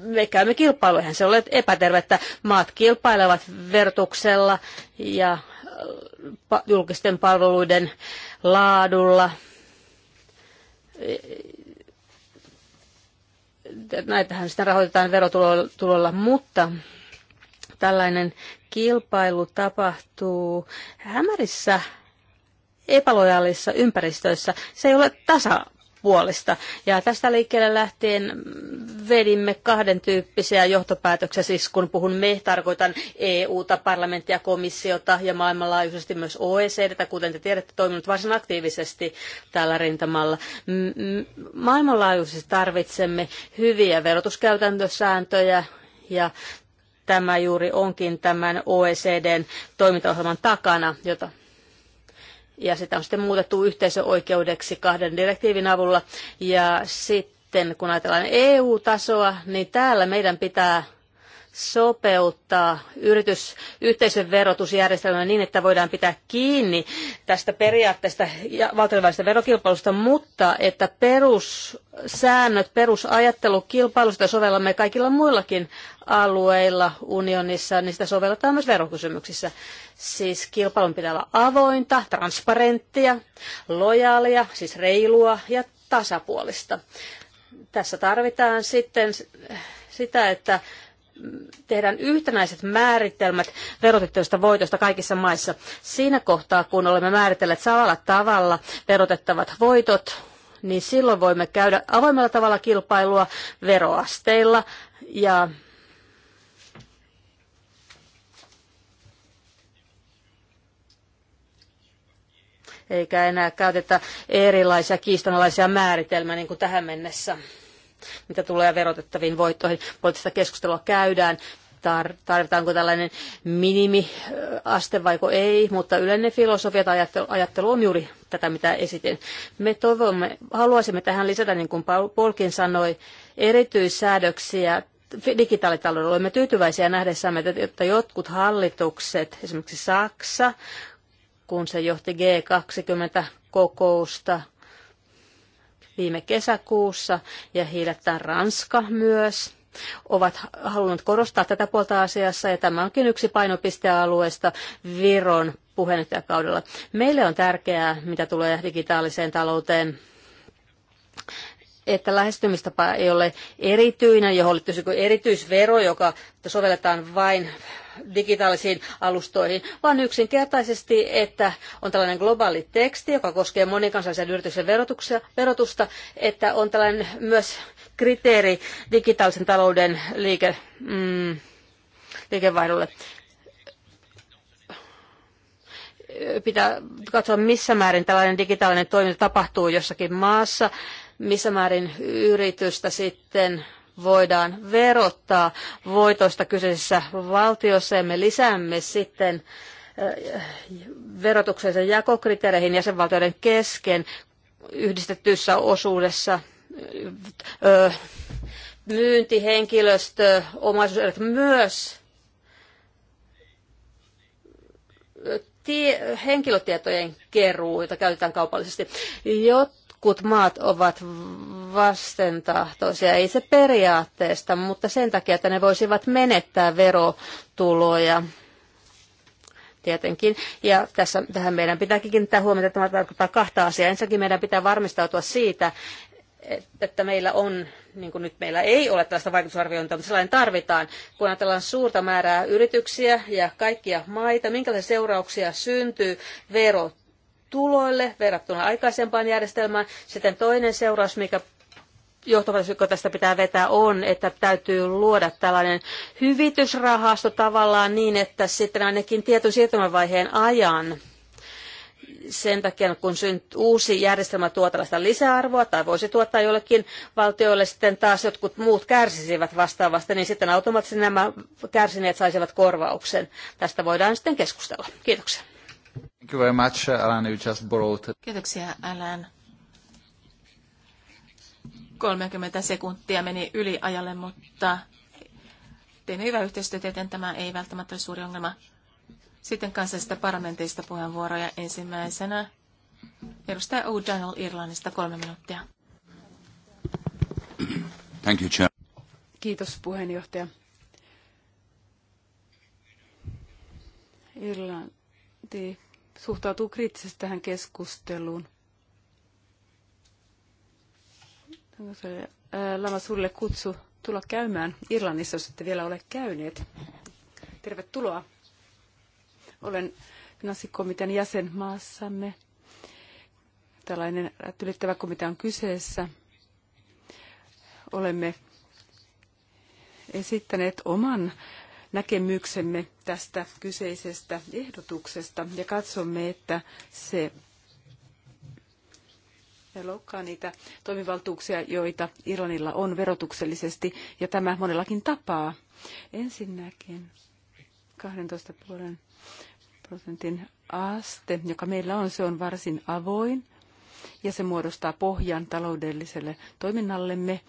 me käymme kilpailua, se ole epätervettä. Maat kilpailevat vertuksella ja julkisten palveluiden laadulla näitähän sitä rahoitetaan verotulolla, mutta tällainen kilpailu tapahtuu hämärissä epälojaalissa ympäristöissä. Se ei ole tasa puolista. Ja tästä liikkeelle lähtien vedimme kahden tyyppisiä johtopäätöksiä, siis kun puhun me, tarkoitan EU-ta, parlamenttia, komissiota ja maailmanlaajuisesti myös OECDtä, kuten te tiedätte, toiminut varsin aktiivisesti tällä rintamalla. Maailmanlaajuisesti tarvitsemme hyviä verotuskäytäntösääntöjä, ja tämä juuri onkin tämän OECDn toimintaohjelman takana, jota ja sitä on sitten muutettu yhteisöoikeudeksi kahden direktiivin avulla. Ja sitten kun ajatellaan EU-tasoa, niin täällä meidän pitää sopeuttaa yritys, yhteisön verotusjärjestelmää niin, että voidaan pitää kiinni tästä periaatteesta ja valtioiden verokilpailusta, mutta että perussäännöt, perusajattelu kilpailusta sovellamme kaikilla muillakin alueilla unionissa, niin sitä sovelletaan myös verokysymyksissä. Siis kilpailun pitää olla avointa, transparenttia, lojaalia, siis reilua ja tasapuolista. Tässä tarvitaan sitten sitä, että tehdään yhtenäiset määritelmät verotettavista voitoista kaikissa maissa. Siinä kohtaa, kun olemme määritelleet samalla tavalla verotettavat voitot, niin silloin voimme käydä avoimella tavalla kilpailua veroasteilla ja eikä enää käytetä erilaisia kiistanalaisia määritelmiä niin kuin tähän mennessä mitä tulee verotettaviin voittoihin. Poliittista keskustelua käydään, tarvitaanko tällainen minimiaste vaiko ei, mutta yleinen filosofia tai ajattelu, ajattelu on juuri tätä, mitä esitin. Me toivomme, haluaisimme tähän lisätä, niin kuin Polkin sanoi, erityissäädöksiä digitaalitaloudella. Olemme tyytyväisiä nähdessämme, että jotkut hallitukset, esimerkiksi Saksa, kun se johti G20-kokousta, viime kesäkuussa ja hiljattain Ranska myös ovat halunneet korostaa tätä puolta asiassa ja tämä onkin yksi painopistealueesta Viron puheenjohtajakaudella. Meille on tärkeää, mitä tulee digitaaliseen talouteen, että lähestymistapa ei ole erityinen, johon liittyisi erityisvero, joka sovelletaan vain digitaalisiin alustoihin, vaan yksinkertaisesti, että on tällainen globaali teksti, joka koskee monikansallisen yrityksen verotusta, että on tällainen myös kriteeri digitaalisen talouden liike, mm, liikevaihdolle. Pitää katsoa, missä määrin tällainen digitaalinen toiminta tapahtuu jossakin maassa, missä määrin yritystä sitten voidaan verottaa voitoista kyseisessä valtiossa ja me lisäämme sitten eh, verotuksensa jakokriteereihin jäsenvaltioiden kesken yhdistetyssä osuudessa eh, myynti, henkilöstö, omaisuuserät myös tie, henkilötietojen keruu, jota käytetään kaupallisesti, jotta Jotkut maat ovat vastentahtoisia, ei se periaatteesta, mutta sen takia, että ne voisivat menettää verotuloja tietenkin. Ja tässä, tähän meidän pitääkin kiinnittää huomiota, että tämä tarkoittaa kahta asiaa. Ensinnäkin meidän pitää varmistautua siitä, että meillä on, niin kuin nyt meillä ei ole tällaista vaikutusarviointia, mutta sellainen tarvitaan, kun ajatellaan suurta määrää yrityksiä ja kaikkia maita, minkälaisia seurauksia syntyy verot tuloille verrattuna aikaisempaan järjestelmään. Sitten toinen seuraus, mikä johtopäätös, joka tästä pitää vetää, on, että täytyy luoda tällainen hyvitysrahasto tavallaan niin, että sitten ainakin tietyn siirtymävaiheen ajan sen takia, kun uusi järjestelmä tuo tällaista lisäarvoa tai voisi tuottaa jollekin valtioille, sitten taas jotkut muut kärsisivät vastaavasti, niin sitten automaattisesti nämä kärsineet saisivat korvauksen. Tästä voidaan sitten keskustella. Kiitoksia. Thank you very much, Alan. You just borrowed. Kiitoksia, Alan. 30 sekuntia meni yli ajalle, mutta teimme hyvää yhteistyötä, joten tämä ei välttämättä ole suuri ongelma. Sitten kansallisista parlamenteista puheenvuoroja ensimmäisenä. Edustaja O'Donnell Irlannista kolme minuuttia. Thank you, Chair. Kiitos puheenjohtaja. Irlanti suhtautuu kriittisesti tähän keskusteluun. Äh, Lama sulle kutsu tulla käymään Irlannissa, jos ette vielä ole käyneet. Tervetuloa. Olen finanssikomitean jäsen maassamme. Tällainen ylittävä komitea on kyseessä. Olemme esittäneet oman näkemyksemme tästä kyseisestä ehdotuksesta ja katsomme, että se loukkaa niitä toimivaltuuksia, joita Irlannilla on verotuksellisesti, ja tämä monellakin tapaa. Ensinnäkin 12,5 prosentin aste, joka meillä on, se on varsin avoin, ja se muodostaa pohjan taloudelliselle toiminnallemme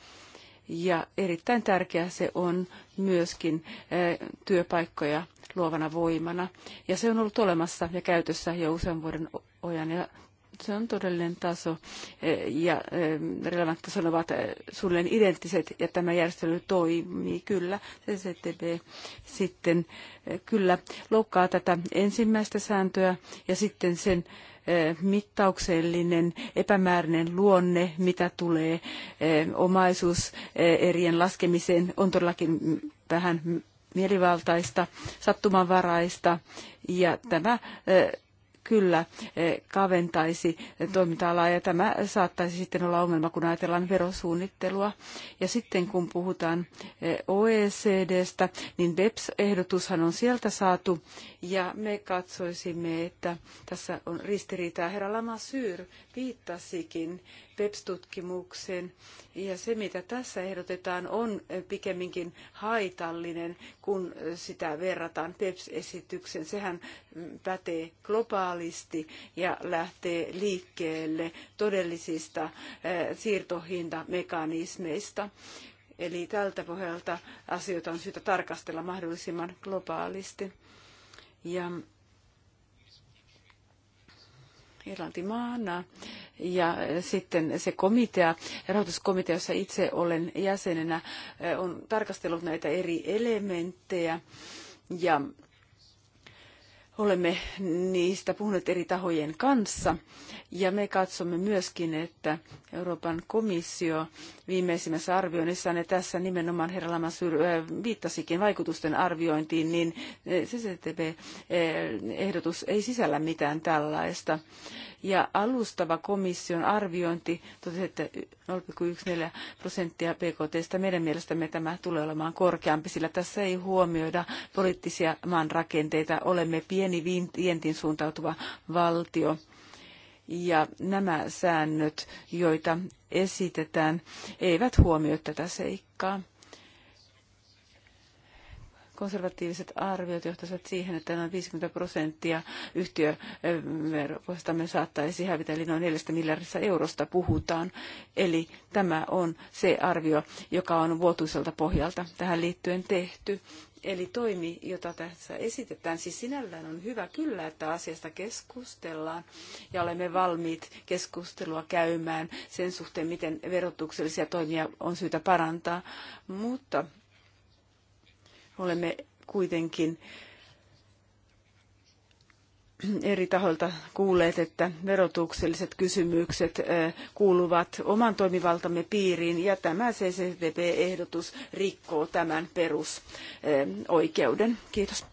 ja erittäin tärkeää se on myöskin eh, työpaikkoja luovana voimana. Ja se on ollut olemassa ja käytössä jo usean vuoden ajan ja se on todellinen taso eh, ja eh, relevantti ovat suunnilleen identtiset ja tämä järjestely toimii kyllä. CCTV sitten kyllä loukkaa tätä ensimmäistä sääntöä ja sitten sen mittauksellinen epämääräinen luonne, mitä tulee omaisuuserien laskemiseen, on todellakin vähän mielivaltaista, sattumanvaraista ja tämä kyllä e, kaventaisi toiminta-alaa ja tämä saattaisi sitten olla ongelma, kun ajatellaan verosuunnittelua. Ja sitten kun puhutaan e, OECDstä, niin BEPS-ehdotushan on sieltä saatu ja me katsoisimme, että tässä on ristiriitaa. Herra Lama Syr viittasikin peps tutkimukseen Ja se, mitä tässä ehdotetaan, on pikemminkin haitallinen, kun sitä verrataan PEPS-esitykseen. Sehän pätee globaalisti ja lähtee liikkeelle todellisista eh, siirtohintamekanismeista. Eli tältä pohjalta asioita on syytä tarkastella mahdollisimman globaalisti. Ja Irlanti maana. Ja eh, sitten se komitea, rahoituskomitea, jossa itse olen jäsenenä, eh, on tarkastellut näitä eri elementtejä. Ja olemme niistä puhuneet eri tahojen kanssa. Ja me katsomme myöskin, että Euroopan komissio viimeisimmässä arvioinnissaan, ja tässä nimenomaan herra Lamassur viittasikin vaikutusten arviointiin, niin CCTV-ehdotus ei sisällä mitään tällaista ja alustava komission arviointi totesi, että 0,14 prosenttia BKTstä meidän mielestämme tämä tulee olemaan korkeampi, sillä tässä ei huomioida poliittisia maan rakenteita. Olemme pieni vientiin suuntautuva valtio. Ja nämä säännöt, joita esitetään, eivät huomioi tätä seikkaa konservatiiviset arviot johtaisivat siihen, että noin 50 prosenttia yhtiöveropoistamme saattaisi hävitä, eli noin 4 miljardista eurosta puhutaan. Eli tämä on se arvio, joka on vuotuiselta pohjalta tähän liittyen tehty. Eli toimi, jota tässä esitetään, siis sinällään on hyvä kyllä, että asiasta keskustellaan ja olemme valmiit keskustelua käymään sen suhteen, miten verotuksellisia toimia on syytä parantaa, mutta Olemme kuitenkin eri tahoilta kuulleet, että verotukselliset kysymykset kuuluvat oman toimivaltamme piiriin ja tämä CCTP-ehdotus rikkoo tämän perusoikeuden. Kiitos.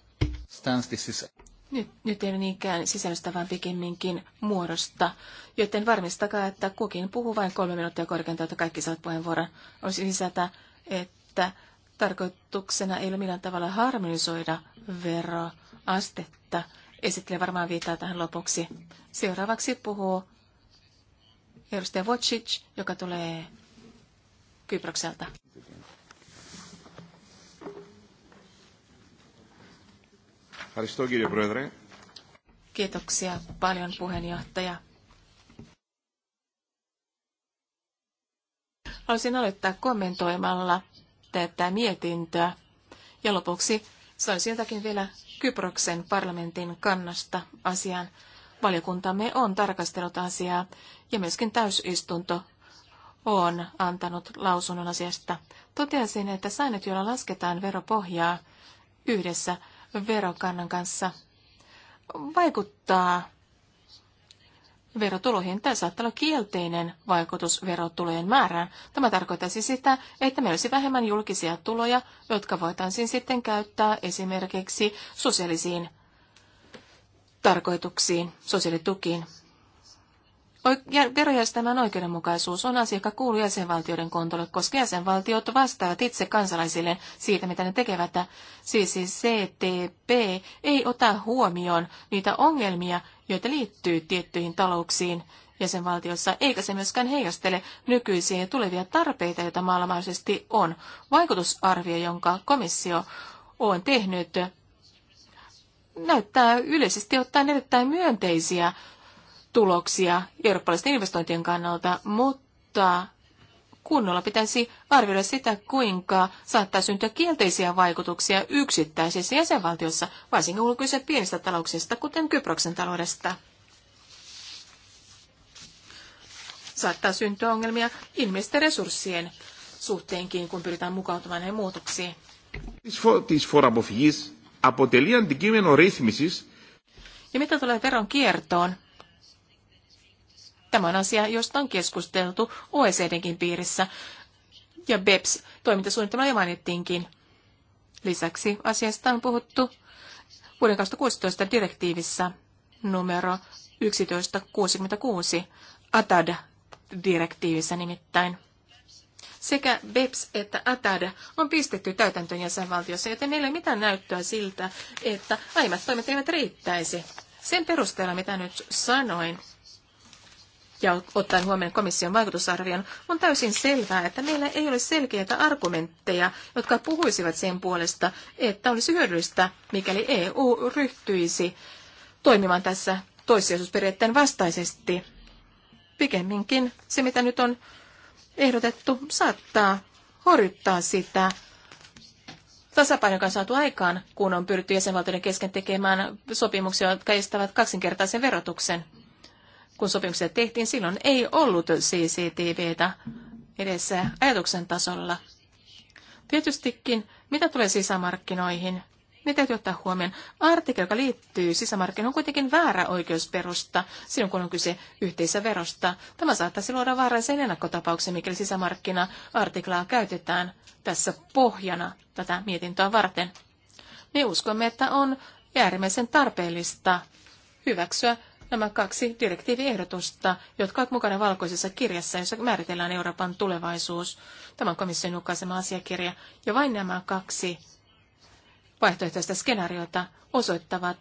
Nyt, nyt ei ole niinkään sisällöstä, vaan pikemminkin muodosta, joten varmistakaa, että kukin puhuu vain kolme minuuttia korkeintaan, että kaikki saavat puheenvuoron. Olisi lisätä, että Tarkoituksena ei ole millään tavalla harmonisoida veroastetta. Esittelen varmaan viittaa tähän lopuksi. Seuraavaksi puhuu edustaja Vocic, joka tulee Kyprokselta. Kiitoksia paljon puheenjohtaja. Haluaisin aloittaa kommentoimalla tämä mietintöä. Ja lopuksi sain sieltäkin vielä Kyproksen parlamentin kannasta asiaan. Valiokuntamme on tarkastellut asiaa ja myöskin täysistunto on antanut lausunnon asiasta. Toteasin, että säännöt, joilla lasketaan veropohjaa yhdessä verokannan kanssa, vaikuttaa verotuloihin. Tämä saattaa olla kielteinen vaikutus verotulojen määrään. Tämä tarkoittaisi sitä, että meillä olisi vähemmän julkisia tuloja, jotka voitaisiin sitten käyttää esimerkiksi sosiaalisiin tarkoituksiin, sosiaalitukiin. Verojärjestelmän oikeudenmukaisuus on asia, joka kuuluu jäsenvaltioiden kontolle, koska jäsenvaltiot vastaavat itse kansalaisille siitä, mitä ne tekevät. Siis, siis CTP ei ota huomioon niitä ongelmia, joita liittyy tiettyihin talouksiin jäsenvaltiossa, eikä se myöskään heijastele nykyisiä ja tulevia tarpeita, joita maalla on. Vaikutusarvio, jonka komissio on tehnyt, näyttää yleisesti ottaen erittäin myönteisiä tuloksia eurooppalaisten investointien kannalta, mutta kunnolla pitäisi arvioida sitä, kuinka saattaa syntyä kielteisiä vaikutuksia yksittäisissä jäsenvaltioissa, varsinkin kun pienistä talouksista, kuten Kyproksen taloudesta. Saattaa syntyä ongelmia ihmisten resurssien suhteenkin, kun pyritään mukautumaan näihin muutoksiin. Ja mitä tulee veron kiertoon, Tämä on asia, josta on keskusteltu OECDkin piirissä, ja BEPS-toimintasuunnitelma mainittiinkin. Lisäksi asiasta on puhuttu vuoden 2016 direktiivissä numero 1166 ATAD-direktiivissä nimittäin. Sekä BEPS että ATAD on pistetty täytäntöön jäsenvaltiossa, joten meillä ei ole mitään näyttöä siltä, että aiemmat toimet eivät riittäisi. Sen perusteella, mitä nyt sanoin, ja ottaen huomioon komission vaikutusarvion, on täysin selvää, että meillä ei ole selkeitä argumentteja, jotka puhuisivat sen puolesta, että olisi hyödyllistä, mikäli EU ryhtyisi toimimaan tässä toissijaisuusperiaatteen vastaisesti. Pikemminkin se, mitä nyt on ehdotettu, saattaa horjuttaa sitä joka on saatu aikaan, kun on pyritty jäsenvaltioiden kesken tekemään sopimuksia, jotka estävät kaksinkertaisen verotuksen kun sopimuksia tehtiin, silloin ei ollut CCTVtä edes ajatuksen tasolla. Tietystikin, mitä tulee sisämarkkinoihin, ne niin täytyy ottaa huomioon. Artikkeli, joka liittyy sisämarkkinoihin, on kuitenkin väärä oikeusperusta silloin, kun on kyse yhteisöverosta. Tämä saattaisi luoda vaaraisen ennakkotapauksen, mikäli sisämarkkina-artiklaa käytetään tässä pohjana tätä mietintöä varten. Me uskomme, että on äärimmäisen tarpeellista hyväksyä nämä kaksi direktiiviehdotusta, jotka ovat mukana valkoisessa kirjassa, jossa määritellään Euroopan tulevaisuus. Tämä on komission julkaisema asiakirja. Ja vain nämä kaksi vaihtoehtoista skenaariota osoittavat,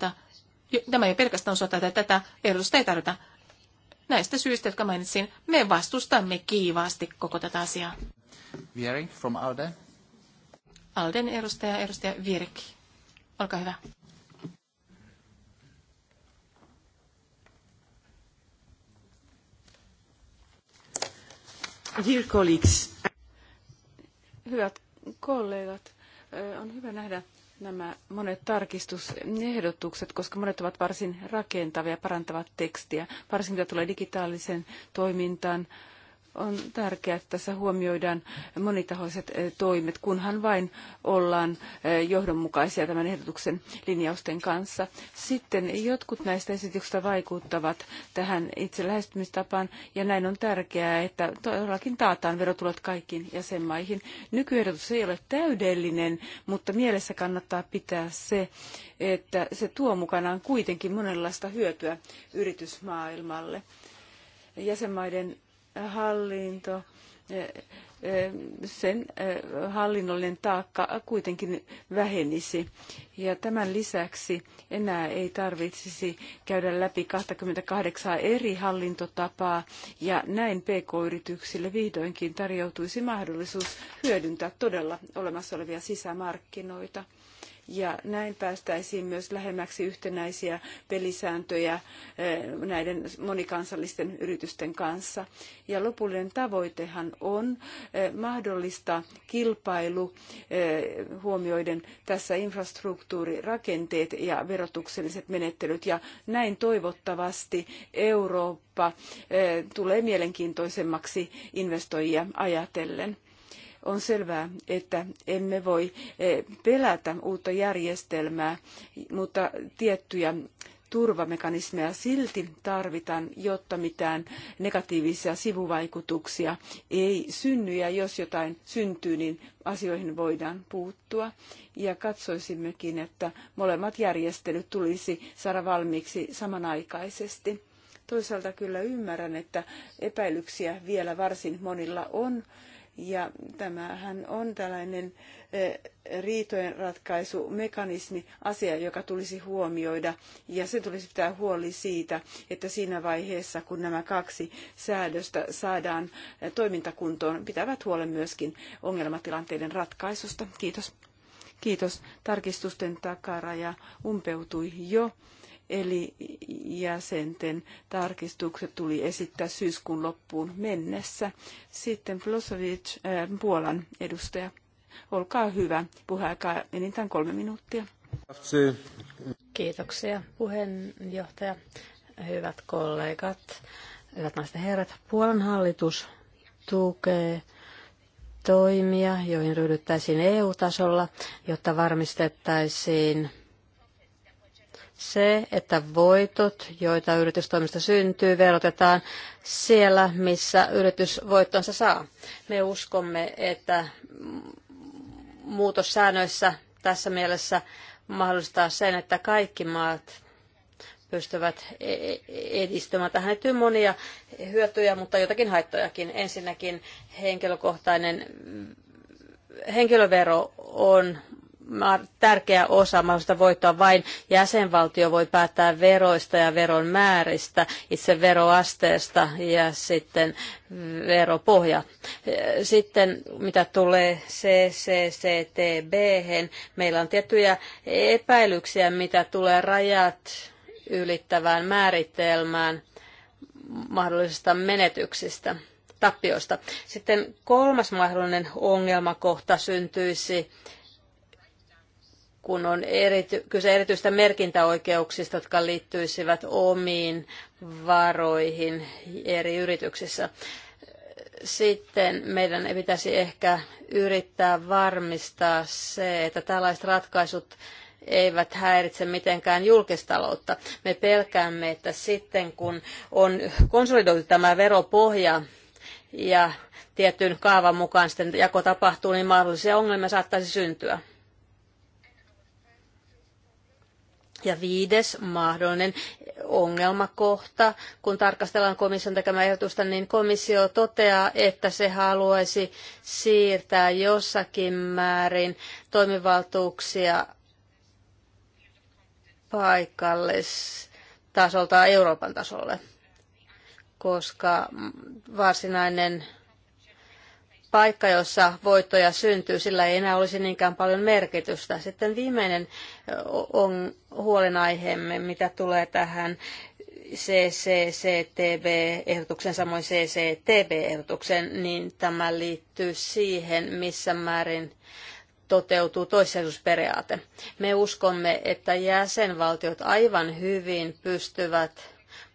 tämä ei pelkästään osoita, että tätä ehdotusta ei tarvita. Näistä syistä, jotka mainitsin, me vastustamme kiivaasti koko tätä asiaa. Vieri from Alde. Alden edustaja, edustaja Virki. Olkaa hyvä. Dear colleagues. Hyvät kollegat, on hyvä nähdä nämä monet tarkistusehdotukset, koska monet ovat varsin rakentavia, ja parantavat tekstiä, varsinkin mitä tulee digitaaliseen toimintaan, on tärkeää, että tässä huomioidaan monitahoiset eh, toimet, kunhan vain ollaan eh, johdonmukaisia tämän ehdotuksen linjausten kanssa. Sitten jotkut näistä esityksistä vaikuttavat tähän itse lähestymistapaan, ja näin on tärkeää, että todellakin taataan verotulot kaikkiin jäsenmaihin. Nykyehdotus ei ole täydellinen, mutta mielessä kannattaa pitää se, että se tuo mukanaan kuitenkin monenlaista hyötyä yritysmaailmalle. Jäsenmaiden hallinto, eh, eh, sen eh, hallinnollinen taakka kuitenkin vähenisi. Ja tämän lisäksi enää ei tarvitsisi käydä läpi 28 eri hallintotapaa ja näin PK-yrityksille vihdoinkin tarjoutuisi mahdollisuus hyödyntää todella olemassa olevia sisämarkkinoita ja näin päästäisiin myös lähemmäksi yhtenäisiä pelisääntöjä eh, näiden monikansallisten yritysten kanssa. Ja lopullinen tavoitehan on eh, mahdollista kilpailu eh, huomioiden tässä infrastruktuurirakenteet ja verotukselliset menettelyt ja näin toivottavasti Eurooppa tulee mielenkiintoisemmaksi investoijia ajatellen on selvää, että emme voi eh, pelätä uutta järjestelmää, mutta tiettyjä turvamekanismeja silti tarvitaan, jotta mitään negatiivisia sivuvaikutuksia ei synny. Ja jos jotain syntyy, niin asioihin voidaan puuttua. Ja katsoisimmekin, että molemmat järjestelyt tulisi saada valmiiksi samanaikaisesti. Toisaalta kyllä ymmärrän, että epäilyksiä vielä varsin monilla on ja tämähän on tällainen eh, riitojen ratkaisumekanismi, asia, joka tulisi huomioida. Ja se tulisi pitää huoli siitä, että siinä vaiheessa, kun nämä kaksi säädöstä saadaan eh, toimintakuntoon, pitävät huolen myöskin ongelmatilanteiden ratkaisusta. Kiitos. Kiitos. Tarkistusten takaraja umpeutui jo eli jäsenten tarkistukset tuli esittää syyskuun loppuun mennessä. Sitten Vlosovic, Puolan edustaja, olkaa hyvä. Puheaikaa enintään kolme minuuttia. Kiitoksia puheenjohtaja, hyvät kollegat, hyvät naiset herrat. Puolan hallitus tukee toimia, joihin ryhdyttäisiin EU-tasolla, jotta varmistettaisiin se, että voitot, joita yritystoimista syntyy, verotetaan siellä, missä yritys voittonsa saa. Me uskomme, että muutossäännöissä tässä mielessä mahdollistaa sen, että kaikki maat pystyvät e-, e-, edistämään. Tähän liittyy monia hyötyjä, mutta jotakin haittojakin. Ensinnäkin henkilökohtainen henkilövero on tärkeä osa mahdollista voittoa. Vain jäsenvaltio voi päättää veroista ja veron määristä, itse veroasteesta ja sitten veropohja. Sitten mitä tulee CCCTB, meillä on tiettyjä epäilyksiä, mitä tulee rajat ylittävään määritelmään mahdollisista menetyksistä, tappioista. Sitten kolmas mahdollinen ongelmakohta syntyisi kun on erity, kyse erityistä merkintäoikeuksista, jotka liittyisivät omiin varoihin eri yrityksissä. Sitten meidän pitäisi ehkä yrittää varmistaa se, että tällaiset ratkaisut eivät häiritse mitenkään julkistaloutta. Me pelkäämme, että sitten kun on konsolidoitu tämä veropohja ja tietyn kaavan mukaan sitten jako tapahtuu, niin mahdollisia ongelmia saattaisi syntyä. Ja viides mahdollinen ongelmakohta, kun tarkastellaan komission tekemää ehdotusta, niin komissio toteaa, että se haluaisi siirtää jossakin määrin toimivaltuuksia paikallistasolta Euroopan tasolle, koska varsinainen paikka, jossa voittoja syntyy, sillä ei enää olisi niinkään paljon merkitystä. Sitten viimeinen on huolenaiheemme, mitä tulee tähän CCCTB-ehdotuksen, samoin CCTB-ehdotuksen, niin tämä liittyy siihen, missä määrin toteutuu toissijaisuusperiaate. Me uskomme, että jäsenvaltiot aivan hyvin pystyvät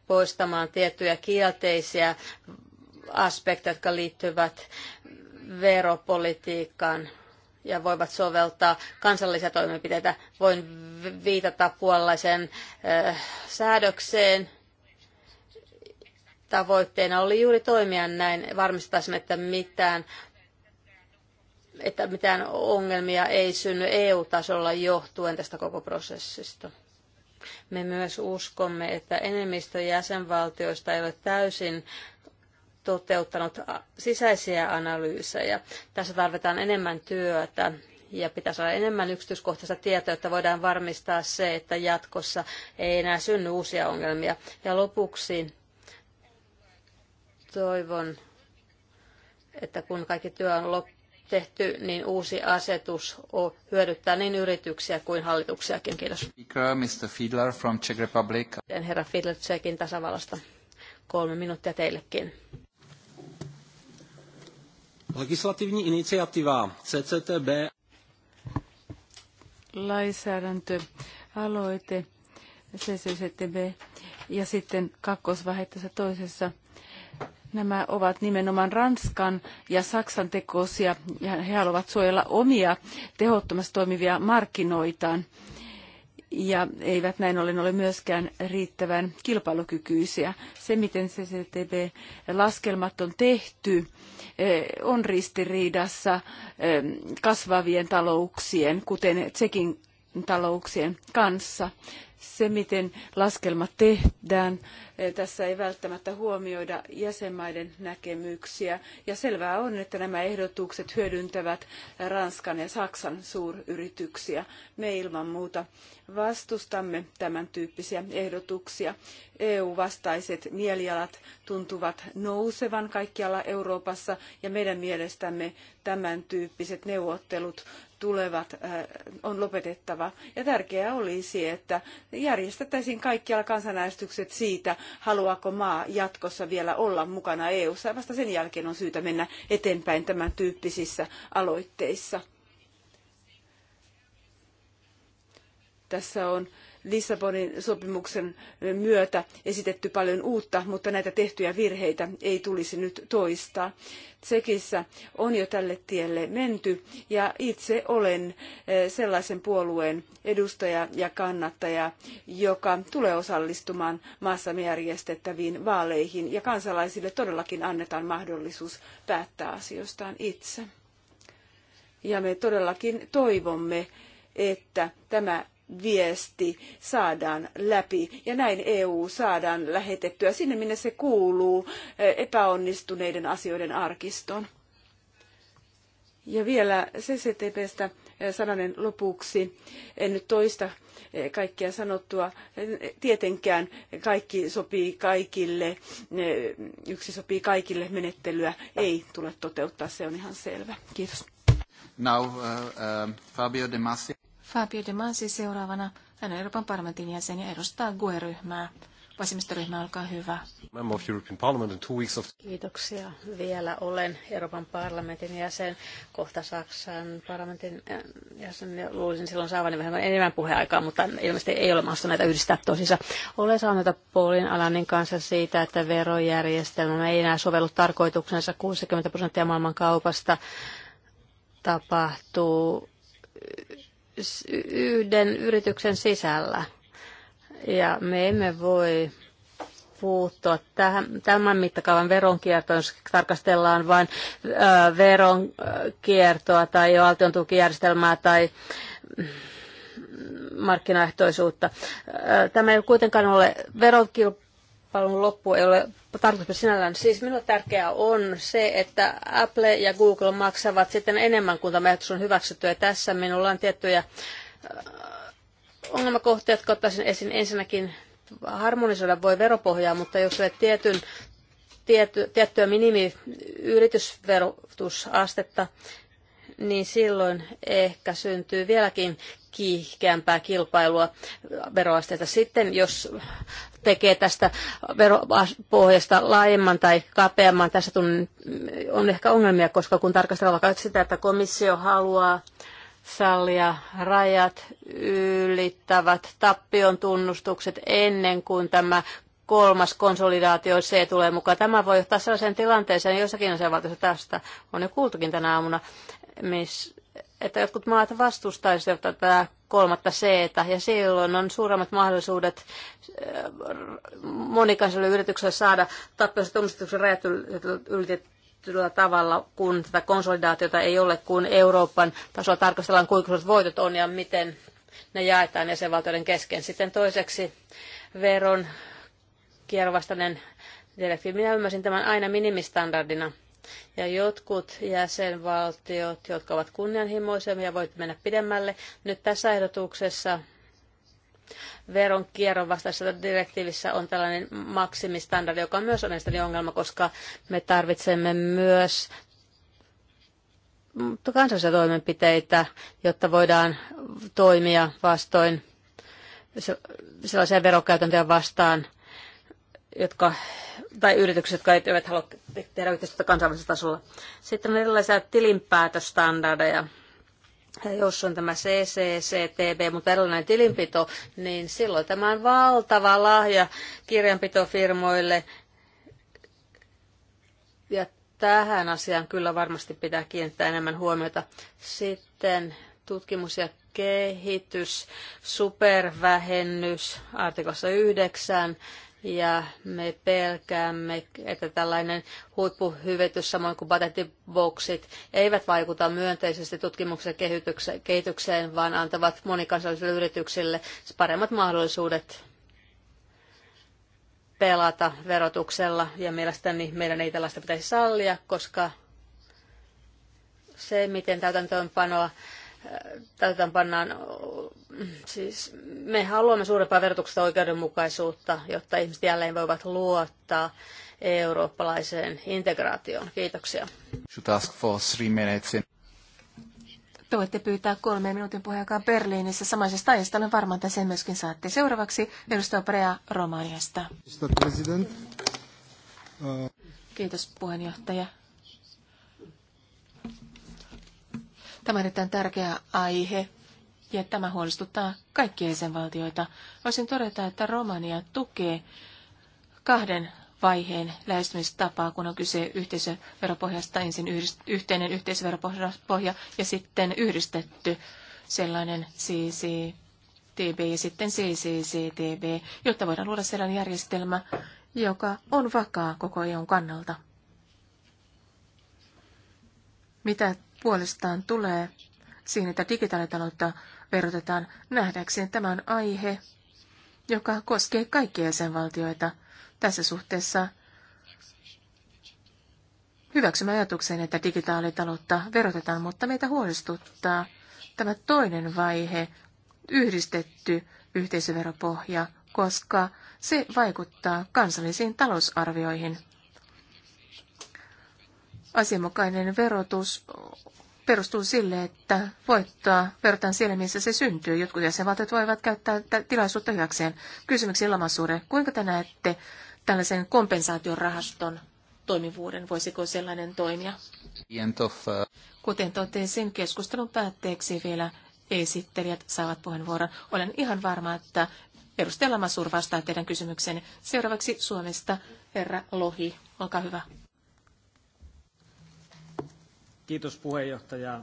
poistamaan tiettyjä kielteisiä aspekteja, jotka liittyvät veropolitiikkaan ja voivat soveltaa kansallisia toimenpiteitä. Voin viitata puolalaiseen äh, eh, säädökseen. Tavoitteena oli juuri toimia näin, varmistaisimme, että mitään että mitään ongelmia ei synny EU-tasolla johtuen tästä koko prosessista. Me myös uskomme, että enemmistö jäsenvaltioista ei ole täysin toteuttanut sisäisiä analyysejä. Tässä tarvitaan enemmän työtä ja pitäisi olla enemmän yksityiskohtaista tietoa, jotta voidaan varmistaa se, että jatkossa ei enää synny uusia ongelmia. Ja lopuksi toivon, että kun kaikki työ on tehty, niin uusi asetus hyödyttää niin yrityksiä kuin hallituksiakin. Kiitos. Mr. Fiedler from Czech Republic. Herra Fiedler Tsekin tasavallasta. Kolme minuuttia teillekin. Legislativní iniciativa CCTB. Lainsäädäntö, CCTB ja sitten kakkosvaiheessa toisessa Nämä ovat nimenomaan Ranskan ja Saksan tekosia ja he haluavat suojella omia tehottomasti toimivia markkinoitaan ja eivät näin ollen ole myöskään riittävän kilpailukykyisiä. Se, miten CCTV-laskelmat on tehty, eh, on ristiriidassa eh, kasvavien talouksien, kuten Tsekin talouksien kanssa. Se, miten laskelmat tehdään, eh, tässä ei välttämättä huomioida jäsenmaiden näkemyksiä. Ja selvää on, että nämä ehdotukset hyödyntävät Ranskan ja Saksan suuryrityksiä. Me ilman muuta vastustamme tämän tyyppisiä ehdotuksia. EU-vastaiset mielialat tuntuvat nousevan kaikkialla Euroopassa ja meidän mielestämme tämän tyyppiset neuvottelut tulevat äh, on lopetettava. Ja tärkeää olisi, että järjestettäisiin kaikkialla kansanäänestykset siitä, haluaako maa jatkossa vielä olla mukana EU-ssa. Vasta sen jälkeen on syytä mennä eteenpäin tämän tyyppisissä aloitteissa. Tässä on Lissabonin sopimuksen myötä esitetty paljon uutta, mutta näitä tehtyjä virheitä ei tulisi nyt toistaa. Tsekissä on jo tälle tielle menty ja itse olen eh, sellaisen puolueen edustaja ja kannattaja, joka tulee osallistumaan maassamme järjestettäviin vaaleihin ja kansalaisille todellakin annetaan mahdollisuus päättää asioistaan itse. Ja me todellakin toivomme, että tämä viesti saadaan läpi ja näin EU saadaan lähetettyä sinne, minne se kuuluu eh, epäonnistuneiden asioiden arkistoon. Ja vielä CCTPstä eh, sananen lopuksi. En nyt toista eh, kaikkia sanottua. Tietenkään kaikki sopii kaikille, yksi sopii kaikille menettelyä. Ei tule toteuttaa, se on ihan selvä. Kiitos. Now, uh, uh, Fabio De Masi. Fabio De Masi seuraavana. Hän on Euroopan parlamentin jäsen ja edustaa GUE-ryhmää. Vasemmistoryhmä, olkaa hyvä. Kiitoksia. Vielä olen Euroopan parlamentin jäsen, kohta Saksan parlamentin äh, jäsen. Ja luulisin silloin saavani vähän enemmän puheaikaa, mutta ilmeisesti ei ole mahdollista näitä yhdistää tosissa. Olen saanut Paulin Alanin kanssa siitä, että verojärjestelmä ei enää sovellu tarkoituksensa 60 prosenttia maailman kaupasta tapahtuu yhden yrityksen sisällä. Ja me emme voi puuttua tähän, tämän mittakaavan veronkiertoon, jos tarkastellaan vain ö, veronkiertoa tai valtion tukijärjestelmää tai markkinaehtoisuutta. Tämä ei kuitenkaan ole verokilpailu palvelun loppu ei ole tarkoitus sinällään. Siis minulle tärkeää on se, että Apple ja Google maksavat sitten enemmän kuin tämä ehdotus on hyväksytty. Ja tässä minulla on tiettyjä äh, ongelmakohtia, jotka ottaisin esiin. Ensinnäkin harmonisoida voi veropohjaa, mutta jos olet tietyn, tiety, tiettyä minimiyritysverotusastetta, niin silloin ehkä syntyy vieläkin kiihkeämpää kilpailua veroasteita. Sitten jos tekee tästä veropohjasta laajemman tai kapeamman, tässä on ehkä ongelmia, koska kun tarkastellaan vaikka sitä, että komissio haluaa sallia rajat ylittävät tappion tunnustukset ennen kuin tämä kolmas konsolidaatio C tulee mukaan. Tämä voi johtaa sellaiseen tilanteeseen jossakin osavaltiossa tästä. On jo kuultukin tänä aamuna, miss, että jotkut maat vastustaisivat tätä kolmatta c ja silloin on suuremmat mahdollisuudet äh, monikansalle yritykselle saada tappioiset tunnustuksen rajat ylitettyllä tavalla, kun tätä konsolidaatiota ei ole, kun Euroopan tasolla tarkastellaan, kuinka suuret voitot on ja miten ne jaetaan jäsenvaltioiden kesken. Sitten toiseksi veron kierrovastainen direktiivi. Minä ymmärsin tämän aina minimistandardina ja jotkut jäsenvaltiot, jotka ovat kunnianhimoisemmia, voivat mennä pidemmälle. Nyt tässä ehdotuksessa veronkierron vastaisessa direktiivissä on tällainen maksimistandardi, joka on myös on mielestäni ongelma, koska me tarvitsemme myös kansallisia toimenpiteitä, jotta voidaan toimia vastoin sellaisia verokäytäntöjä vastaan, jotka tai yritykset, jotka eivät halua tehdä yhteistyötä kansainvälisellä tasolla. Sitten on erilaisia tilinpäätöstandardeja. Ja jos on tämä CCCTB, mutta erilainen tilinpito, niin silloin tämä on valtava lahja kirjanpitofirmoille. Ja tähän asiaan kyllä varmasti pitää kiinnittää enemmän huomiota. Sitten tutkimus ja kehitys, supervähennys, artikossa 9 ja me pelkäämme, että tällainen huippuhyvitys samoin kuin patenttiboksit eivät vaikuta myönteisesti tutkimuksen kehitykseen, vaan antavat monikansallisille yrityksille paremmat mahdollisuudet pelata verotuksella ja mielestäni meidän ei tällaista pitäisi sallia, koska se, miten täytäntöönpanoa panoa täytän pannaan, siis me haluamme suurempaa verotuksesta oikeudenmukaisuutta, jotta ihmiset jälleen voivat luottaa eurooppalaiseen integraatioon. Kiitoksia. Should ask for three minutes Te voitte pyytää kolmen minuutin puheenjohtajan Berliinissä samaisesta aiheesta. Olen varma, että sen myöskin saatte. Seuraavaksi edustaja Prea Romaniasta. Uh, Kiitos puheenjohtaja. Tämä on erittäin tärkeä aihe ja tämä huolestuttaa kaikkia jäsenvaltioita. Voisin todeta, että Romania tukee kahden vaiheen lähestymistapaa, kun on kyse yhteisöveropohjasta, ensin yhteinen yhteisöveropohja ja sitten yhdistetty sellainen CCTB ja sitten CCCTB, jotta voidaan luoda sellainen järjestelmä, joka on vakaa koko EUn kannalta. Mitä puolestaan tulee siihen, että digitaalitaloutta verotetaan nähdäkseen tämän aihe, joka koskee kaikkia jäsenvaltioita. Tässä suhteessa hyväksymä ajatuksen, että digitaalitaloutta verotetaan, mutta meitä huolestuttaa tämä toinen vaihe, yhdistetty yhteisöveropohja, koska se vaikuttaa kansallisiin talousarvioihin asianmukainen verotus perustuu sille, että voittoa verotetaan siellä, missä se syntyy. Jotkut jäsenvaltiot voivat käyttää tilaisuutta hyväkseen. Kysymyksiä Lamassuure, kuinka te näette tällaisen kompensaatiorahaston toimivuuden? Voisiko sellainen toimia? Uh, Kuten totesin, keskustelun päätteeksi vielä esittelijät saavat puheenvuoron. Olen ihan varma, että edustaja Lamassur vastaa teidän kysymykseen. Seuraavaksi Suomesta herra Lohi, olkaa hyvä. Kiitos puheenjohtaja.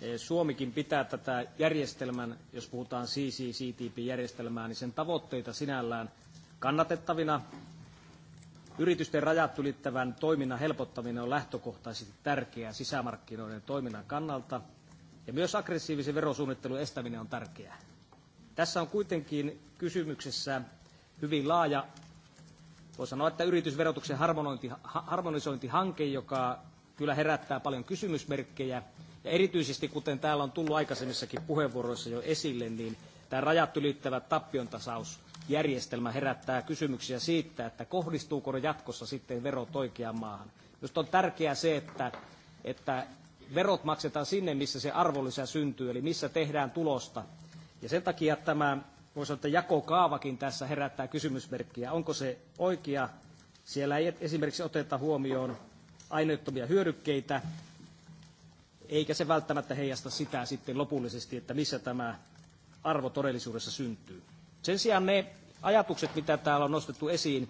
Eh, Suomikin pitää tätä järjestelmän, jos puhutaan CCCTP-järjestelmää, niin sen tavoitteita sinällään kannatettavina. Yritysten rajat ylittävän toiminnan helpottaminen on lähtökohtaisesti tärkeää sisämarkkinoiden toiminnan kannalta, ja myös aggressiivisen verosuunnittelun estäminen on tärkeää. Tässä on kuitenkin kysymyksessä hyvin laaja, voi sanoa, että yritysverotuksen harmonisointihanke, joka kyllä herättää paljon kysymysmerkkejä. Ja erityisesti, kuten täällä on tullut aikaisemmissakin puheenvuoroissa jo esille, niin tämä rajat ylittävä tappiontasausjärjestelmä herättää kysymyksiä siitä, että kohdistuuko ne jatkossa sitten verot oikeaan maahan. Minusta on tärkeää se, että, että verot maksetaan sinne, missä se arvonlisä syntyy, eli missä tehdään tulosta. Ja sen takia tämä, voisi sanoa, että jakokaavakin tässä herättää kysymysmerkkiä. Onko se oikea? Siellä ei esimerkiksi oteta huomioon aineettomia hyödykkeitä, eikä se välttämättä heijasta sitä sitten lopullisesti, että missä tämä arvo todellisuudessa syntyy. Sen sijaan ne ajatukset, mitä täällä on nostettu esiin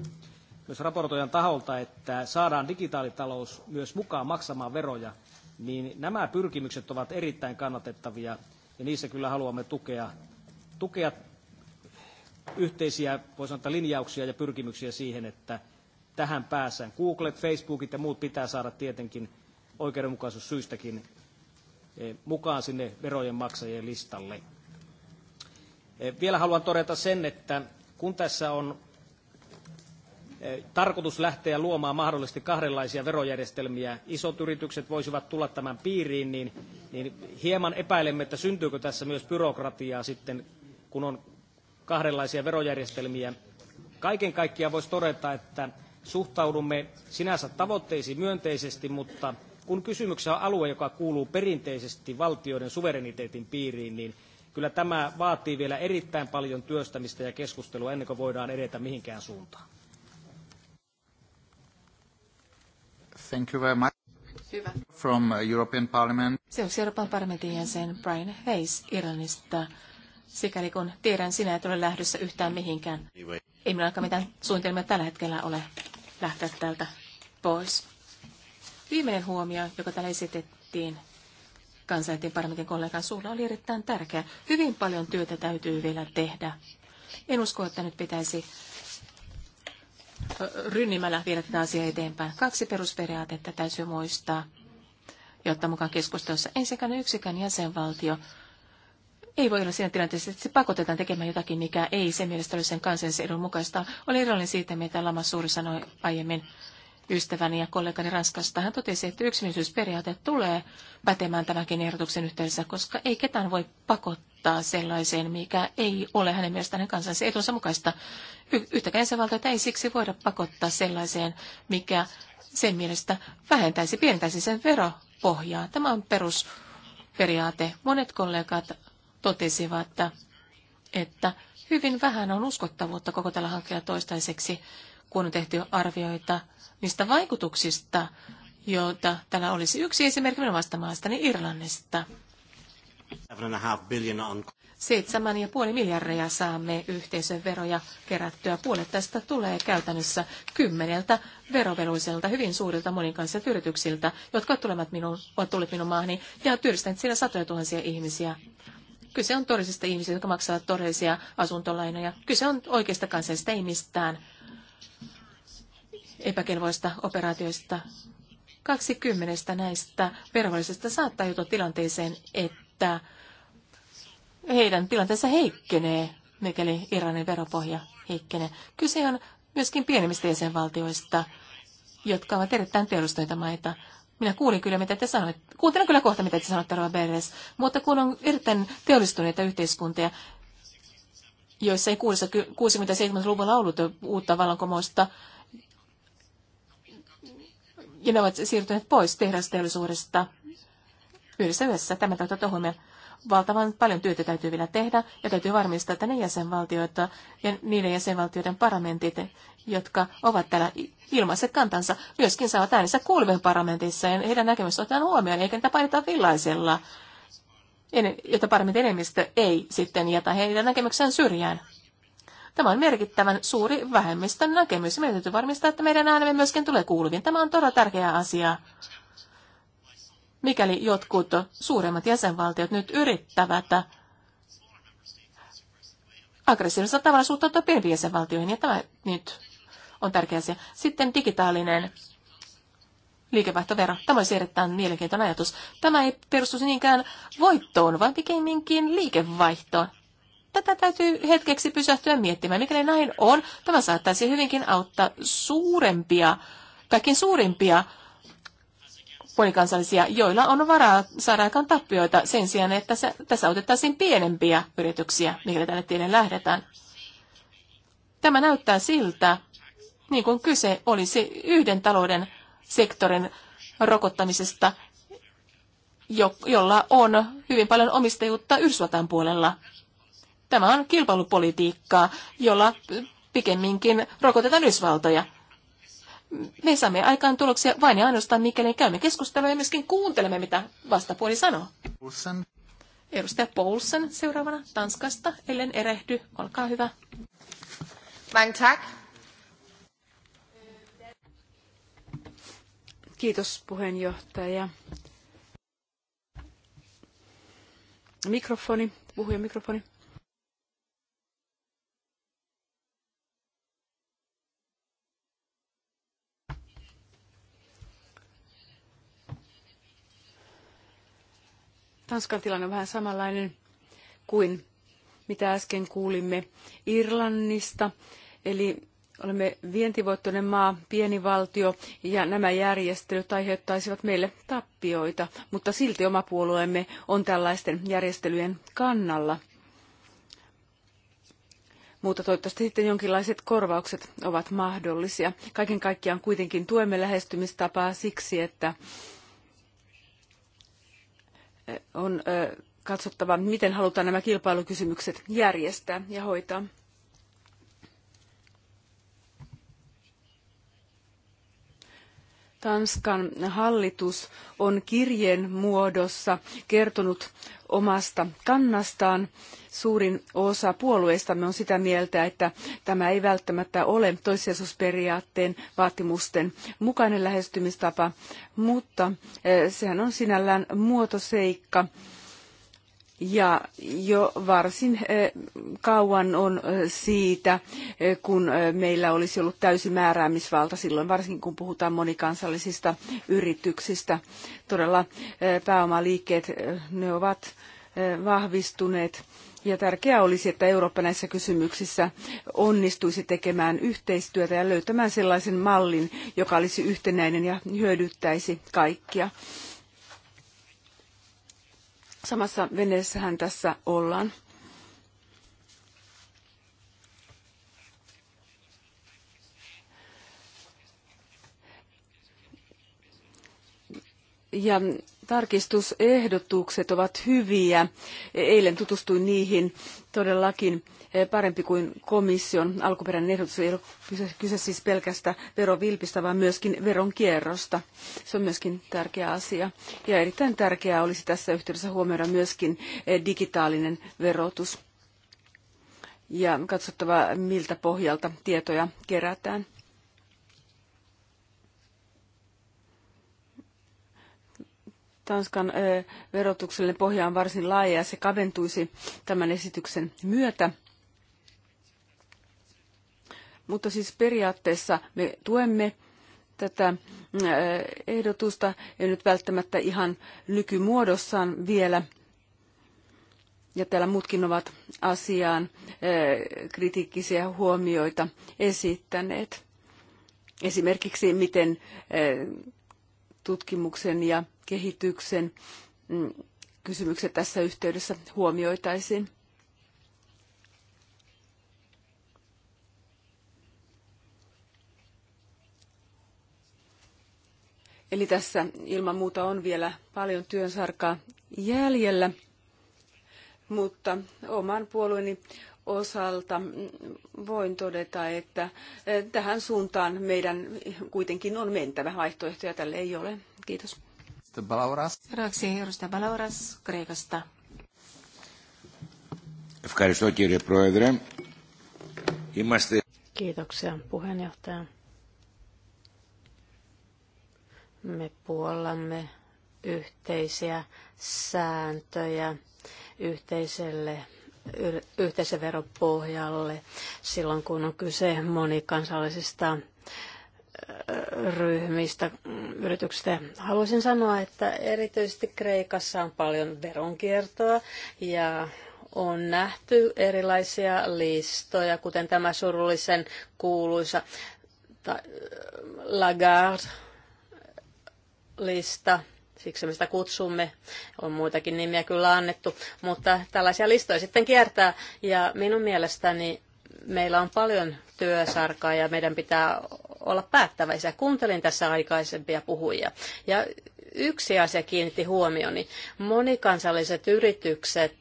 myös raportoijan taholta, että saadaan digitaalitalous myös mukaan maksamaan veroja, niin nämä pyrkimykset ovat erittäin kannatettavia ja niissä kyllä haluamme tukea, tukea yhteisiä, voi sanoa, linjauksia ja pyrkimyksiä siihen, että tähän päässään. Google, Facebookit ja muut pitää saada tietenkin syistäkin eh, mukaan sinne verojen maksajien listalle. Eh, vielä haluan todeta sen, että kun tässä on eh, tarkoitus lähteä luomaan mahdollisesti kahdenlaisia verojärjestelmiä, isot yritykset voisivat tulla tämän piiriin, niin, niin hieman epäilemme, että syntyykö tässä myös byrokratiaa sitten, kun on kahdenlaisia verojärjestelmiä. Kaiken kaikkiaan voisi todeta, että suhtaudumme sinänsä tavoitteisiin myönteisesti, mutta kun kysymyksessä on alue, joka kuuluu perinteisesti valtioiden suvereniteetin piiriin, niin kyllä tämä vaatii vielä erittäin paljon työstämistä ja keskustelua ennen kuin voidaan edetä mihinkään suuntaan. Thank you very much. Hyvä. From uh, European Parliament. Se on Euroopan parlamentin jäsen Brian Hayes Irlannista. Sikäli kun tiedän, sinä et ole lähdössä yhtään mihinkään. Ei minullakaan mitään suunnitelmia tällä hetkellä ole lähteä täältä pois. Viimeinen huomio, joka täällä esitettiin kansainvälisen parlamentin kollegan suulla, oli erittäin tärkeä. Hyvin paljon työtä täytyy vielä tehdä. En usko, että nyt pitäisi rynnimällä viedä tätä asiaa eteenpäin. Kaksi perusperiaatetta täytyy muistaa jotta mukaan keskustelussa. ensikään yksikään jäsenvaltio ei voi olla siinä tilanteessa, että se pakotetaan tekemään jotakin, mikä ei sen mielestä ole sen kansallisen edun mukaista. Oli erilainen siitä, mitä Lama Suuri sanoi aiemmin ystäväni ja kollegani Ranskasta. Hän totesi, että yksimielisyysperiaate tulee pätemään tämänkin ehdotuksen yhteydessä, koska ei ketään voi pakottaa sellaiseen, mikä ei ole hänen mielestään hänen kansallisen etunsa mukaista. Y- yhtäkään jäsenvaltioita ei siksi voida pakottaa sellaiseen, mikä sen mielestä vähentäisi, pienentäisi sen veropohjaa. Tämä on perusperiaate. Monet kollegat totesivat, että hyvin vähän on uskottavuutta koko tällä hankkeella toistaiseksi, kun on tehty arvioita niistä vaikutuksista, joita tällä olisi. Yksi esimerkki minun vastamaastani Irlannista. 7,5 miljardia saamme yhteisön veroja kerättyä. Puolet tästä tulee käytännössä kymmeneltä verovelvolliselta, hyvin suurilta monikansallisilta yrityksiltä, jotka tulevat minun, ovat tulleet minun maahani ja työllistäneet siinä satoja tuhansia ihmisiä. Kyse on todellisista ihmisistä, jotka maksavat todellisia asuntolainoja. Kyse on oikeista kansallisista ihmistään epäkelvoista operaatioista. Kaksi kymmenestä näistä verovellisista saattaa joutua tilanteeseen, että heidän tilanteensa heikkenee, mikäli Iranin veropohja heikkenee. Kyse on myöskin pienemmistä jäsenvaltioista, jotka ovat erittäin teollistuneita maita. Minä kuulin kyllä, mitä te sanoitte. Kuuntelen kyllä kohta, mitä te sanoitte, Rova Beres. Mutta kun on erittäin teollistuneita yhteiskuntia, joissa ei 67 luvulla ollut uutta vallankumousta, ja ne ovat siirtyneet pois tehdasteollisuudesta yhdessä yhdessä. Tämä täytyy ottaa huomioon valtavan paljon työtä täytyy vielä tehdä ja täytyy varmistaa, että ne jäsenvaltiot ja niiden jäsenvaltioiden parlamentit, jotka ovat täällä ilmaiset kantansa, myöskin saavat äänensä kuuluvien parlamentissa ja heidän näkemys otetaan huomioon, eikä niitä paineta villaisella, jotta parlamentin enemmistö ei sitten jätä heidän näkemyksensä syrjään. Tämä on merkittävän suuri vähemmistön näkemys. Meidän täytyy varmistaa, että meidän äänemme myöskin tulee kuuluviin. Tämä on todella tärkeä asia mikäli jotkut suuremmat jäsenvaltiot nyt yrittävät aggressiivisella tavalla suhtautua pieniin jäsenvaltioihin, ja tämä nyt on tärkeä asia. Sitten digitaalinen liikevaihtovero. Tämä olisi erittäin mielenkiintoinen ajatus. Tämä ei perustu niinkään voittoon, vaan pikemminkin liikevaihtoon. Tätä täytyy hetkeksi pysähtyä miettimään. Mikäli näin on, tämä saattaisi hyvinkin auttaa suurempia, kaikkein suurimpia monikansallisia, joilla on varaa saada aikaan tappioita sen sijaan, että se, tässä otettaisiin pienempiä yrityksiä, mikäli tälle tielle lähdetään. Tämä näyttää siltä, niin kuin kyse olisi yhden talouden sektorin rokottamisesta, jo, jolla on hyvin paljon omistajuutta Yhdysvaltain puolella. Tämä on kilpailupolitiikkaa, jolla pikemminkin rokotetaan Yhdysvaltoja. Me saamme aikaan tuloksia vain ja ainoastaan, mikäli käymme keskustelua ja myöskin kuuntelemme, mitä vastapuoli sanoo. Poulsen. Edustaja Poulsen seuraavana Tanskasta, ellen erehdy. Olkaa hyvä. Mange tak. Kiitos puheenjohtaja. Mikrofoni, puhujan mikrofoni. Tanskan tilanne on vähän samanlainen kuin mitä äsken kuulimme Irlannista. Eli olemme vientivoittoinen maa, pieni valtio ja nämä järjestelyt aiheuttaisivat meille tappioita, mutta silti oma puolueemme on tällaisten järjestelyjen kannalla. Mutta toivottavasti sitten jonkinlaiset korvaukset ovat mahdollisia. Kaiken kaikkiaan kuitenkin tuemme lähestymistapaa siksi, että on katsottava, miten halutaan nämä kilpailukysymykset järjestää ja hoitaa. Tanskan hallitus on kirjeen muodossa kertonut omasta kannastaan. Suurin osa puolueistamme on sitä mieltä, että tämä ei välttämättä ole toissijaisuusperiaatteen vaatimusten mukainen lähestymistapa, mutta eh, sehän on sinällään muotoseikka. seikka ja jo varsin eh, kauan on eh, siitä, eh, kun meillä olisi ollut täysi määräämisvalta silloin, varsinkin kun puhutaan monikansallisista yrityksistä. Todella pääomaliikkeet, ne ovat vahvistuneet. Ja tärkeää olisi, että Eurooppa näissä kysymyksissä onnistuisi tekemään yhteistyötä ja löytämään sellaisen mallin, joka olisi yhtenäinen ja hyödyttäisi kaikkia. Samassa veneessähän tässä ollaan. Ja Tarkistusehdotukset ovat hyviä. Eilen tutustuin niihin todellakin parempi kuin komission alkuperäinen ehdotus. Ei ole kyse, kyse siis pelkästä verovilpistä, vaan myöskin veronkierrosta. Se on myöskin tärkeä asia. Ja erittäin tärkeää olisi tässä yhteydessä huomioida myöskin eh, digitaalinen verotus ja katsottava, miltä pohjalta tietoja kerätään. Tanskan verotuksellinen pohja on varsin laaja ja se kaventuisi tämän esityksen myötä. Mutta siis periaatteessa me tuemme tätä ehdotusta, ei nyt välttämättä ihan nykymuodossaan vielä. Ja täällä muutkin ovat asiaan kritiikkisiä huomioita esittäneet. Esimerkiksi miten tutkimuksen ja kehityksen mm, kysymykset tässä yhteydessä huomioitaisiin. Eli tässä ilman muuta on vielä paljon työnsarkaa jäljellä, mutta oman puolueeni osalta voin todeta, että eh, tähän suuntaan meidän kuitenkin on mentävä. Vaihtoehtoja tälle ei ole. Kiitos. Seuraavaksi edustaja Balauras Kreikasta. Kiitoksia puheenjohtaja. Me puollamme yhteisiä sääntöjä yhteiselle yhteisöveropohjalle silloin, kun on kyse monikansallisista ryhmistä, mm, yrityksistä. Haluaisin sanoa, että erityisesti Kreikassa on paljon veronkiertoa ja on nähty erilaisia listoja, kuten tämä surullisen kuuluisa Lagarde-lista, Siksi me sitä kutsumme. On muitakin nimiä kyllä annettu, mutta tällaisia listoja sitten kiertää. Ja minun mielestäni meillä on paljon työsarkaa ja meidän pitää olla päättäväisiä. Kuuntelin tässä aikaisempia puhujia. Ja yksi asia kiinnitti huomioni. Monikansalliset yritykset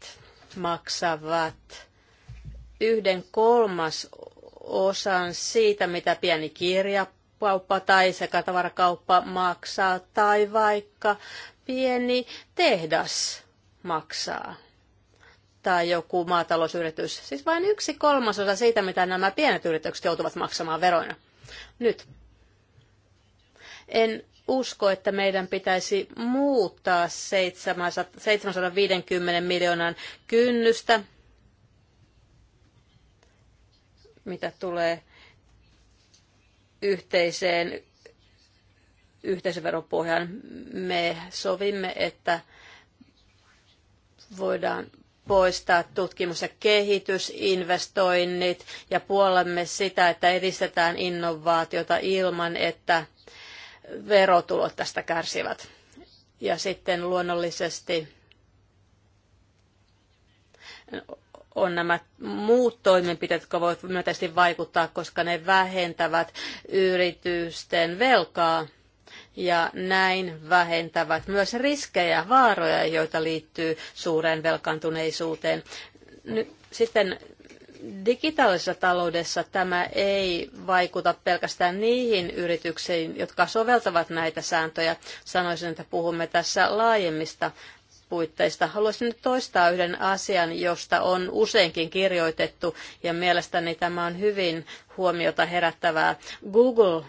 maksavat yhden kolmas osan siitä, mitä pieni kirja, kauppa tai sekatavarakauppa maksaa tai vaikka pieni tehdas maksaa tai joku maatalousyritys. Siis vain yksi kolmasosa siitä, mitä nämä pienet yritykset joutuvat maksamaan veroina. Nyt. En usko, että meidän pitäisi muuttaa 750 miljoonan kynnystä, mitä tulee yhteiseen yhteisöveropohjaan. Me sovimme, että voidaan poistaa tutkimus- ja kehitysinvestoinnit ja puolemme sitä, että edistetään innovaatiota ilman, että verotulot tästä kärsivät. Ja sitten luonnollisesti on nämä muut toimenpiteet, jotka voivat myönteisesti vaikuttaa, koska ne vähentävät yritysten velkaa ja näin vähentävät myös riskejä, ja vaaroja, joita liittyy suureen velkaantuneisuuteen. Nyt sitten digitaalisessa taloudessa tämä ei vaikuta pelkästään niihin yrityksiin, jotka soveltavat näitä sääntöjä. Sanoisin, että puhumme tässä laajemmista puitteista. Haluaisin nyt toistaa yhden asian, josta on useinkin kirjoitettu, ja mielestäni tämä on hyvin huomiota herättävää. Google,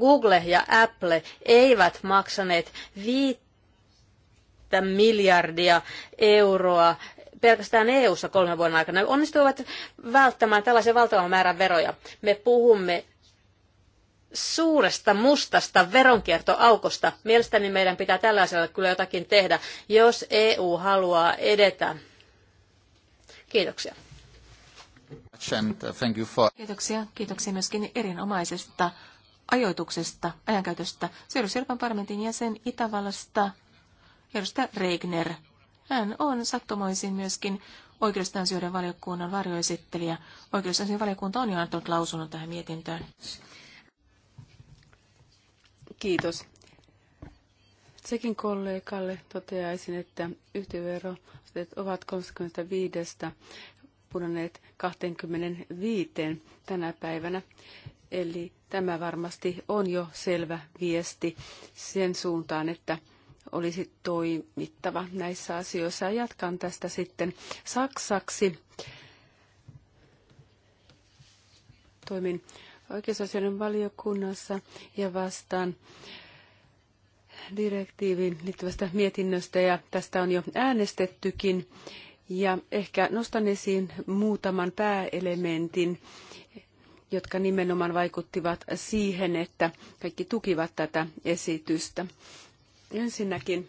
Google ja Apple eivät maksaneet viittä miljardia euroa pelkästään EU-ssa kolmen vuoden aikana. onnistuivat välttämään tällaisen valtavan määrän veroja. Me puhumme suuresta mustasta veronkiertoaukosta. Mielestäni meidän pitää tällaisella kyllä jotakin tehdä, jos EU haluaa edetä. Kiitoksia. Uh, Kiitoksia. Kiitoksia myöskin erinomaisesta ajoituksesta, ajankäytöstä. Seuraavaksi Euroopan parlamentin jäsen Itävallasta, edustaja Reigner. Hän on sattumoisin myöskin oikeustansioiden valiokunnan varjoesittelijä. Oikeustansioiden valiokunta on jo antanut lausunnon tähän mietintöön. Kiitos. Sekin kollegalle toteaisin, että yhtiövero ovat 35 pudonneet 25 tänä päivänä. Eli tämä varmasti on jo selvä viesti sen suuntaan, että olisi toimittava näissä asioissa. jatkan tästä sitten saksaksi. Toimin oikeusasioiden valiokunnassa ja vastaan direktiiviin liittyvästä mietinnöstä ja tästä on jo äänestettykin. Ja ehkä nostan esiin muutaman pääelementin, jotka nimenomaan vaikuttivat siihen, että kaikki tukivat tätä esitystä. Ensinnäkin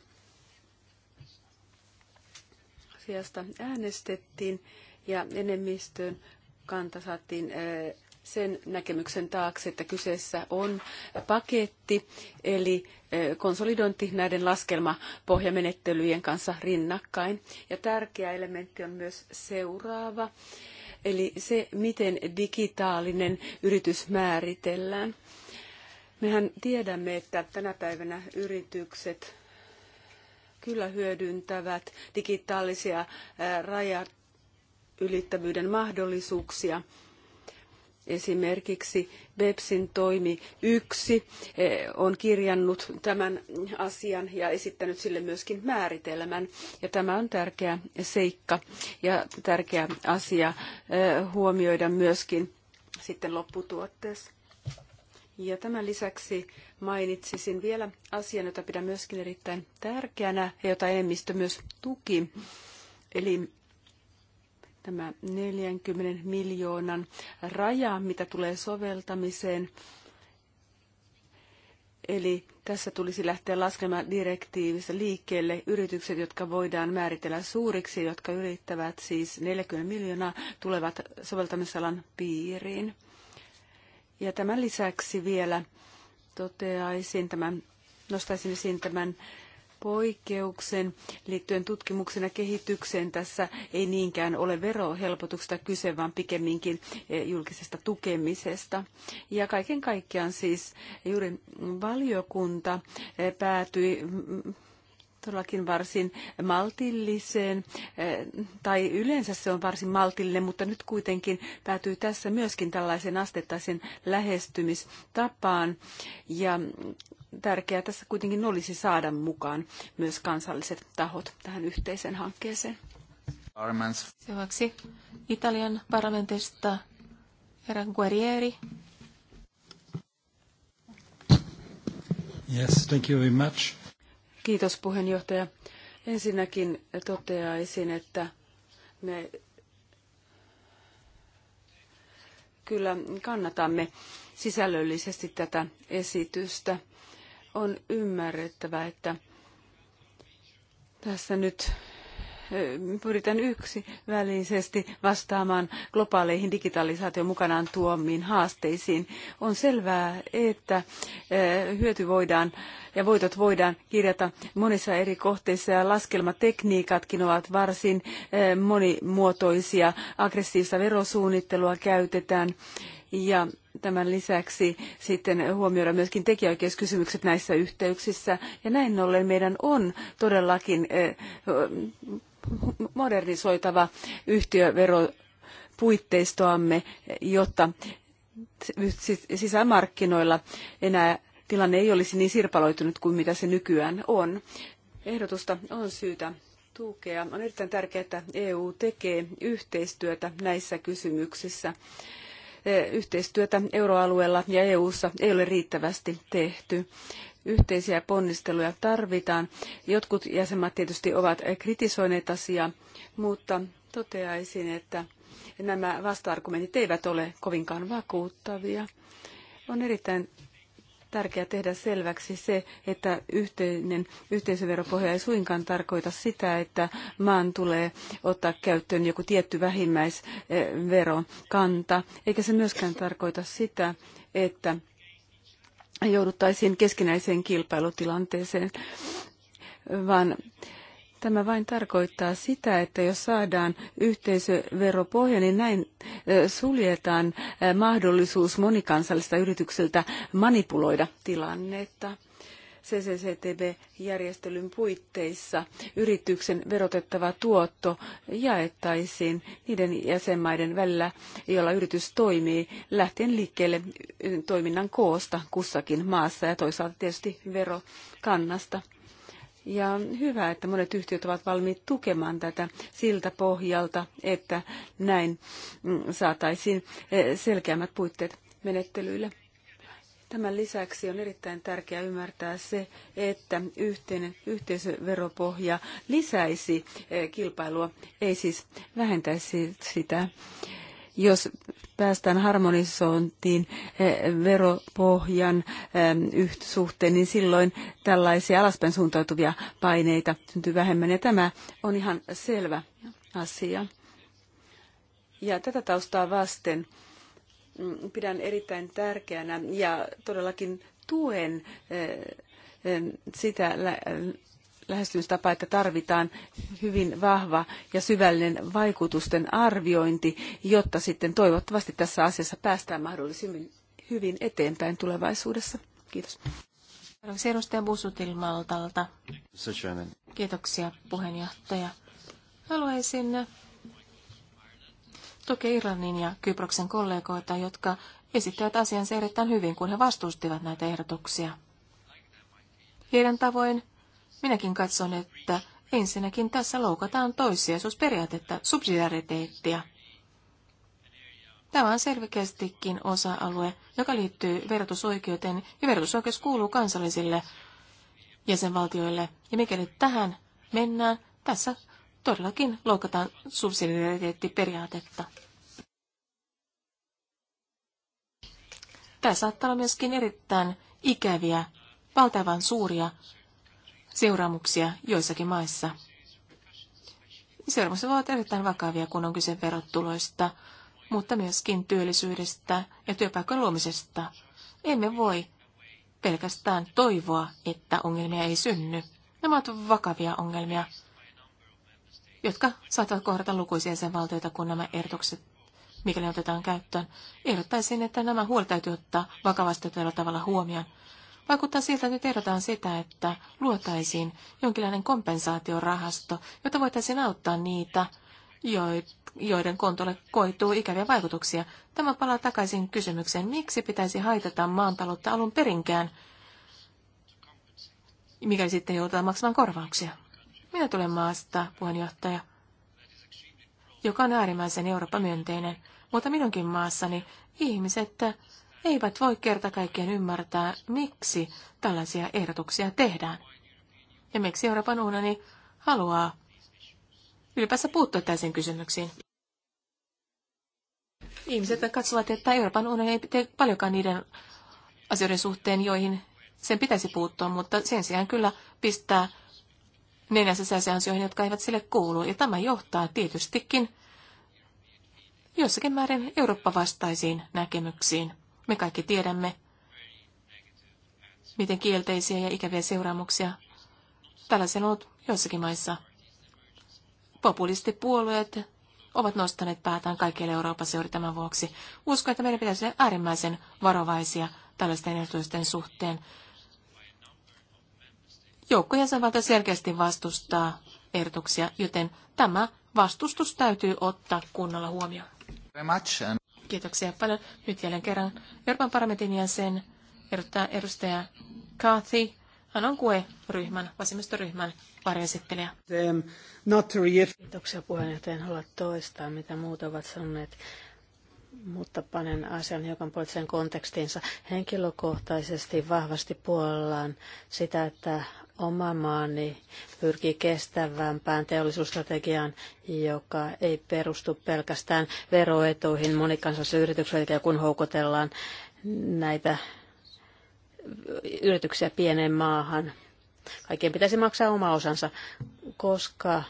asiasta äänestettiin ja enemmistön kanta saatiin eh, sen näkemyksen taakse, että kyseessä on paketti, eli eh, konsolidointi näiden laskelmapohjamenettelyjen kanssa rinnakkain. Ja tärkeä elementti on myös seuraava, eli se, miten digitaalinen yritys määritellään. Mehän tiedämme, että tänä päivänä yritykset kyllä hyödyntävät digitaalisia eh, rajat ylittävyyden mahdollisuuksia – Esimerkiksi BEPSin toimi yksi eh, on kirjannut tämän asian ja esittänyt sille myöskin määritelmän. Ja tämä on tärkeä seikka ja tärkeä asia eh, huomioida myöskin sitten lopputuotteessa. Ja tämän lisäksi mainitsisin vielä asian, jota pidän myöskin erittäin tärkeänä ja jota enemmistö myös tuki. Eli tämä 40 miljoonan raja, mitä tulee soveltamiseen. Eli tässä tulisi lähteä laskemaan direktiivissä liikkeelle yritykset, jotka voidaan määritellä suuriksi, jotka ylittävät siis 40 miljoonaa, tulevat soveltamisalan piiriin. Ja tämän lisäksi vielä toteaisin tämän, nostaisin esiin tämän poikkeuksen liittyen tutkimuksen ja kehitykseen. Tässä ei niinkään ole verohelpotuksesta kyse, vaan pikemminkin e, julkisesta tukemisesta. Ja kaiken kaikkiaan siis juuri valiokunta e, päätyi todellakin varsin maltilliseen, eh, tai yleensä se on varsin maltillinen, mutta nyt kuitenkin päätyy tässä myöskin tällaisen astettaisen lähestymistapaan. Ja tärkeää tässä kuitenkin olisi saada mukaan myös kansalliset tahot tähän yhteiseen hankkeeseen. Seuraavaksi Italian parlamentista herra Guerrieri. Yes, thank you very much. Kiitos puheenjohtaja. Ensinnäkin toteaisin, että me kyllä kannatamme sisällöllisesti tätä esitystä. On ymmärrettävä, että tässä nyt pyritään yksivälisesti vastaamaan globaaleihin digitalisaation mukanaan tuomiin haasteisiin. On selvää, että eh, hyöty voidaan ja voitot voidaan kirjata monissa eri kohteissa ja laskelmatekniikatkin ovat varsin eh, monimuotoisia. Aggressiivista verosuunnittelua käytetään ja tämän lisäksi sitten huomioida myöskin tekijäoikeuskysymykset näissä yhteyksissä. Ja näin ollen meidän on todellakin eh, modernisoitava yhtiöveropuitteistoamme, jotta sisämarkkinoilla enää tilanne ei olisi niin sirpaloitunut kuin mitä se nykyään on. Ehdotusta on syytä tukea. On erittäin tärkeää, että EU tekee yhteistyötä näissä kysymyksissä. E, yhteistyötä euroalueella ja EU:ssa ei ole riittävästi tehty yhteisiä ponnisteluja tarvitaan. Jotkut jäsenmaat tietysti ovat kritisoineet asiaa, mutta toteaisin, että nämä vasta-argumentit eivät ole kovinkaan vakuuttavia. On erittäin tärkeää tehdä selväksi se, että yhteinen yhteisöveropohja ei suinkaan tarkoita sitä, että maan tulee ottaa käyttöön joku tietty vähimmäisverokanta, eikä se myöskään tarkoita sitä, että jouduttaisiin keskinäiseen kilpailutilanteeseen, vaan Tämä vain tarkoittaa sitä, että jos saadaan yhteisöveropohja, niin näin suljetaan mahdollisuus monikansallista yritykseltä manipuloida tilannetta. CCCTB-järjestelyn puitteissa yrityksen verotettava tuotto jaettaisiin niiden jäsenmaiden välillä, joilla yritys toimii, lähtien liikkeelle toiminnan koosta kussakin maassa ja toisaalta tietysti verokannasta. Ja hyvä, että monet yhtiöt ovat valmiit tukemaan tätä siltä pohjalta, että näin mm, saataisiin eh, selkeämmät puitteet menettelyille. Tämän lisäksi on erittäin tärkeää ymmärtää se, että yhteinen yhteisöveropohja lisäisi eh, kilpailua, ei siis vähentäisi sitä jos päästään harmonisointiin eh, veropohjan eh, suhteen, niin silloin tällaisia alaspäin suuntautuvia paineita syntyy vähemmän. Ja tämä on ihan selvä asia. Ja tätä taustaa vasten Mm, pidän erittäin tärkeänä ja todellakin tuen eh, eh, sitä lähestymistapaa, että tarvitaan hyvin vahva ja syvällinen vaikutusten arviointi, jotta sitten toivottavasti tässä asiassa päästään mahdollisimmin hyvin eteenpäin tulevaisuudessa. Kiitos. Seuraavaksi edustaja Busutil Kiitoksia puheenjohtaja. Haluaisin tukea Irlannin ja Kyproksen kollegoita, jotka esittävät asiansa erittäin hyvin, kun he vastustivat näitä ehdotuksia. Heidän tavoin minäkin katson, että ensinnäkin tässä loukataan toissijaisuusperiaatetta, subsidiariteettia. Tämä on selkeästikin osa-alue, joka liittyy verotusoikeuteen, ja verotusoikeus kuuluu kansallisille jäsenvaltioille. Ja mikäli tähän mennään, tässä todellakin loukataan subsidiariteettiperiaatetta. Tämä saattaa olla myöskin erittäin ikäviä, valtavan suuria seuraamuksia joissakin maissa. Seuraamukset olla erittäin vakavia, kun on kyse verotuloista, mutta myöskin työllisyydestä ja työpaikan luomisesta. Emme voi pelkästään toivoa, että ongelmia ei synny. Nämä ovat vakavia ongelmia jotka saattavat kohdata lukuisia valtioita, kun nämä ehdotukset, mikäli otetaan käyttöön. Ehdottaisin, että nämä huolet täytyy ottaa vakavasti tavalla huomioon. Vaikuttaa siltä, että nyt ehdotetaan sitä, että luotaisiin jonkinlainen kompensaatiorahasto, jota voitaisiin auttaa niitä, joiden kontolle koituu ikäviä vaikutuksia. Tämä palaa takaisin kysymykseen, miksi pitäisi haitata maantaloutta alun perinkään, mikäli sitten joudutaan maksamaan korvauksia. Minä tulen maasta, puheenjohtaja, joka on äärimmäisen Eurooppa-myönteinen, mutta minunkin maassani ihmiset eivät voi kerta kaikkien ymmärtää, miksi tällaisia ehdotuksia tehdään ja miksi Euroopan unioni haluaa ylipäänsä puuttua täysin kysymyksiin. Ihmiset katsovat, että Euroopan unioni ei tee paljonkaan niiden asioiden suhteen, joihin sen pitäisi puuttua, mutta sen sijaan kyllä pistää nenä asioihin, jotka eivät sille kuulu. Ja tämä johtaa tietystikin jossakin määrin Eurooppa-vastaisiin näkemyksiin. Me kaikki tiedämme, miten kielteisiä ja ikäviä seuraamuksia tällaisen on ollut joissakin maissa. Populistipuolueet ovat nostaneet päätään kaikille Euroopassa juuri tämän vuoksi. Uskon, että meidän pitäisi olla äärimmäisen varovaisia tällaisten erityisten suhteen. Joukko jäsenvaltio selkeästi vastustaa ehdotuksia, joten tämä vastustus täytyy ottaa kunnolla huomioon. Kiitoksia paljon. Nyt jälleen kerran Euroopan parlamentin jäsen ehdottaa edustaja Kathy. Hän on QE-ryhmän, vasemmistoryhmän varjoesittelijä. Um, Kiitoksia puheenjohtaja. En halua toistaa, mitä muut ovat sanoneet mutta panen asian hiukan poliittiseen kontekstiinsa. Henkilökohtaisesti vahvasti puolellaan sitä, että oma maani pyrkii kestävämpään teollisuusstrategiaan, joka ei perustu pelkästään veroetuihin monikansallisille yrityksille, kun houkutellaan näitä yrityksiä pieneen maahan. Kaikkien pitäisi maksaa oma osansa, koska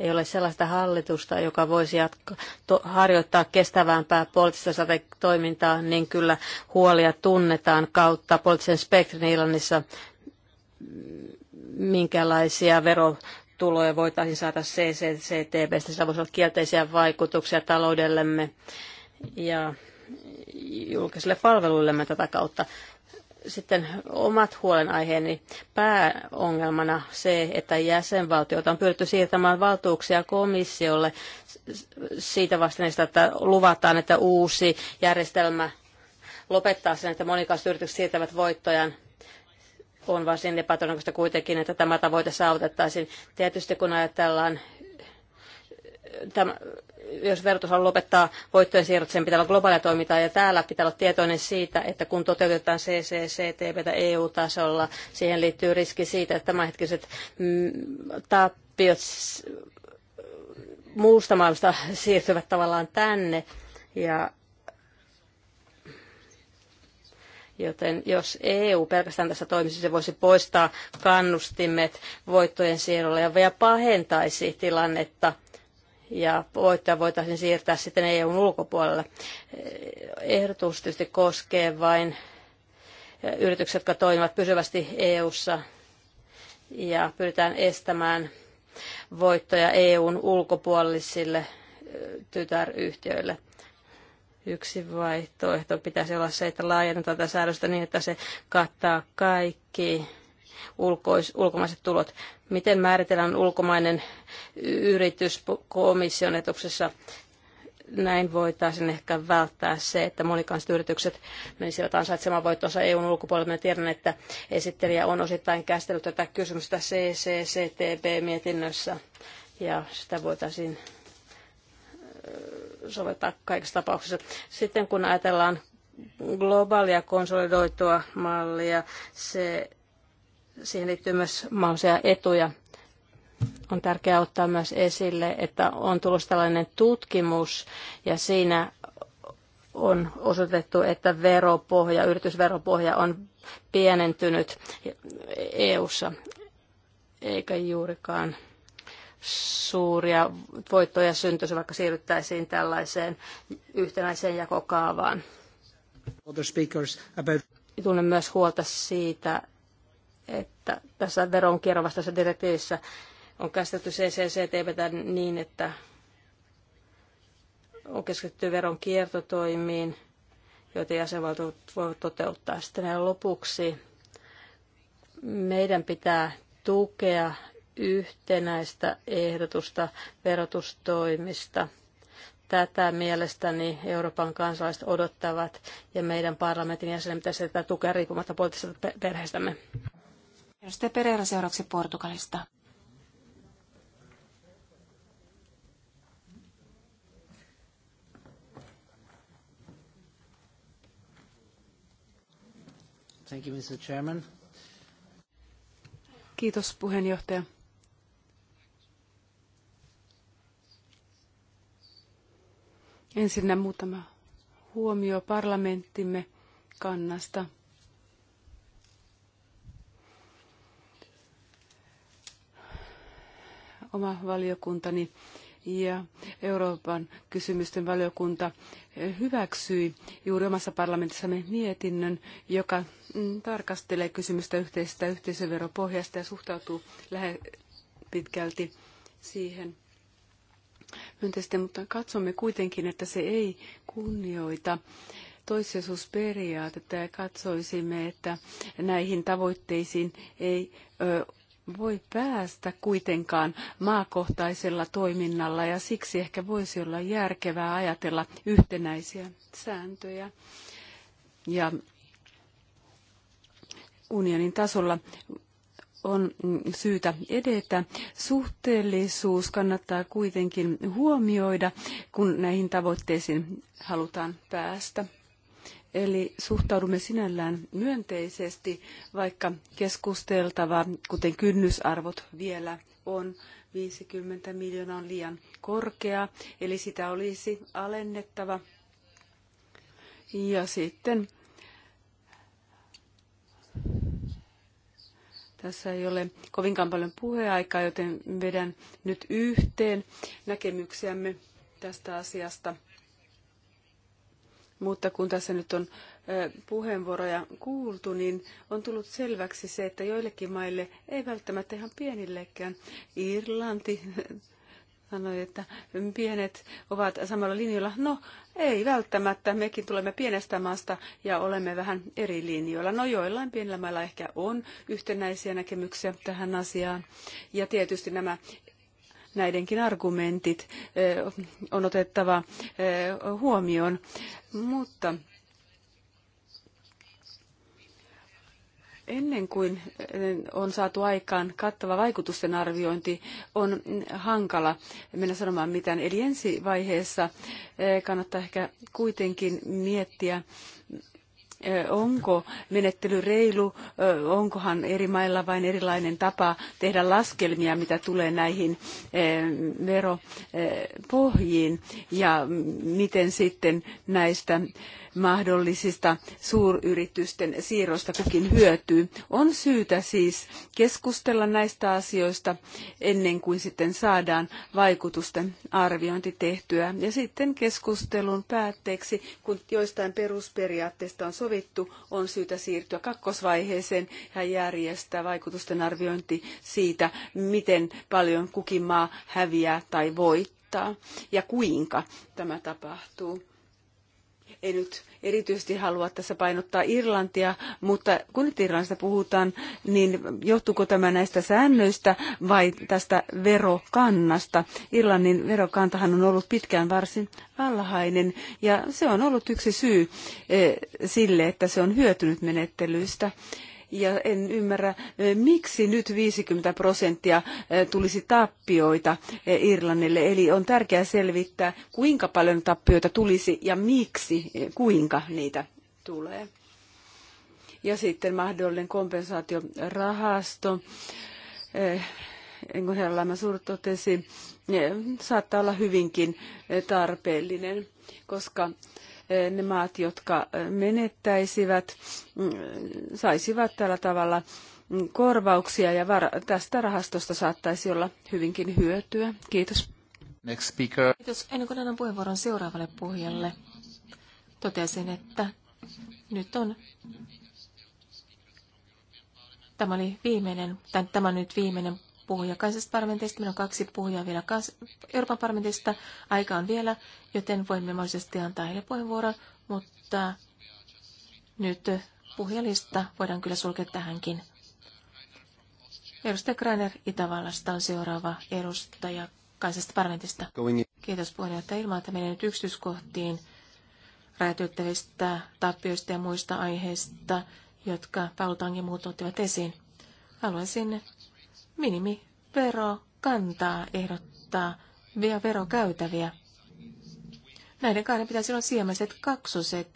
ei ole sellaista hallitusta, joka voisi to, harjoittaa kestävämpää poliittista toimintaa, niin kyllä huolia tunnetaan kautta poliittisen spektrin Irlannissa minkälaisia verotuloja voitaisiin saada CCCTBstä. Niin sillä voisi olla kielteisiä vaikutuksia taloudellemme ja julkisille palveluillemme tätä kautta. Sitten omat huolenaiheeni pääongelmana se, että jäsenvaltioita on pyritty siirtämään valtuuksia komissiolle siitä vastineesta, että luvataan, että uusi järjestelmä lopettaa sen, että monikansalliset yritykset siirtävät voittojaan on varsin epätodennäköistä kuitenkin, että tämä tavoite saavutettaisiin. Tietysti kun ajatellaan, tämä, jos verotushan lopettaa voittojen siirrot, sen pitää olla globaalia toimintaa ja täällä pitää olla tietoinen siitä, että kun toteutetaan CCCTVtä EU-tasolla, siihen liittyy riski siitä, että tämänhetkiset mm, tappiot muusta maailmasta siirtyvät tavallaan tänne ja Joten jos EU pelkästään tässä toimisi, se voisi poistaa kannustimet voittojen siirrolla ja vielä pahentaisi tilannetta ja voittoja voitaisiin siirtää sitten EUn ulkopuolelle. Ehdotus tietysti koskee vain yritykset, jotka toimivat pysyvästi EU:ssa ja pyritään estämään voittoja EUn ulkopuolisille tytäryhtiöille. Yksi vaihtoehto pitäisi olla se, että laajennetaan tätä säädöstä niin, että se kattaa kaikki ulkois, ulkomaiset tulot. Miten määritellään ulkomainen yritys komission etuksessa? Näin voitaisiin ehkä välttää se, että monikansalliset yritykset menisivät ansaitsemaan voittonsa EUn ulkopuolelle. Minä tiedän, että esittelijä on osittain käsitellyt tätä kysymystä CCCTB-mietinnössä ja sitä voitaisiin soveltaa kaikissa tapauksissa. Sitten kun ajatellaan globaalia konsolidoitua mallia, se, siihen liittyy myös mahdollisia etuja. On tärkeää ottaa myös esille, että on tullut tällainen tutkimus ja siinä on osoitettu, että veropohja, yritysveropohja on pienentynyt EU-ssa, e eikä juurikaan suuria voittoja syntyisi, vaikka siirryttäisiin tällaiseen yhtenäiseen jakokaavaan. Tunnen myös huolta siitä, että tässä veronkierrovastaisessa direktiivissä on käsitelty CCCTVtä niin, että on keskitytty veronkiertotoimiin, kiertotoimiin, joita jäsenvaltiot voivat toteuttaa. Sitten lopuksi meidän pitää tukea yhtenäistä ehdotusta verotustoimista. Tätä mielestäni Euroopan kansalaiset odottavat ja meidän parlamentin jäsenen pitäisi tätä tukea riippumatta poliittisesta perheestämme. Edustaja Pereira seuraavaksi Portugalista. Thank you, Mr. Chairman. Kiitos puheenjohtaja. Ensinnä muutama huomio parlamenttimme kannasta. Oma valiokuntani ja Euroopan kysymysten valiokunta hyväksyi juuri omassa parlamentissamme mietinnön, joka mm, tarkastelee kysymystä yhteisestä yhteisöveropohjasta ja suhtautuu lähe pitkälti siihen – myönteistä, mutta katsomme kuitenkin, että se ei kunnioita toissijaisuusperiaatetta ja katsoisimme, että näihin tavoitteisiin ei ö, voi päästä kuitenkaan maakohtaisella toiminnalla ja siksi ehkä voisi olla järkevää ajatella yhtenäisiä sääntöjä. Ja unionin tasolla on syytä edetä. Suhteellisuus kannattaa kuitenkin huomioida, kun näihin tavoitteisiin halutaan päästä. Eli suhtaudumme sinällään myönteisesti, vaikka keskusteltava, kuten kynnysarvot vielä on, 50 miljoonaa on liian korkea, eli sitä olisi alennettava. Ja sitten Tässä ei ole kovinkaan paljon puheaikaa, joten vedän nyt yhteen näkemyksiämme tästä asiasta. Mutta kun tässä nyt on puheenvuoroja kuultu, niin on tullut selväksi se, että joillekin maille, ei välttämättä ihan pienillekään, Irlanti sanoi, että pienet ovat samalla linjalla. No, ei välttämättä. Mekin tulemme pienestä maasta ja olemme vähän eri linjoilla. No, joillain pienillä mailla ehkä on yhtenäisiä näkemyksiä tähän asiaan. Ja tietysti nämä näidenkin argumentit eh, on otettava eh, huomioon. Mutta Ennen kuin eh, on saatu aikaan kattava vaikutusten arviointi, on mm, hankala mennä sanomaan mitään. Eli ensi vaiheessa eh, kannattaa ehkä kuitenkin miettiä, eh, onko menettely reilu, onkohan eri mailla vain erilainen tapa tehdä laskelmia, mitä tulee näihin veropohjiin ja miten sitten näistä mahdollisista suuryritysten siirroista kukin hyötyy. On syytä siis keskustella näistä asioista ennen kuin sitten saadaan vaikutusten arviointi tehtyä. Ja sitten keskustelun päätteeksi, kun joistain perusperiaatteista on sovittu, on syytä siirtyä kakkosvaiheeseen ja järjestää vaikutusten arviointi siitä, miten paljon kukin maa häviää tai voittaa ja kuinka tämä tapahtuu ei nyt erityisesti halua tässä painottaa Irlantia, mutta kun nyt Irlannista puhutaan, niin johtuuko tämä näistä säännöistä vai tästä verokannasta? Irlannin verokantahan on ollut pitkään varsin alhainen ja se on ollut yksi syy eh, sille, että se on hyötynyt menettelyistä ja en ymmärrä, eh, miksi nyt 50 prosenttia eh, tulisi tappioita eh, Irlannille. Eli on tärkeää selvittää, kuinka paljon tappioita tulisi ja miksi, kuinka niitä tulee. Ja sitten mahdollinen kompensaatiorahasto. kuin herra suur totesi, saattaa olla hyvinkin tarpeellinen, koska ne maat, jotka menettäisivät, mm, saisivat tällä tavalla mm, korvauksia ja tästä rahastosta saattaisi olla hyvinkin hyötyä. Kiitos. Next speaker. Kiitos. Ennen kuin annan puheenvuoron seuraavalle puhujalle, totesin, että nyt on Tämä oli viimeinen, tämän, tämä nyt viimeinen puhuja kansallisesta parlamentista. Meillä on kaksi puhujaa vielä Euroopan parlamentista. Aika on vielä, joten voimme mahdollisesti antaa heille puheenvuoron, mutta nyt puhujalista voidaan kyllä sulkea tähänkin. Edustaja Kreiner Itävallasta on seuraava edustaja kansallisesta parlamentista. Kiitos puheenjohtaja Ilma, että menee nyt yksityiskohtiin räätyyttävistä tappioista ja muista aiheista, jotka Paul Tangin muut ottivat esiin. Haluaisin Minimi-vero kantaa ehdottaa vielä verokäytäviä. Näiden kahden pitäisi olla siemäiset kaksoset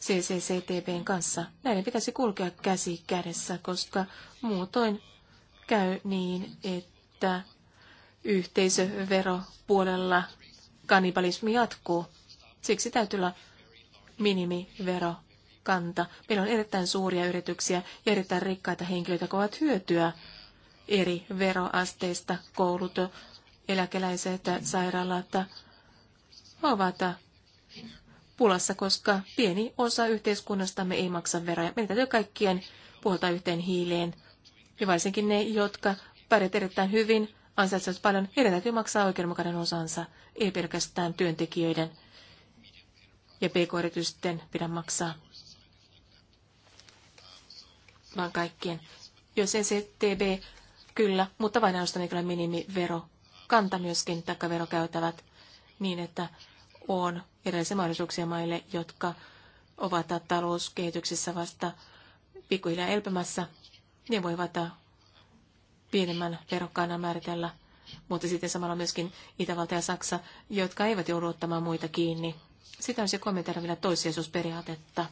CCCTVn kanssa. Näiden pitäisi kulkea käsi kädessä, koska muutoin käy niin, että yhteisöveropuolella kanibalismi jatkuu. Siksi täytyy olla minimivero kanta. Meillä on erittäin suuria yrityksiä ja erittäin rikkaita henkilöitä, jotka ovat hyötyä eri veroasteista, koulut, eläkeläiset, sairaalat ovat pulassa, koska pieni osa yhteiskunnastamme ei maksa veroja. Meidän täytyy kaikkien puhaltaa yhteen hiileen. Ja varsinkin ne, jotka pärjät erittäin hyvin, ansaitsevat paljon, heidän täytyy maksaa oikeudenmukainen osansa, ei pelkästään työntekijöiden ja pk-yritysten pidä maksaa, vaan kaikkien. Jos NCTB kyllä, mutta vain ainoastaan niin kyllä minimivero kanta myöskin, taikka verokäytävät niin, että on erilaisia mahdollisuuksia maille, jotka ovat talouskehityksessä vasta pikkuhiljaa elpymässä, ne voivat pienemmän verokkaana määritellä, mutta sitten samalla myöskin Itävalta ja Saksa, jotka eivät joudu ottamaan muita kiinni. Sitä on se kommentoida vielä toissijaisuusperiaatetta.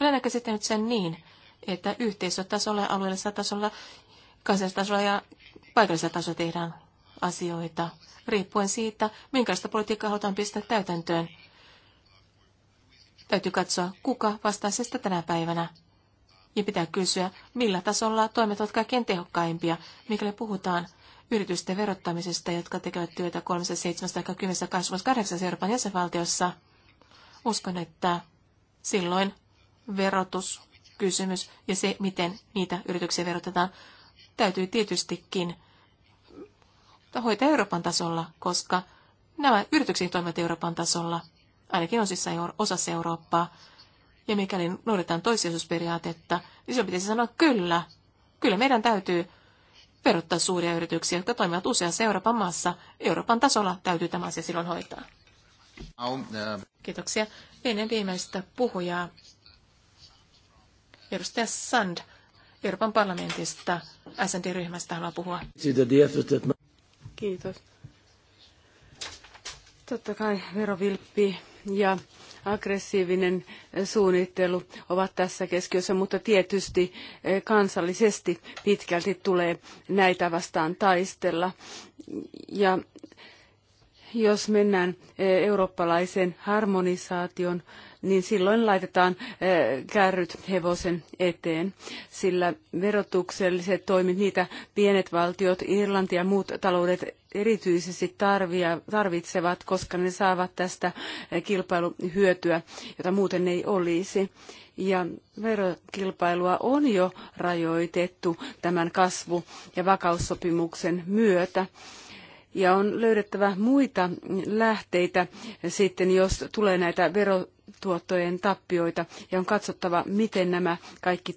Olen nyt sen niin, että yhteisötasolla ja alueellisella tasolla tasolla ja paikallisella tasolla tehdään asioita, riippuen siitä, minkälaista politiikkaa halutaan pistää täytäntöön. Täytyy katsoa, kuka vastaa sitä tänä päivänä. Ja pitää kysyä, millä tasolla toimet ovat kaikkein tehokkaimpia, mikäli puhutaan yritysten verottamisesta, jotka tekevät työtä 37 28 Euroopan jäsenvaltiossa. Uskon, että silloin verotuskysymys ja se, miten niitä yrityksiä verotetaan, täytyy tietystikin hoitaa Euroopan tasolla, koska nämä yritykset toimivat Euroopan tasolla, ainakin siis osassa Eurooppaa. Ja mikäli noudetaan toissijaisuusperiaatetta, niin se pitäisi sanoa kyllä. Kyllä meidän täytyy verottaa suuria yrityksiä, jotka toimivat useassa Euroopan maassa. Euroopan tasolla täytyy tämä asia silloin hoitaa. Kiitoksia. Ennen viimeistä puhujaa. Edustaja Sand Euroopan parlamentista SND-ryhmästä haluaa puhua. Kiitos. Totta kai verovilppi ja aggressiivinen suunnittelu ovat tässä keskiössä, mutta tietysti eh, kansallisesti pitkälti tulee näitä vastaan taistella. Ja jos mennään eh, eurooppalaisen harmonisaation niin silloin laitetaan eh, kärryt hevosen eteen, sillä verotukselliset toimit, niitä pienet valtiot, Irlanti ja muut taloudet erityisesti tarvitsevat, koska ne saavat tästä eh, kilpailuhyötyä, jota muuten ei olisi. Ja verokilpailua on jo rajoitettu tämän kasvu- ja vakaussopimuksen myötä ja on löydettävä muita lähteitä sitten, jos tulee näitä verotuottojen tappioita ja on katsottava, miten nämä kaikki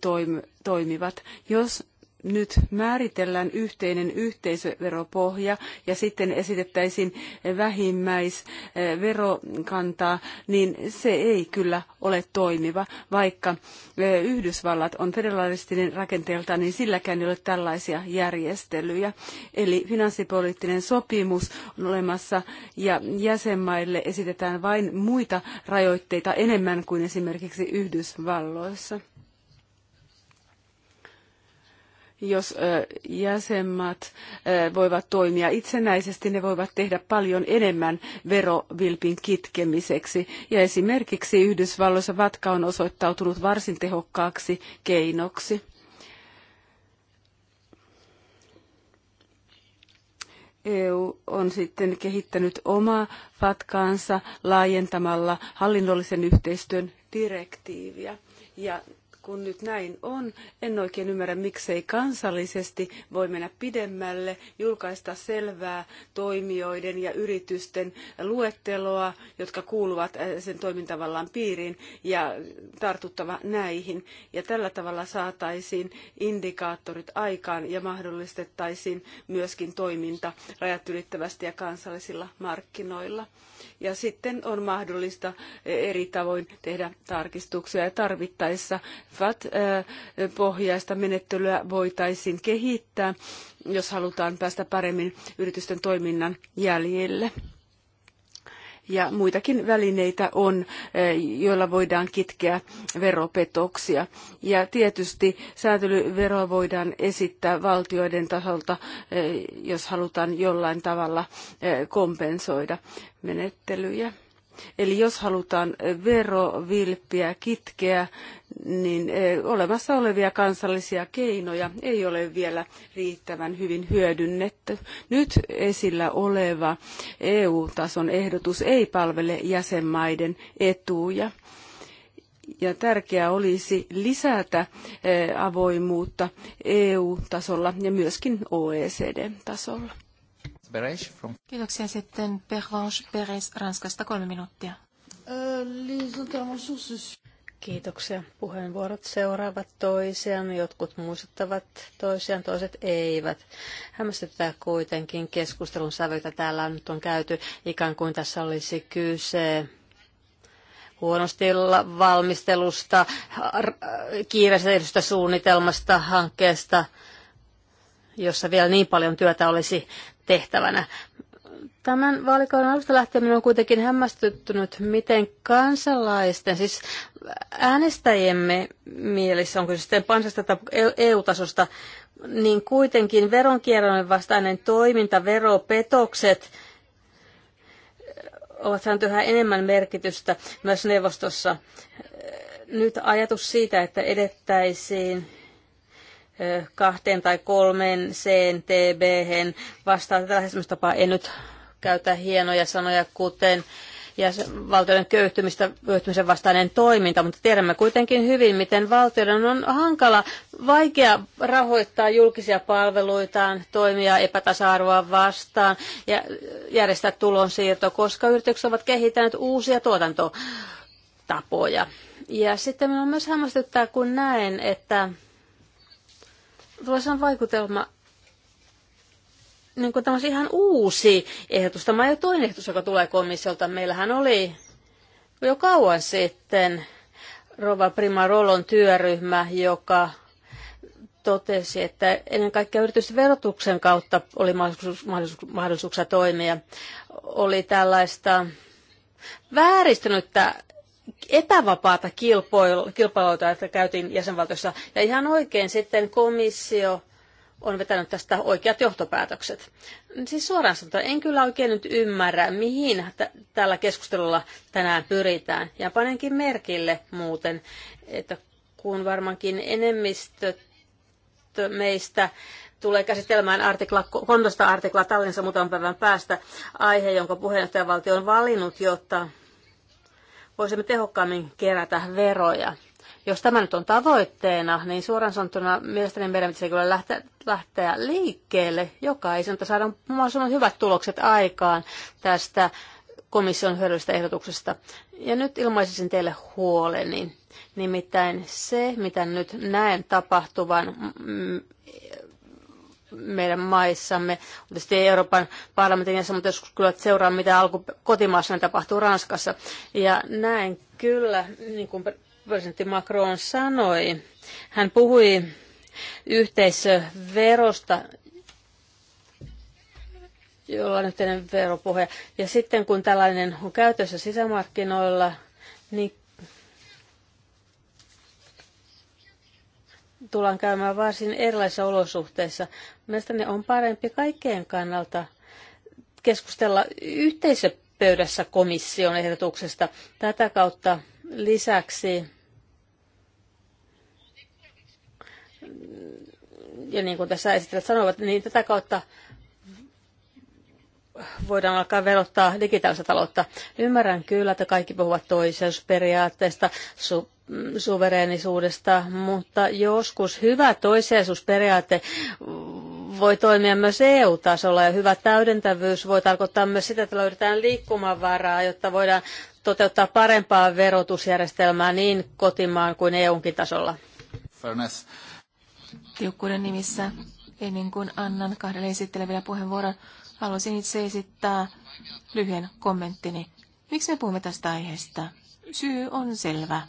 toimivat. Jos nyt määritellään yhteinen yhteisöveropohja ja sitten esitettäisiin vähimmäisverokantaa, niin se ei kyllä ole toimiva. Vaikka Yhdysvallat on federalistinen rakenteelta, niin silläkään ei ole tällaisia järjestelyjä. Eli finanssipoliittinen sopimus on olemassa ja jäsenmaille esitetään vain muita rajoitteita enemmän kuin esimerkiksi Yhdysvalloissa. jos jäsenmaat voivat toimia itsenäisesti, ne voivat tehdä paljon enemmän verovilpin kitkemiseksi. Ja esimerkiksi Yhdysvalloissa vatka on osoittautunut varsin tehokkaaksi keinoksi. EU on sitten kehittänyt omaa fatkaansa laajentamalla hallinnollisen yhteistyön direktiiviä. Ja kun nyt näin on, en oikein ymmärrä, miksei kansallisesti voi mennä pidemmälle, julkaista selvää toimijoiden ja yritysten luetteloa, jotka kuuluvat äh, sen toimintavallan piiriin, ja tartuttava näihin. Ja tällä tavalla saataisiin indikaattorit aikaan ja mahdollistettaisiin myöskin toiminta rajat ylittävästi ja kansallisilla markkinoilla. Ja sitten on mahdollista eri tavoin tehdä tarkistuksia ja tarvittaessa FAT-pohjaista menettelyä voitaisiin kehittää, jos halutaan päästä paremmin yritysten toiminnan jäljelle. Ja muitakin välineitä on, joilla voidaan kitkeä veropetoksia. Ja tietysti säätelyveroa voidaan esittää valtioiden tasolta, jos halutaan jollain tavalla kompensoida menettelyjä. Eli jos halutaan verovilppiä kitkeä, niin e, olemassa olevia kansallisia keinoja ei ole vielä riittävän hyvin hyödynnetty. Nyt esillä oleva EU-tason ehdotus ei palvele jäsenmaiden etuja ja tärkeää olisi lisätä e, avoimuutta EU-tasolla ja myöskin OECD-tasolla. Beres from... Kiitoksia sitten Pervenche Beres Ranskasta kolme minuuttia. Kiitoksia. Puheenvuorot seuraavat toisiaan, jotkut muistuttavat toisiaan, toiset eivät. Hämmästyttää kuitenkin keskustelun sävyltä täällä nyt on käyty, ikään kuin tässä olisi kyse huonosti valmistelusta, kiireisestä suunnitelmasta, hankkeesta – jossa vielä niin paljon työtä olisi tehtävänä. Tämän vaalikauden alusta lähtien minua on kuitenkin hämmästyttynyt, miten kansalaisten, siis äänestäjiemme mielessä, onko se sitten pansasta tai EU-tasosta, e niin kuitenkin veronkierron vastainen toiminta, veropetokset ovat saaneet yhä enemmän merkitystä myös neuvostossa. Nyt ajatus siitä, että edettäisiin kahteen tai kolmeen CNTB. Vastaan tätä tapaa en nyt käytä hienoja sanoja, kuten ja valtioiden köyhtymistä, köyhtymisen vastainen toiminta, mutta tiedämme kuitenkin hyvin, miten valtioiden on hankala, vaikea rahoittaa julkisia palveluitaan, toimia epätasa-arvoa vastaan ja järjestää tulonsiirto, koska yritykset ovat kehittäneet uusia tuotantotapoja. Ja sitten minun myös hämmästyttää, kun näen, että tulee sellainen vaikutelma, niin kuin tämä ihan uusi ehdotus. Tämä jo toinen ehdotus, joka tulee komissiolta. Meillähän oli jo kauan sitten Rova prima rolon työryhmä, joka totesi, että ennen kaikkea yritysten verotuksen kautta oli mahdollisuus, mahdollisuus, mahdollisuuksia toimia. Oli tällaista vääristynyttä epävapaata kilpailua, joita käytiin jäsenvaltiossa. Ja ihan oikein sitten komissio on vetänyt tästä oikeat johtopäätökset. Siis suoraan sanottuna en kyllä oikein nyt ymmärrä, mihin tällä keskustelulla tänään pyritään. Ja panenkin merkille muuten, että kun varmaankin enemmistö meistä tulee käsittelemään artikla, 13 artiklaa Tallinnassa muutaman päivän päästä aihe, jonka puheenjohtajavaltio on valinnut, jotta voisimme tehokkaammin kerätä veroja. Jos tämä nyt on tavoitteena, niin suoraan sanottuna mielestäni meidän pitäisi kyllä lähteä, lähteä liikkeelle jokaisen, että saadaan mahdollisimman hyvät tulokset aikaan tästä komission hyödyllisestä ehdotuksesta. Ja nyt ilmaisisin teille huoleni. Nimittäin se, mitä nyt näen tapahtuvan mm, meidän maissamme. Tietysti ei Euroopan parlamentin jäsen, mutta joskus kyllä seuraa, mitä alku kotimaassa tapahtuu Ranskassa. Ja näin kyllä, niin kuin presidentti Macron sanoi, hän puhui yhteisöverosta, jolla on yhteinen veropohja. Ja sitten kun tällainen on käytössä sisämarkkinoilla, niin tullaan käymään varsin erilaisissa olosuhteissa. Mielestäni on parempi kaikkien kannalta keskustella yhteisöpöydässä komission ehdotuksesta. Tätä kautta lisäksi ja niin kuin tässä esittelijät sanovat, niin tätä kautta voidaan alkaa verottaa digitaalista taloutta. Ymmärrän kyllä, että kaikki puhuvat toiseusperiaatteesta, su- suvereenisuudesta, mutta joskus hyvä toiseisuusperiaate voi toimia myös EU-tasolla ja hyvä täydentävyys voi tarkoittaa myös sitä, että löydetään liikkumavaraa, jotta voidaan toteuttaa parempaa verotusjärjestelmää niin kotimaan kuin EUnkin tasolla. Fairness. Tiukkuuden nimissä, ennen kuin annan kahdelle esitteleville puheenvuoron, haluaisin itse esittää lyhyen kommenttini. Miksi me puhumme tästä aiheesta? Syy on selvä.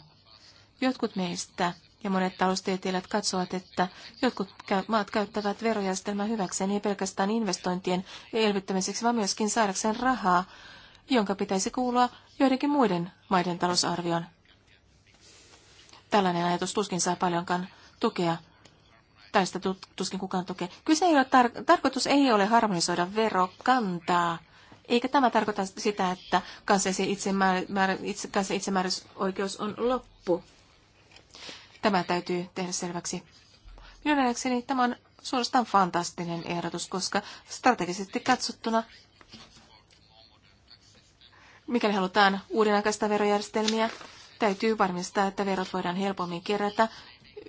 Jotkut meistä ja monet taloustieteilijät katsovat, että jotkut maat käyttävät verojärjestelmää hyväkseen ei pelkästään investointien elvyttämiseksi, vaan myöskin saadakseen rahaa, jonka pitäisi kuulua joidenkin muiden maiden talousarvioon. Tällainen ajatus tuskin saa paljonkaan tukea. Tästä tuskin kukaan tukee. Kyse ei ole tar- tarkoitus ei ole harmonisoida verokantaa. Eikä tämä tarkoita sitä, että kansallisen itsemäär- itse- on loppu. Tämä täytyy tehdä selväksi. Minun nähdäkseni tämä on suorastaan fantastinen ehdotus, koska strategisesti katsottuna, mikäli halutaan uudenaikaista verojärjestelmiä, täytyy varmistaa, että verot voidaan helpommin kerätä.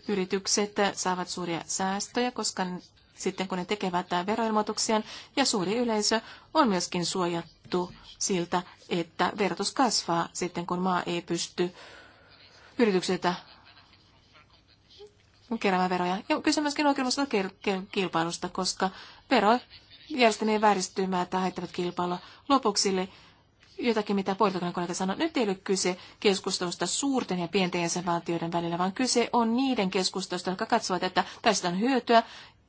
Yritykset saavat suuria säästöjä, koska sitten kun ne tekevät veroilmoituksia ja suuri yleisö on myöskin suojattu siltä, että verotus kasvaa sitten, kun maa ei pysty yrityksiltä keräämään veroja. Ja kyse myöskin oikeudellisesta kilpailusta, koska verojärjestelmien vääristymää tai haittavat kilpailua. Lopuksi jotakin, mitä Portugalin kollega sanoi. Nyt ei ole kyse keskustelusta suurten ja pienten jäsenvaltioiden välillä, vaan kyse on niiden keskustelusta, jotka katsovat, että tästä on hyötyä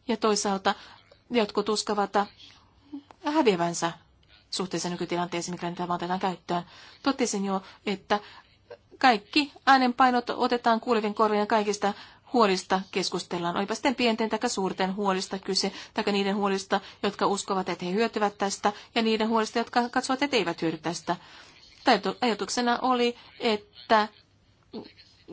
ja toisaalta jotkut uskovat häviävänsä suhteessa nykytilanteeseen, mikä nyt vaan otetaan käyttöön. Totesin jo, että kaikki äänenpainot otetaan kuulevin korvien kaikista huolista keskustellaan. Olipa sitten pienten tai suurten huolista kyse, tai niiden huolista, jotka uskovat, että he hyötyvät tästä, ja niiden huolista, jotka katsovat, että eivät hyödy tästä. Ajatuksena oli, että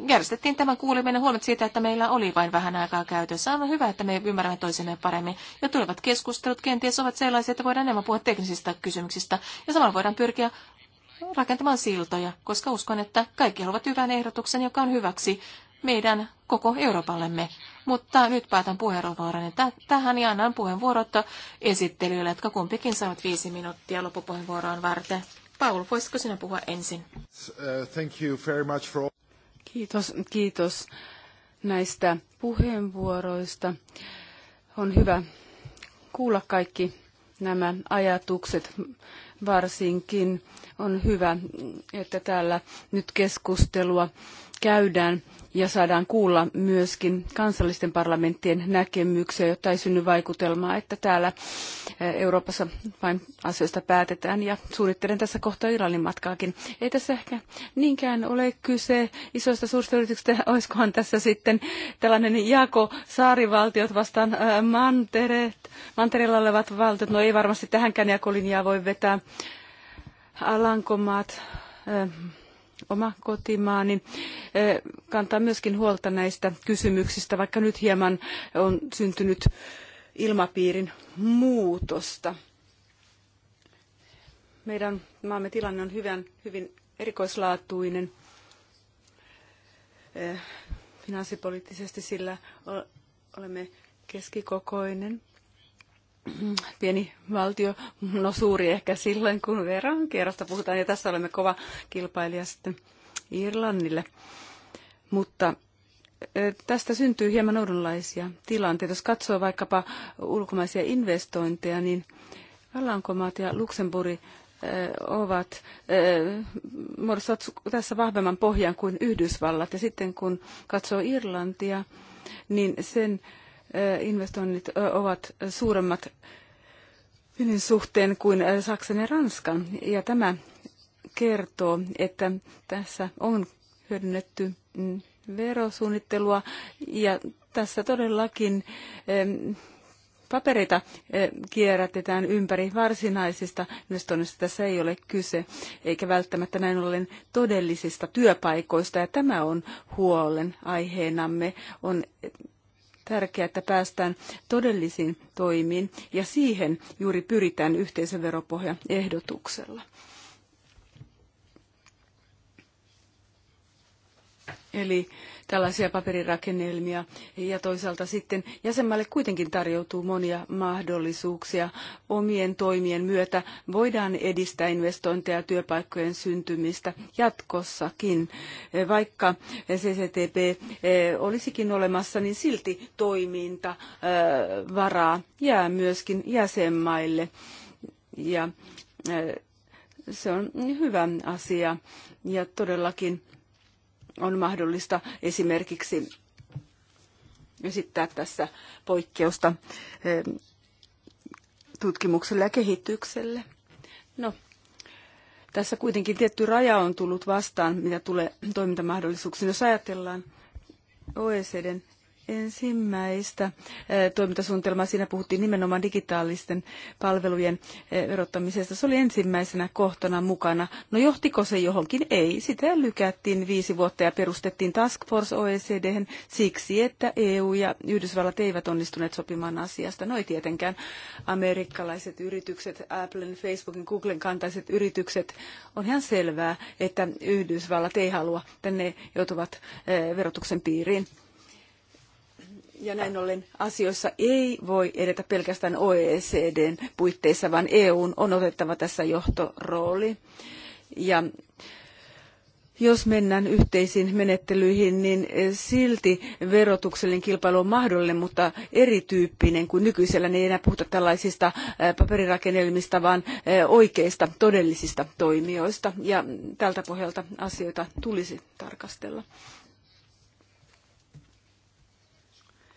järjestettiin tämän kuuleminen huomat siitä, että meillä oli vain vähän aikaa käytössä. On hyvä, että me ymmärrämme toisemme paremmin. Ja tulevat keskustelut kenties ovat sellaisia, että voidaan enemmän puhua teknisistä kysymyksistä. Ja samalla voidaan pyrkiä rakentamaan siltoja, koska uskon, että kaikki haluavat hyvän ehdotuksen, joka on hyväksi meidän koko Euroopallemme. Mutta nyt päätän puheenvuoroni tähän ja annan puheenvuorot esittelyille, jotka kumpikin saavat viisi minuuttia loppupuheenvuoroon varten. Paul, voisitko sinä puhua ensin? Uh, thank you very much for... Kiitos, kiitos näistä puheenvuoroista. On hyvä kuulla kaikki nämä ajatukset varsinkin. On hyvä, että täällä nyt keskustelua käydään ja saadaan kuulla myöskin kansallisten parlamenttien näkemyksiä, jotta ei synny vaikutelmaa, että täällä eh, Euroopassa vain asioista päätetään ja suunnittelen tässä kohtaa Iranin matkaakin. Ei tässä ehkä niinkään ole kyse isoista suurista yrityksistä, olisikohan tässä sitten tällainen jako saarivaltiot vastaan eh, mantereet, mantereella olevat valtiot, no ei varmasti tähänkään jakolinjaa voi vetää. Alankomaat, eh, oma kotimaani eh, kantaa myöskin huolta näistä kysymyksistä, vaikka nyt hieman on syntynyt ilmapiirin muutosta. Meidän maamme tilanne on hyvän hyvin erikoislaatuinen eh, finanssipoliittisesti, sillä olemme keskikokoinen pieni valtio, no suuri ehkä silloin, kun veronkierrosta puhutaan, ja tässä olemme kova kilpailija sitten Irlannille. Mutta tästä syntyy hieman oudenlaisia tilanteita. Jos katsoo vaikkapa ulkomaisia investointeja, niin Alankomaat ja Luxemburg ovat, muodostavat tässä vahvemman pohjan kuin Yhdysvallat. Ja sitten kun katsoo Irlantia, niin sen investoinnit ovat suuremmat Finnin suhteen kuin Saksan ja Ranskan. Ja tämä kertoo, että tässä on hyödynnetty mm, verosuunnittelua ja tässä todellakin papereita kierrätetään ympäri varsinaisista investoinnista. Tässä ei ole kyse, eikä välttämättä näin ollen todellisista työpaikoista. Ja tämä on huolen aiheenamme, on tärkeää, että päästään todellisiin toimiin, ja siihen juuri pyritään yhteisöveropohjan ehdotuksella. Eli tällaisia paperirakennelmia ja toisaalta sitten jäsenmaille kuitenkin tarjoutuu monia mahdollisuuksia. Omien toimien myötä voidaan edistää investointeja ja työpaikkojen syntymistä jatkossakin. Vaikka CCTP eh, olisikin olemassa, niin silti toiminta eh, varaa jää myöskin jäsenmaille. Ja eh, se on hyvä asia ja todellakin on mahdollista esimerkiksi esittää tässä poikkeusta eh, tutkimukselle ja kehitykselle. No, tässä kuitenkin tietty raja on tullut vastaan, mitä tulee toimintamahdollisuuksiin. Jos ajatellaan OECDn ensimmäistä eh, toimintasuunnitelmaa. Siinä puhuttiin nimenomaan digitaalisten palvelujen eh, verottamisesta. Se oli ensimmäisenä kohtana mukana. No johtiko se johonkin? Ei. Sitä lykättiin viisi vuotta ja perustettiin Task Force OECD siksi, että EU ja Yhdysvallat eivät onnistuneet sopimaan asiasta. No ei tietenkään amerikkalaiset yritykset, Applen, Facebookin, Googlen kantaiset yritykset. On ihan selvää, että Yhdysvallat ei halua, tänne joutuvat eh, verotuksen piiriin. Ja näin ollen asioissa ei voi edetä pelkästään OECDn puitteissa, vaan EUn on otettava tässä johtorooli. Ja jos mennään yhteisiin menettelyihin, niin silti verotuksellinen kilpailu on mahdollinen, mutta erityyppinen kuin nykyisellä. Niin ei enää puhuta tällaisista paperirakennelmista, vaan oikeista, todellisista toimijoista. Ja tältä pohjalta asioita tulisi tarkastella.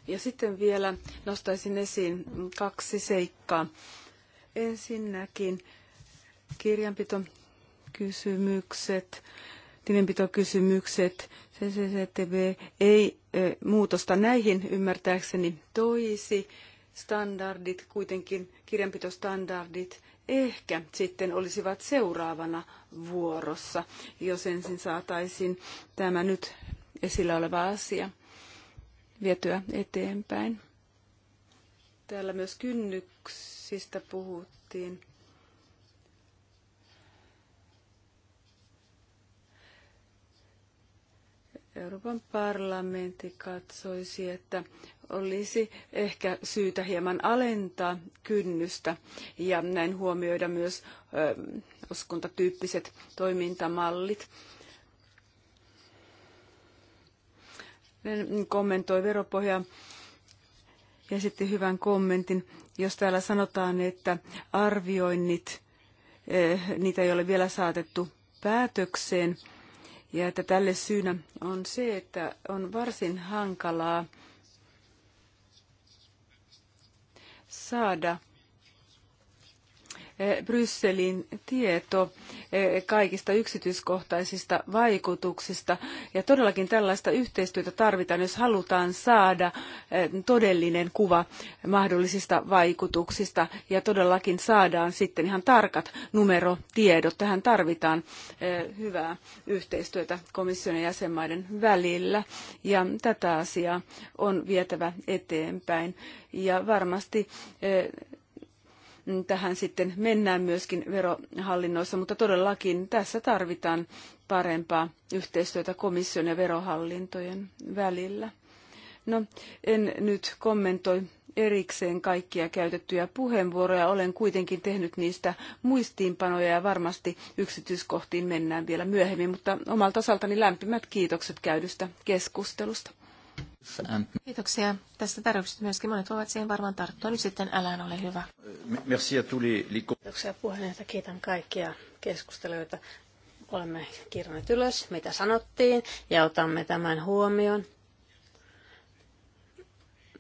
Ja sitten vielä nostaisin esiin kaksi seikkaa. Ensinnäkin kirjanpitokysymykset, tilinpitokysymykset, CCCTV ei muutosta näihin ymmärtääkseni toisi. Standardit, kuitenkin kirjanpitostandardit ehkä sitten olisivat seuraavana vuorossa, jos ensin saataisiin tämä nyt esillä oleva asia vietyä eteenpäin. Täällä myös kynnyksistä puhuttiin. Euroopan parlamentti katsoisi, että olisi ehkä syytä hieman alentaa kynnystä ja näin huomioida myös ö, uskontatyyppiset toimintamallit. kommentoi veropohjaa ja sitten hyvän kommentin, jos täällä sanotaan, että arvioinnit, eh, niitä ei ole vielä saatettu päätökseen, ja että tälle syynä on se, että on varsin hankalaa saada Eh, Brysselin tieto eh, kaikista yksityiskohtaisista vaikutuksista. Ja todellakin tällaista yhteistyötä tarvitaan, jos halutaan saada eh, todellinen kuva mahdollisista vaikutuksista ja todellakin saadaan sitten ihan tarkat numerotiedot. Tähän tarvitaan hyvää yhteistyötä komission ja jäsenmaiden välillä ja tätä asiaa on vietävä eteenpäin. Ja varmasti tähän sitten mennään myöskin verohallinnoissa, mutta todellakin tässä tarvitaan parempaa yhteistyötä komission ja verohallintojen välillä. No, en nyt kommentoi erikseen kaikkia käytettyjä puheenvuoroja. Olen kuitenkin tehnyt niistä muistiinpanoja ja varmasti yksityiskohtiin mennään vielä myöhemmin, mutta omalta osaltani lämpimät kiitokset käydystä keskustelusta. Kiitoksia tästä tarjouksesta myöskin. Monet voivat siihen varmaan tarttua. Nyt sitten älään ole hyvä. Merci à tous les... Kiitoksia puheenjohtaja. Kiitän kaikkia keskustelijoita. Olemme kirjoittaneet ylös, mitä sanottiin, ja otamme tämän huomioon.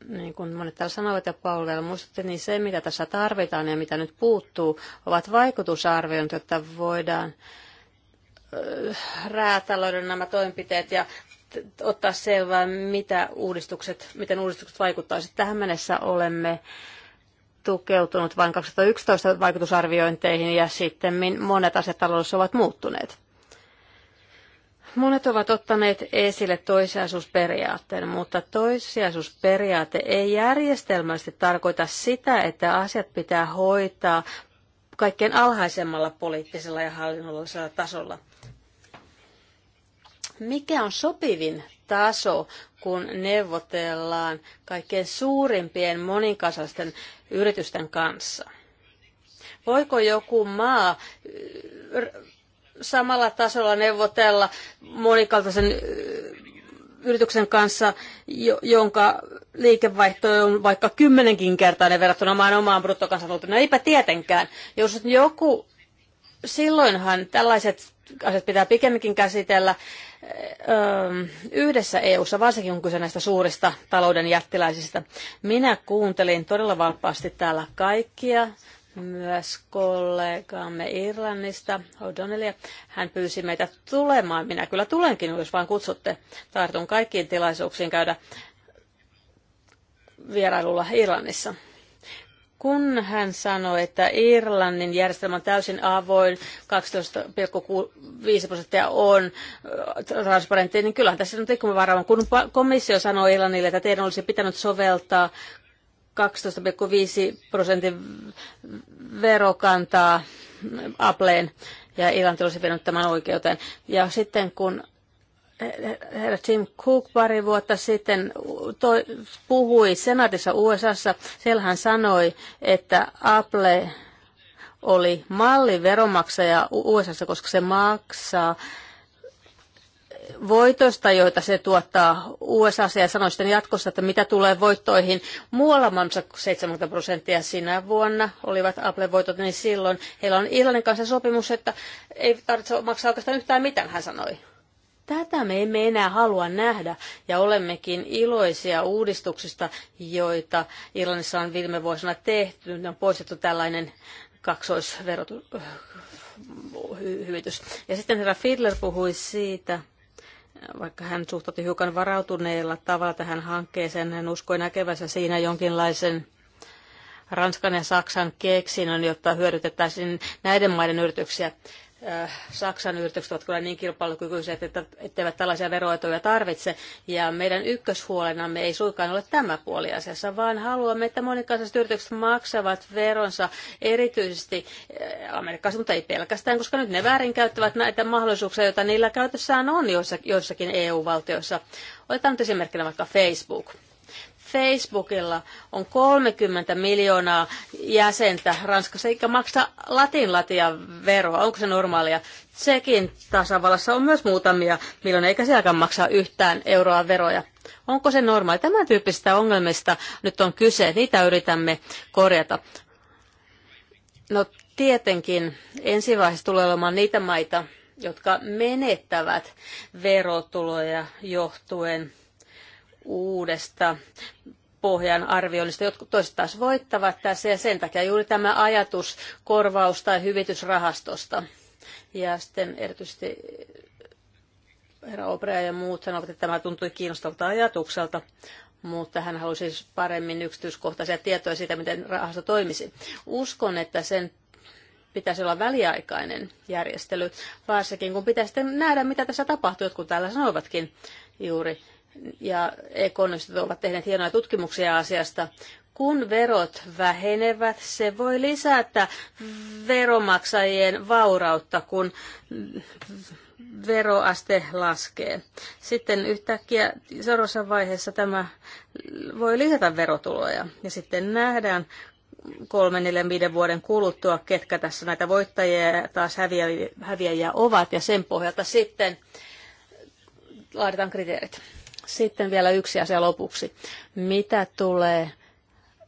Niin kuin monet täällä sanoivat ja Paul vielä muistutti, niin se mitä tässä tarvitaan ja mitä nyt puuttuu, ovat vaikutusarviointi, jotta voidaan räätälöidä nämä toimenpiteet ja ottaa selvää, mitä uudistukset, miten uudistukset vaikuttaisivat. Tähän mennessä olemme tukeutunut vain 2011 vaikutusarviointeihin ja sitten monet asiat taloudessa ovat muuttuneet. Monet ovat ottaneet esille toissijaisuusperiaatteen, mutta toissijaisuusperiaate ei järjestelmällisesti tarkoita sitä, että asiat pitää hoitaa kaikkein alhaisemmalla poliittisella ja hallinnollisella tasolla mikä on sopivin taso, kun neuvotellaan kaikkein suurimpien monikansallisten yritysten kanssa? Voiko joku maa samalla tasolla neuvotella monikaltaisen yrityksen kanssa, jonka liikevaihto on vaikka kymmenenkin kertainen verrattuna maan omaan bruttokansantuotteen. No eipä tietenkään. Jos joku, silloinhan tällaiset asiat pitää pikemminkin käsitellä yhdessä EU-ssa, varsinkin kun kyse näistä suurista talouden jättiläisistä. Minä kuuntelin todella valppaasti täällä kaikkia, myös kollegaamme Irlannista, O'Donnellia. Hän pyysi meitä tulemaan. Minä kyllä tulenkin, jos vain kutsutte. Tartun kaikkiin tilaisuuksiin käydä vierailulla Irlannissa. Kun hän sanoi, että Irlannin järjestelmä on täysin avoin, 12,5 prosenttia on äh, transparentti, niin kyllähän tässä nyt ikkumavaraa on. Kun komissio sanoi Irlannille, että teidän olisi pitänyt soveltaa 12,5 prosentin verokantaa Appleen ja Irlanti olisi vienyt tämän oikeuteen. Ja sitten kun herra Tim Cook pari vuotta sitten toi, puhui senaatissa USAssa. Siellä hän sanoi, että Apple oli malli veromaksaja USAssa, koska se maksaa voitosta, joita se tuottaa USA ja sanoi sitten jatkossa, että mitä tulee voittoihin muualla maailmassa 70 prosenttia sinä vuonna olivat Apple-voitot, niin silloin heillä on Irlannin kanssa sopimus, että ei tarvitse maksaa oikeastaan yhtään mitään, hän sanoi. Tätä me emme enää halua nähdä ja olemmekin iloisia uudistuksista, joita Irlannissa on viime vuosina tehty. Ne on poistettu tällainen kaksoisverohyvitys. Ja sitten herra Fiedler puhui siitä, vaikka hän suhtautui hiukan varautuneella tavalla tähän hankkeeseen, hän uskoi näkevänsä siinä jonkinlaisen Ranskan ja Saksan keksinnön, jotta hyödytettäisiin näiden maiden yrityksiä. Äh, Saksan yritykset ovat kyllä niin kilpailukykyisiä, että etteivät tällaisia veroetuja tarvitse. Ja meidän ykköshuolenamme ei suinkaan ole tämä puoli asiassa, vaan haluamme, että monikansalliset yritykset maksavat veronsa erityisesti äh, Amerikassa, mutta ei pelkästään, koska nyt ne väärinkäyttävät näitä mahdollisuuksia, joita niillä käytössään on joissakin EU-valtioissa. Otetaan nyt esimerkkinä vaikka Facebook Facebookilla on 30 miljoonaa jäsentä Ranskassa, eikä maksa latinlatia veroa. Onko se normaalia? Tsekin tasavallassa on myös muutamia miljoonia, eikä sielläkään maksaa yhtään euroa veroja. Onko se normaali? Tämän tyyppisistä ongelmista nyt on kyse. Niitä yritämme korjata. No tietenkin ensivaiheessa tulee olemaan niitä maita, jotka menettävät verotuloja johtuen uudesta pohjan arvioinnista. Jotkut toiset taas voittavat tässä ja sen takia juuri tämä ajatus korvaus- tai hyvitysrahastosta. Ja sitten erityisesti herra Oprea ja muut sanovat, että tämä tuntui kiinnostavalta ajatukselta, mutta hän halusi siis paremmin yksityiskohtaisia tietoja siitä, miten rahasto toimisi. Uskon, että sen pitäisi olla väliaikainen järjestely, varsinkin kun pitäisi sitten nähdä, mitä tässä tapahtuu, jotkut täällä sanoivatkin juuri ja ekonomistit ovat tehneet hienoja tutkimuksia asiasta. Kun verot vähenevät, se voi lisätä veromaksajien vaurautta, kun veroaste laskee. Sitten yhtäkkiä seuraavassa vaiheessa tämä voi lisätä verotuloja ja sitten nähdään kolmen, neljän, viiden vuoden kuluttua, ketkä tässä näitä voittajia ja taas häviäjiä ovat ja sen pohjalta sitten laaditaan kriteerit. Sitten vielä yksi asia lopuksi. Mitä tulee ö,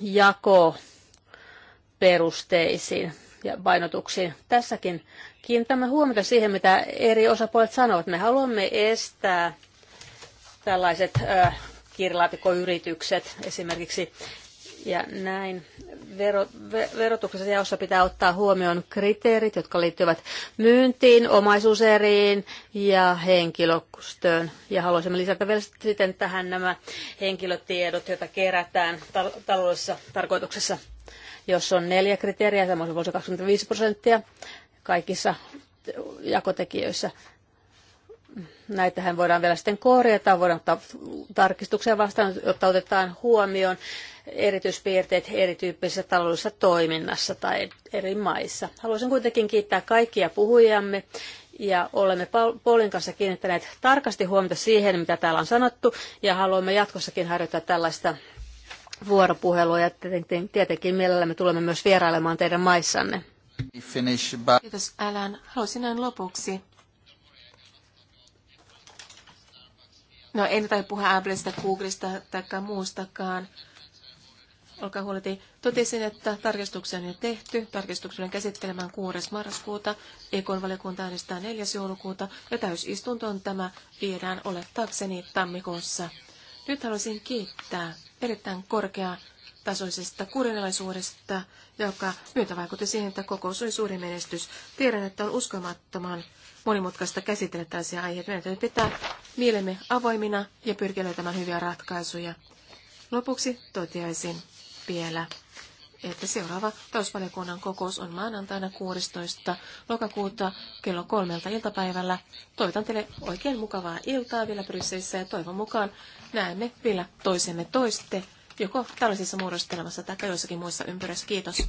jakoperusteisiin ja painotuksiin? Tässäkin kiinnitämme huomiota siihen, mitä eri osapuolet sanovat. Me haluamme estää tällaiset ö, kirjalaatikoyritykset esimerkiksi ja näin vero, verotuksessa jaossa pitää ottaa huomioon kriteerit, jotka liittyvät myyntiin, omaisuuseriin ja henkilöstöön. Ja haluaisimme lisätä vielä sitten tähän nämä henkilötiedot, joita kerätään tal- taloudellisessa tarkoituksessa. Jos on neljä kriteeriä, tämä on 25 prosenttia kaikissa jakotekijöissä. Näitähän voidaan vielä sitten korjata, voidaan ottaa tarkistuksia vastaan, jotta otetaan huomioon erityispiirteet erityyppisessä taloudellisessa toiminnassa tai eri maissa. Haluaisin kuitenkin kiittää kaikkia puhujamme ja olemme Paulin kanssa kiinnittäneet tarkasti huomiota siihen, mitä täällä on sanottu, ja haluamme jatkossakin harjoittaa tällaista vuoropuhelua, ja tietenkin, tietenkin mielellämme tulemme myös vierailemaan teidän maissanne. Kiitos Alan. Haluaisin näin lopuksi No en tai puhua Applesta, Googlesta tai muustakaan. Olkaa huoleti. Totesin, että tarkistuksia on jo tehty. Tarkistuksen käsittelemään 6. marraskuuta. Ekon valiokunta äänestää 4. joulukuuta ja täysistuntoon tämä viedään olettaakseni tammikuussa. Nyt haluaisin kiittää erittäin korkeaa tasoisesta kurinalaisuudesta, joka myötä vaikutti siihen, että kokous oli suuri menestys. Tiedän, että on uskomattoman monimutkaista käsitellä tällaisia aiheita. Meidän täytyy pitää mielemme avoimina ja pyrkiä löytämään hyviä ratkaisuja. Lopuksi toteaisin vielä, että seuraava talousvaliokunnan kokous on maanantaina 16. lokakuuta kello kolmelta iltapäivällä. Toivotan teille oikein mukavaa iltaa vielä Brysselissä ja toivon mukaan näemme vielä toisemme toiste, joko tällaisessa muodostelmassa tai joissakin muissa ympyrässä. Kiitos.